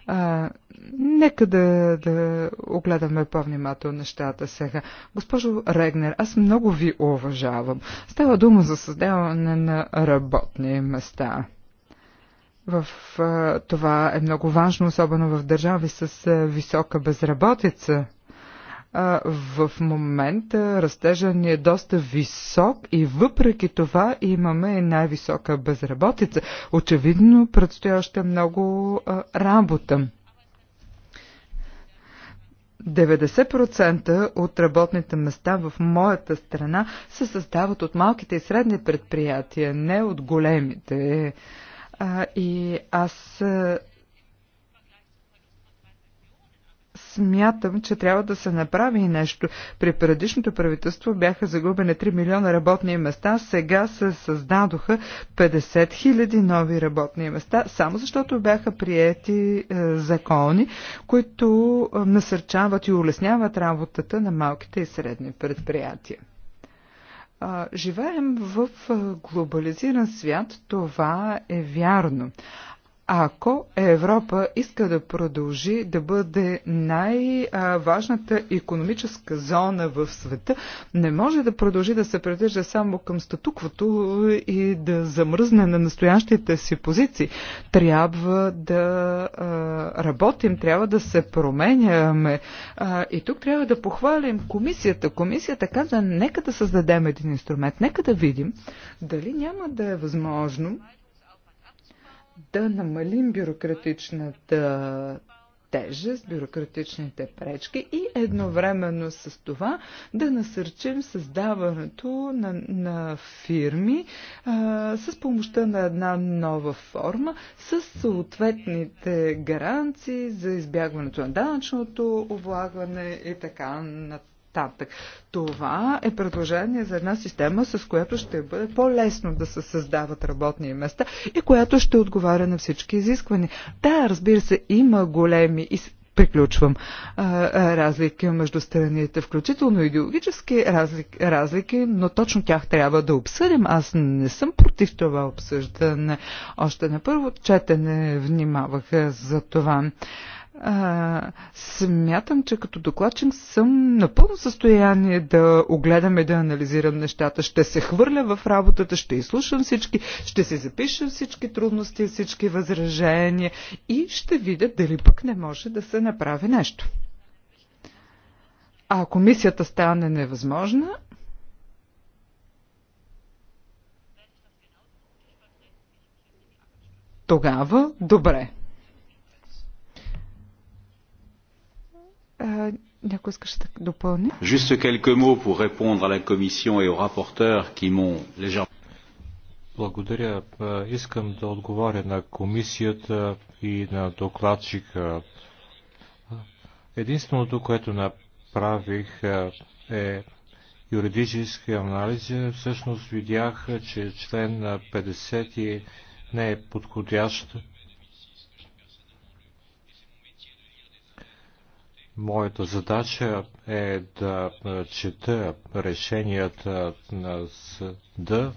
А, нека да, да огледаме по-внимателно нещата сега. Госпожо Регнер, аз много ви уважавам. Става дума за създаване на работни места. В а, това е много важно, особено в държави с а, висока безработица. А, в момента растежа ни е доста висок и въпреки това имаме най-висока безработица. Очевидно предстои още много а, работа. 90% от работните места в моята страна се създават от малките и средни предприятия, не от големите. А, и аз смятам, че трябва да се направи нещо. При предишното правителство бяха загубени 3 милиона работни места, сега се създадоха 50 хиляди нови работни места, само защото бяха приети а, е, закони, които а, е, насърчават и улесняват работата на малките и средни предприятия. Живеем в глобализиран свят, това е вярно ако Европа иска да продължи да бъде най-важната економическа зона в света, не може да продължи да се придържа само към статуквото и да замръзне на настоящите си позиции. Трябва да работим, трябва да се променяме. и тук трябва да похвалим комисията. Комисията каза, нека да създадем един инструмент, нека да видим дали няма да е възможно да намалим бюрократичната тежест, бюрократичните пречки и едновременно с това да насърчим създаването на, на фирми а, с помощта на една нова форма, с съответните гаранции за избягването на данъчното облагане и така нататък нататък. Това е предложение за една система, с която ще бъде по-лесно да се създават работни места и която ще отговаря на всички изисквания. Да, разбира се, има големи и приключвам разлики между страните, включително идеологически разлики, но точно тях трябва да обсъдим. Аз не съм против това обсъждане. Още на първо четене внимавах за това. А, смятам, че като докладчик съм напълно състояние да огледам и да анализирам нещата. Ще се хвърля в работата, ще изслушам всички, ще си запиша всички трудности, всички възражения и ще видя дали пък не може да се направи нещо. А ако мисията стане невъзможна, тогава добре. Някой искаше да допълни? Juste quelques mots pour répondre à la commission et au rapporteur qui m'ont légèrement благодаря. Искам да отговоря на комисията и на докладчика. Единственото, което направих е юридически анализ. Всъщност видях, че член 50 не е подходящ Моята задача е да чета решенията на съда.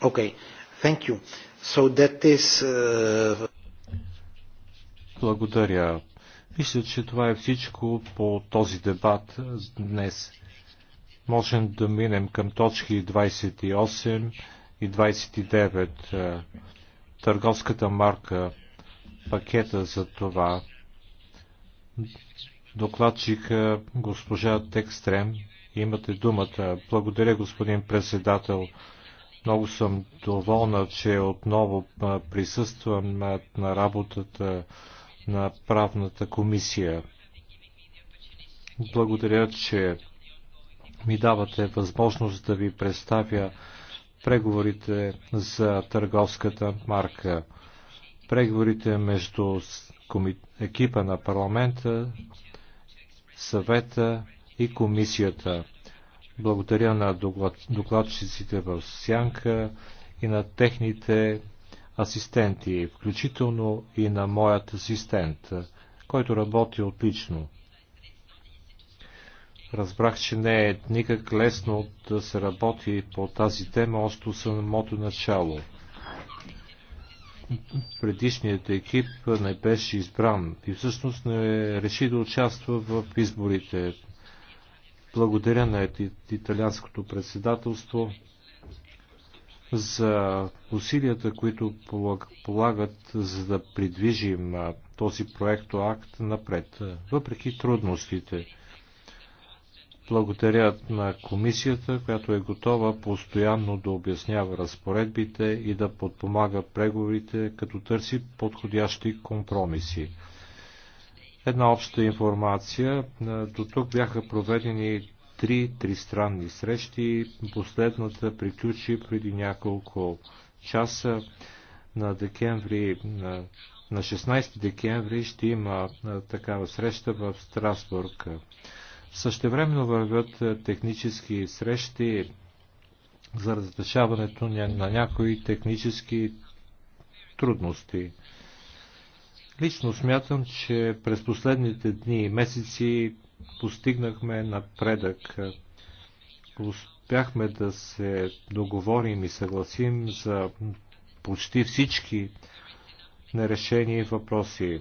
Okay, thank you. So that is, uh... Благодаря. Мисля, че това е всичко по този дебат днес. Можем да минем към точки 28 и 29 търговската марка, пакета за това. Докладчик е, госпожа Текстрем, имате думата. Благодаря, господин председател. Много съм доволна, че отново е, присъствам е, на работата на правната комисия. Благодаря, че ми давате възможност да ви представя преговорите за търговската марка. Преговорите между екипа на парламента, съвета и комисията. Благодаря на докладчиците в Сянка и на техните асистенти, включително и на моят асистент, който работи отлично. Разбрах, че не е никак лесно да се работи по тази тема още от самото начало. Предишният екип не беше избран и всъщност не реши да участва в изборите. Благодаря на италианското председателство за усилията, които полагат за да придвижим този проекто акт напред, въпреки трудностите. Благодаря на комисията, която е готова постоянно да обяснява разпоредбите и да подпомага преговорите, като търси подходящи компромиси. Една обща информация. До тук бяха проведени три тристранни срещи. Последната приключи преди няколко часа на декември на на 16 декември ще има такава среща в Страсбург. Същевременно вървят е, технически срещи за разрешаването на някои технически трудности. Лично смятам, че през последните дни и месеци постигнахме напредък. Успяхме да се договорим и съгласим за почти всички нерешени въпроси.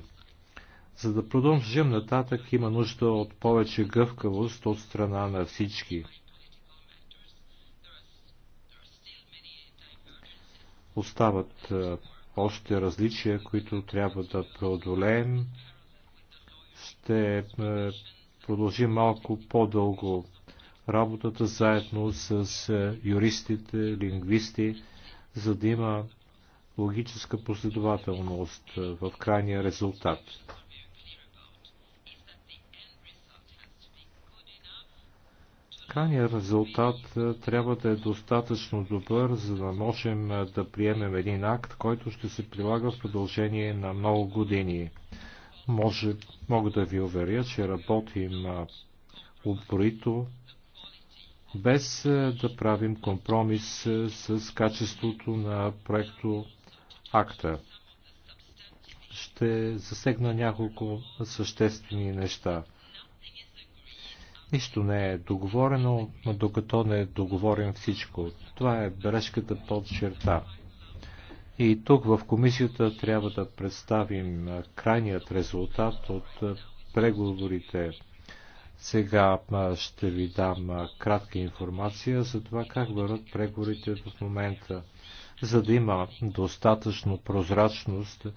За да продължим нататък, има нужда от повече гъвкавост от страна на всички. Остават още различия, които трябва да преодолеем. Ще продължим малко по-дълго работата заедно с юристите, лингвисти, за да има логическа последователност в крайния резултат. крайният резултат е, трябва да е достатъчно добър, за да можем е, да приемем един акт, който ще се прилага в продължение на много години. Може, мога да ви уверя, че работим упорито, е, без да правим компромис с качеството на проекто акта. Ще засегна няколко съществени неща. Нищо не е договорено, докато не е договорен всичко. Това е бележката под черта. И тук в комисията трябва да представим крайният резултат от преговорите. Сега ще ви дам кратка информация за това как върват преговорите в момента, за да има достатъчно прозрачност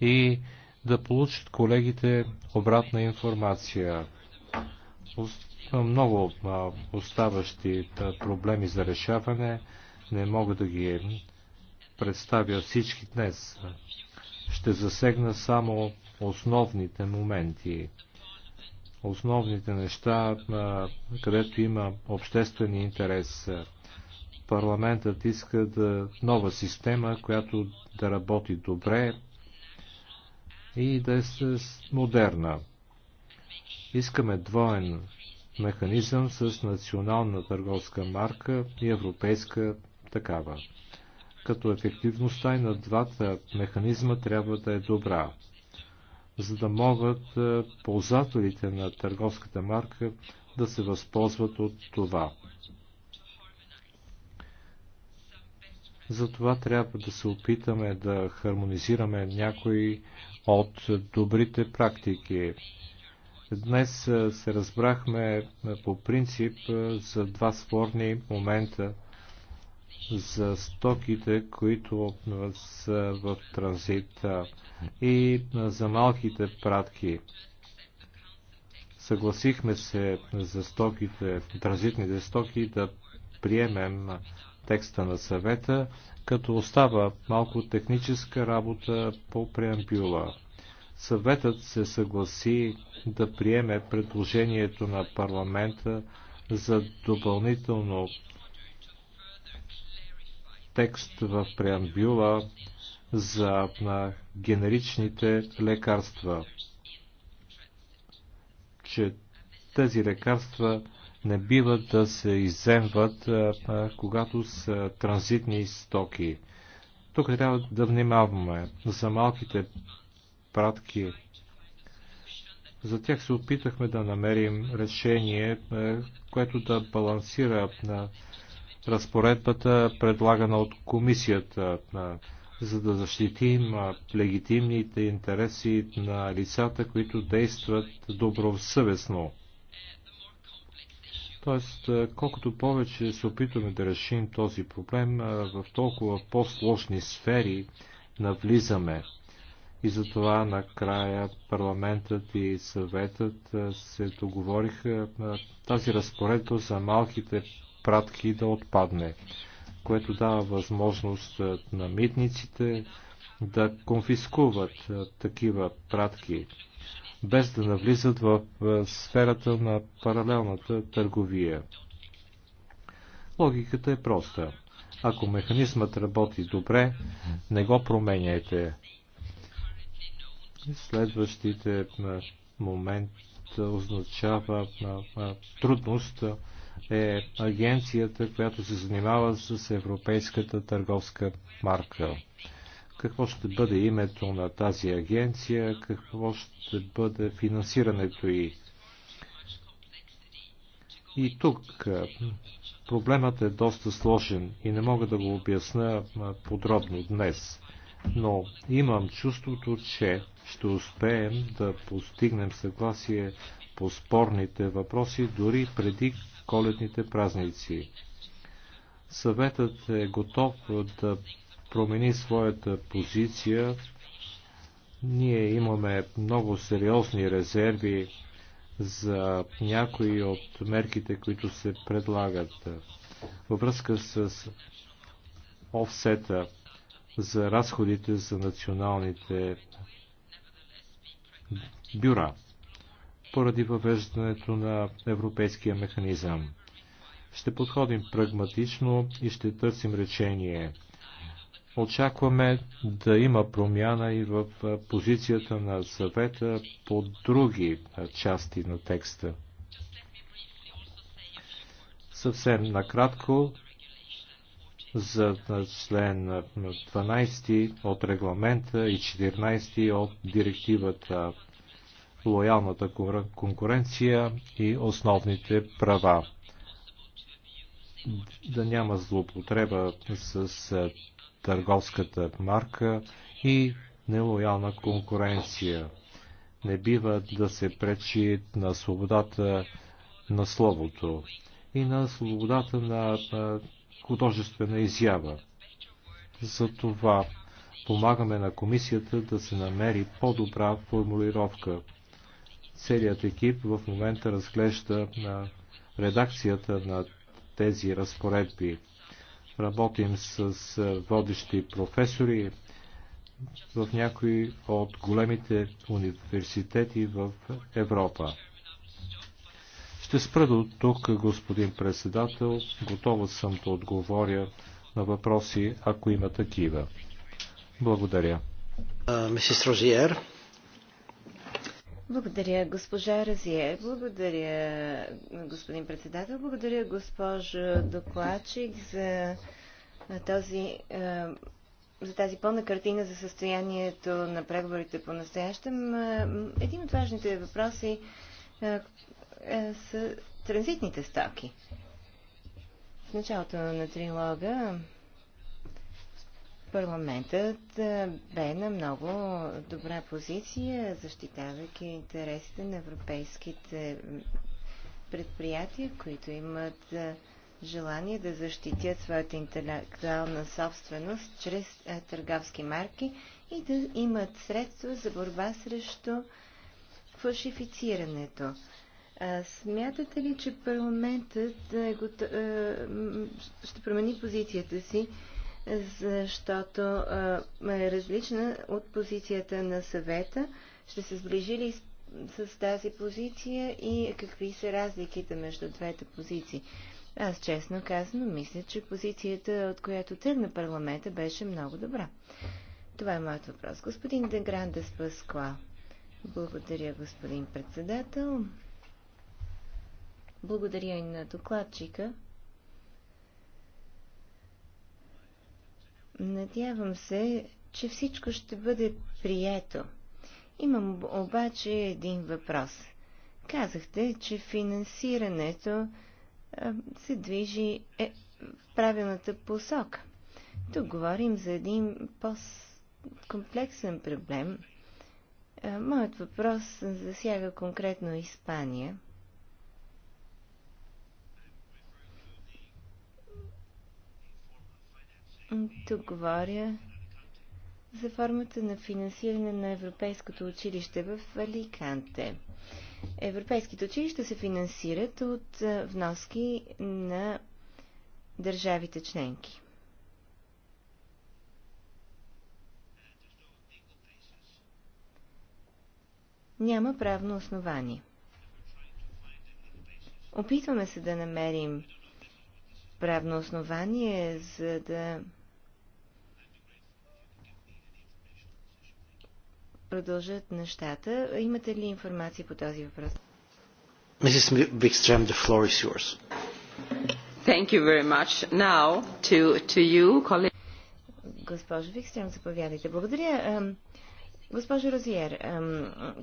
и да получат колегите обратна информация. Има много оставащи проблеми за решаване. Не мога да ги представя всички днес. Ще засегна само основните моменти, основните неща, където има обществен интерес. Парламентът иска да нова система, която да работи добре и да е модерна. Искаме двоен механизъм с национална търговска марка и европейска такава. Като ефективността и на двата механизма трябва да е добра, за да могат е, ползвателите на търговската марка да се възползват от това. Затова трябва да се опитаме да хармонизираме някои от добрите практики Днес се разбрахме по принцип за два спорни момента за стоките, които са в транзит и за малките пратки. Съгласихме се за стоките, транзитните стоки да приемем текста на съвета, като остава малко техническа работа по преамбюла. Съветът се съгласи да приеме предложението на парламента за допълнително текст в преамбюла за на генеричните лекарства, че тези лекарства не бива да се иземват, когато са транзитни стоки. Тук трябва да внимаваме за малките пратки. За тях се опитахме да намерим решение, е, което да балансира на разпоредбата, предлагана от комисията, е, за да защитим е, легитимните интереси на лицата, които действат добросъвестно. Тоест, колкото повече се опитваме да решим този проблем, в толкова по-сложни сфери навлизаме. И затова накрая парламентът и съветът се договориха тази разпоредба за малките пратки да отпадне, което дава възможност на митниците да конфискуват такива пратки, без да навлизат в сферата на паралелната търговия. Логиката е проста. Ако механизмът работи добре, не го променяйте следващите момент означава трудност е агенцията, която се занимава с европейската търговска марка. Какво ще бъде името на тази агенция, какво ще бъде финансирането й. И тук проблемът е доста сложен и не мога да го обясна подробно днес но имам чувството, че ще успеем да постигнем съгласие по спорните въпроси дори преди коледните празници. Съветът е готов да промени своята позиция. Ние имаме много сериозни резерви за някои от мерките, които се предлагат във връзка с офсета за разходите за националните бюра поради въвеждането на европейския механизъм. Ще подходим прагматично и ще търсим решение. Очакваме да има промяна и в позицията на съвета по други части на текста. Съвсем накратко за член 12 от регламента и 14 от директивата лоялната конкуренция и основните права. Да няма злоупотреба с търговската марка и нелоялна конкуренция. Не бива да се пречи на свободата на словото и на свободата на художествена изява. Затова помагаме на комисията да се намери по-добра формулировка. Целият екип в момента разглежда на редакцията на тези разпоредби. Работим с водещи професори в някои от големите университети в Европа. Ще спра до тук, господин председател. Готова съм да отговоря на въпроси, ако има такива. Благодаря. Месис Розиер. Благодаря, госпожа Разие. Благодаря, господин председател. Благодаря, госпожо докладчик, за, този, за тази пълна картина за състоянието на преговорите по настоящем. Един от важните въпроси, е, С транзитните стоки. В началото на трилога парламентът е, бе на много добра позиция, защитавайки интересите на европейските предприятия, които имат е, желание да защитят своята интелектуална собственост чрез търговски марки и да имат средства за борба срещу фалшифицирането. А, смятате ли, че парламентът е готов, ще промени позицията си, защото е, е различна от позицията на съвета? Ще се сближи ли с, с тази позиция и какви са разликите между двете позиции? Аз честно казано мисля, че позицията, от която тръгна парламента, беше много добра. Това е моят въпрос. Господин Деграндес Паскуал. Благодаря, господин председател. Благодаря и на докладчика. Надявам се, че всичко ще бъде прието. Имам обаче един въпрос. Казахте, че финансирането се движи е, в правилната посока. Тук говорим за един по-комплексен проблем. Моят въпрос засяга конкретно Испания. Тук говоря за формата на финансиране на Европейското училище в Аликанте. Европейските училища се финансират от вноски на държавите членки. Няма правно основание. Опитваме се да намерим правно основание, за да продължат нещата. Имате ли информация по този въпрос? Мисис Wikström, the floor is yours. Thank you very much. Now to, to you, colleague. Госпожо Викстрем, заповядайте. Благодаря. Госпожо Розиер,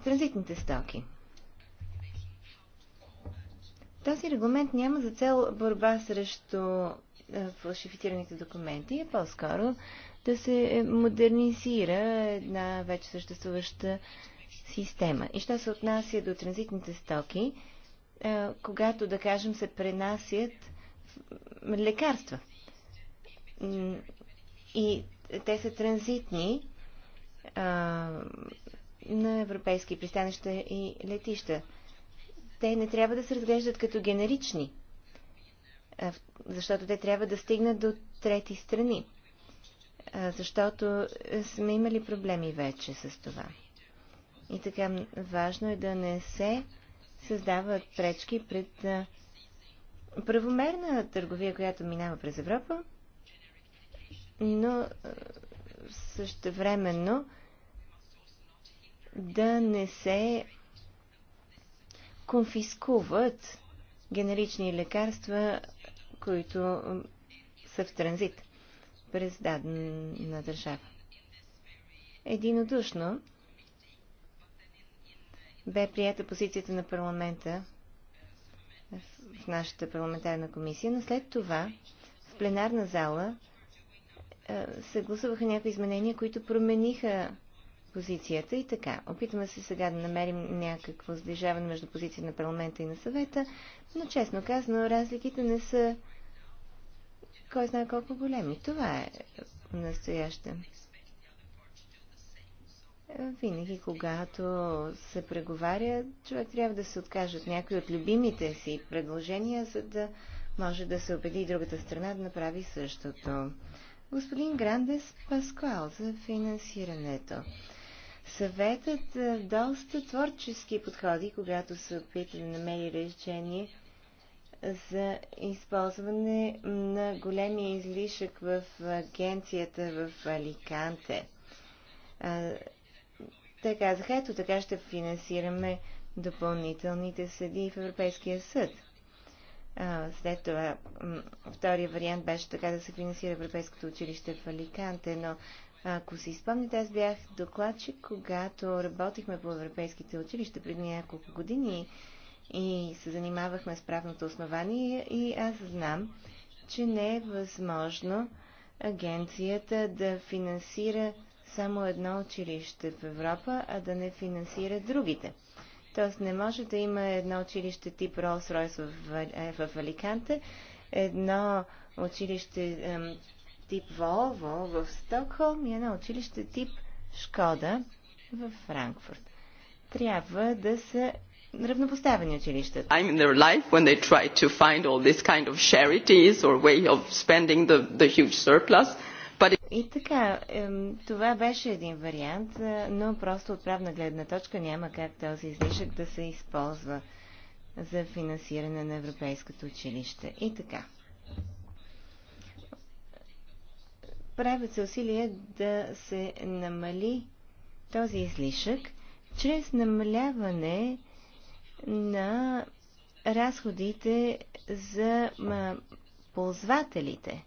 транзитните стоки. Този регламент няма за цел борба срещу фалшифицираните документи, а по-скоро да се модернизира една вече съществуваща система. И що се отнася до транзитните стоки, е, когато, да кажем, се пренасят лекарства. И те са транзитни е, на европейски пристанища и летища. Те не трябва да се разглеждат като генерични, е, защото те трябва да стигнат до трети страни защото е, сме имали проблеми вече с това. И така важно е да не се създават пречки пред правомерна търговия, която минава през Европа, но същевременно да не се конфискуват генерични лекарства, които са в транзит през дадена държава. Единодушно бе прията позицията на парламента в нашата парламентарна комисия, но след това в пленарна зала е, се гласуваха някои изменения, които промениха позицията и така. Опитваме се сега да намерим някакво сближаване между позиция на парламента и на съвета, но честно казано разликите не са кой знае колко големи. Това е настояще. Винаги, когато се преговаря, човек трябва да се откаже от някои от любимите си предложения, за да може да се убеди и другата страна да направи същото. Господин Грандес Паскуал за финансирането. Съветът е доста творчески подходи, когато се опита да намери решение – за използване на големия излишък в агенцията в Аликанте. Те казаха, ето така ще финансираме допълнителните съди в Европейския съд. А, след това, втория вариант беше така да се финансира Европейското училище в Аликанте, но ако си спомните, аз бях докладчик, когато работихме по европейските училища преди няколко години и се занимавахме с правното основание и аз знам, че не е възможно агенцията да финансира само едно училище в Европа, а да не финансира другите. Тоест не може да има едно училище тип Ролс-Ройс в, е, в, Аликанте, едно училище тип Волво в Стокхолм и едно училище тип Шкода в Франкфурт. Трябва да се равнопоставени училища. I'm in their life when they try to find all kind of charities or way of spending the, the huge surplus. But... И така, това беше един вариант, е, но просто от правна гледна точка няма как този излишък да се използва за финансиране на Европейското училище. И така. Правят се усилия да се намали този излишък чрез намаляване на разходите за ползвателите,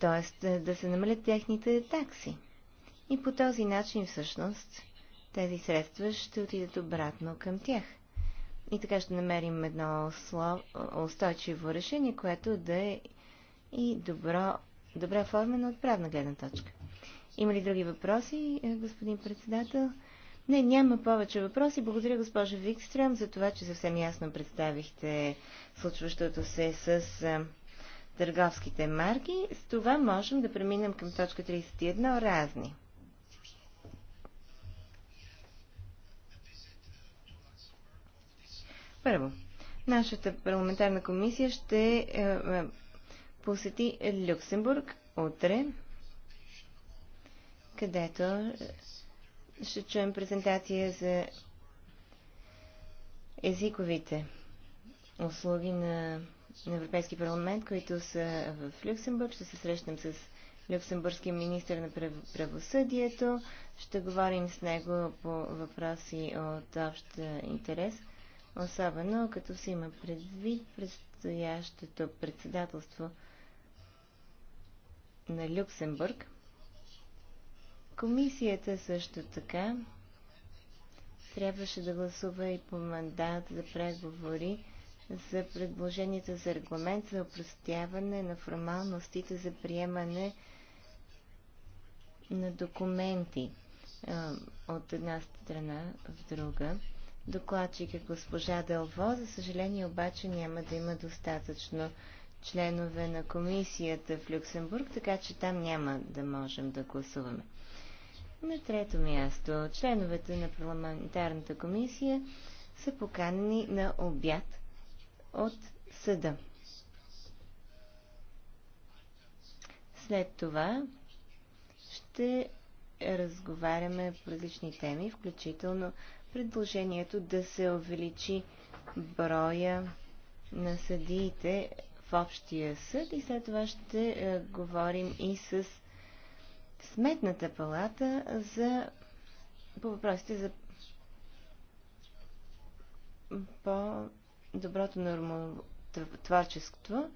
т.е. да се намалят техните такси. И по този начин всъщност тези средства ще отидат обратно към тях. И така ще намерим едно устойчиво решение, което да е и добро, добра форма на отправна гледна точка. Има ли други въпроси, е, господин председател? Не, няма повече въпроси. Благодаря, госпожа Викстрем, за това, че съвсем ясно представихте случващото се с търговските марки. С това можем да преминем към точка 31 разни. Първо, нашата парламентарна комисия ще е, е, посети Люксембург утре, където ще чуем презентация за езиковите услуги на, на Европейски парламент, които са в Люксембург. Ще се срещнем с люксембургския министр на правосъдието. Ще говорим с него по въпроси от общ интерес, особено като се има предвид предстоящото председателство на Люксембург – Комисията също така трябваше да гласува и по мандат за преговори за предложението за регламент за опростяване на формалностите за приемане на документи от една страна в друга. Докладчик е госпожа Дълво. За съжаление обаче няма да има достатъчно членове на комисията в Люксембург, така че там няма да можем да гласуваме. На трето място, членовете на парламентарната комисия са поканени на обяд от съда. След това ще разговаряме по различни теми, включително предложението да се увеличи броя на съдиите в общия съд и след това ще е, говорим и с Сметната палата за по въпросите за по-доброто нормотворчество.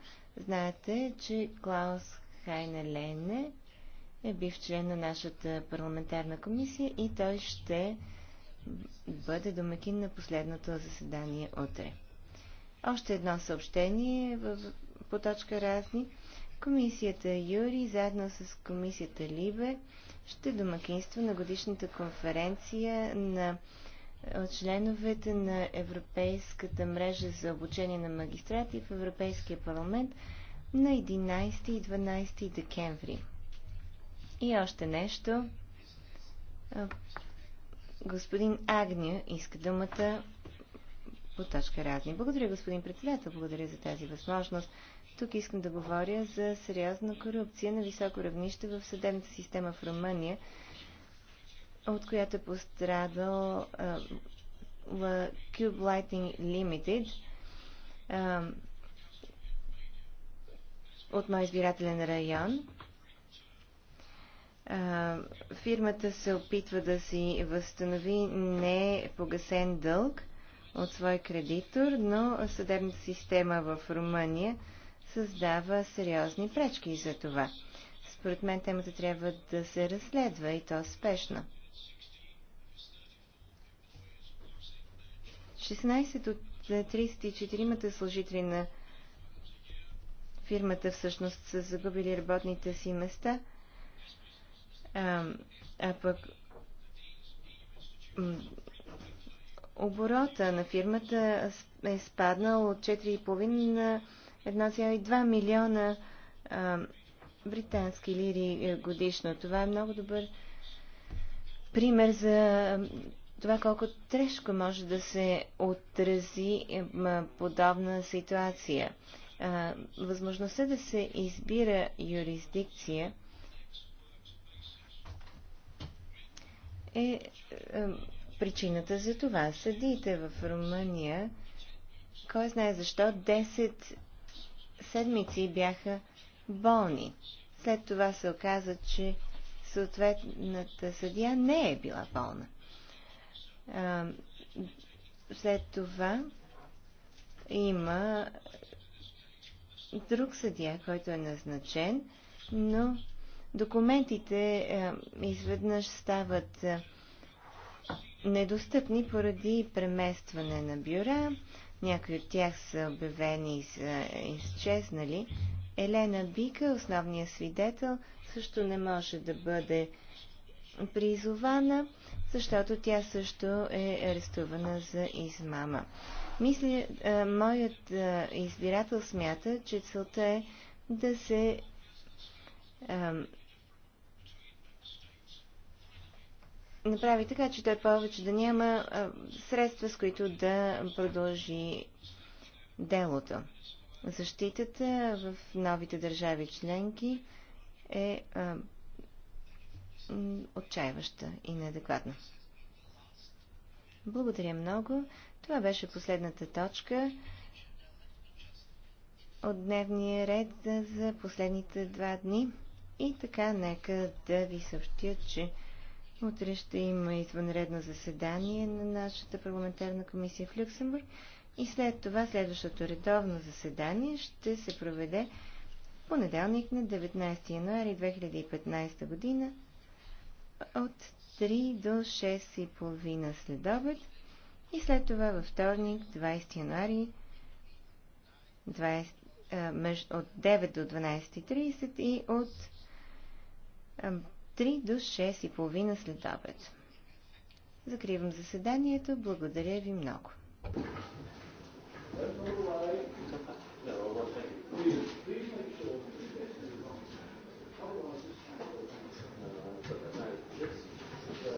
Знаете, че Клаус Хайна Лене е бив член на нашата парламентарна комисия и той ще бъде домакин на последното заседание утре. Още едно съобщение по точка разни. Комисията Юри заедно с комисията Либе ще домакинства на годишната конференция на е, членовете на Европейската мрежа за обучение на магистрати в Европейския парламент на 11 и 12 декември. И още нещо. Е, господин Агния иска думата по точка разни. Благодаря, господин председател. Благодаря за тази възможност. Тук искам да говоря за сериозна корупция на високо равнище в съдебната система в Румъния, от която е пострадал а, Cube Lighting Limited uh, от мой избирателен район. фирмата се опитва да си възстанови не погасен дълг от свой кредитор, но съдебната система в Румъния създава сериозни пречки за това. Според мен темата трябва да се разследва и то спешно. 16 от 34-мата е, служители на фирмата всъщност са загубили работните си места, а, а пък оборота на фирмата е спаднал от 4,5 на 1,2 милиона а, британски лири е, годишно. Това е много добър пример за това колко трешко може да се отрази е, подобна ситуация. А, възможността да се избира юрисдикция е а, е, причината за това. Съдиите в Румъния, кой знае защо, 10 седмици бяха болни. След това се оказа, че съответната съдия не е била болна. А, след това има друг съдия, който е назначен, но документите а, изведнъж стават а, недостъпни поради преместване на бюра, някои от тях са обявени и са изчезнали. Елена Бика, основния свидетел, също не може да бъде призована, защото тя също е арестувана за измама. Мисля, е, моят е, избирател смята, че целта е да се е, направи така, че той повече да няма средства, с които да продължи делото. Защитата в новите държави членки е а, отчаяваща и неадекватна. Благодаря много. Това беше последната точка от дневния ред за последните два дни. И така, нека да ви съобщя, че Утре ще има извънредно заседание на нашата парламентарна комисия в Люксембург и след това следващото редовно заседание ще се проведе в понеделник на 19 януари 2015 година от 3 до 6 и половина след обед и след това във вторник 20 януари 20, а, от 9 до 12.30 и от а, 3 до 6 и половина след обед. Закривам заседанието. Благодаря ви много. Thank е, you.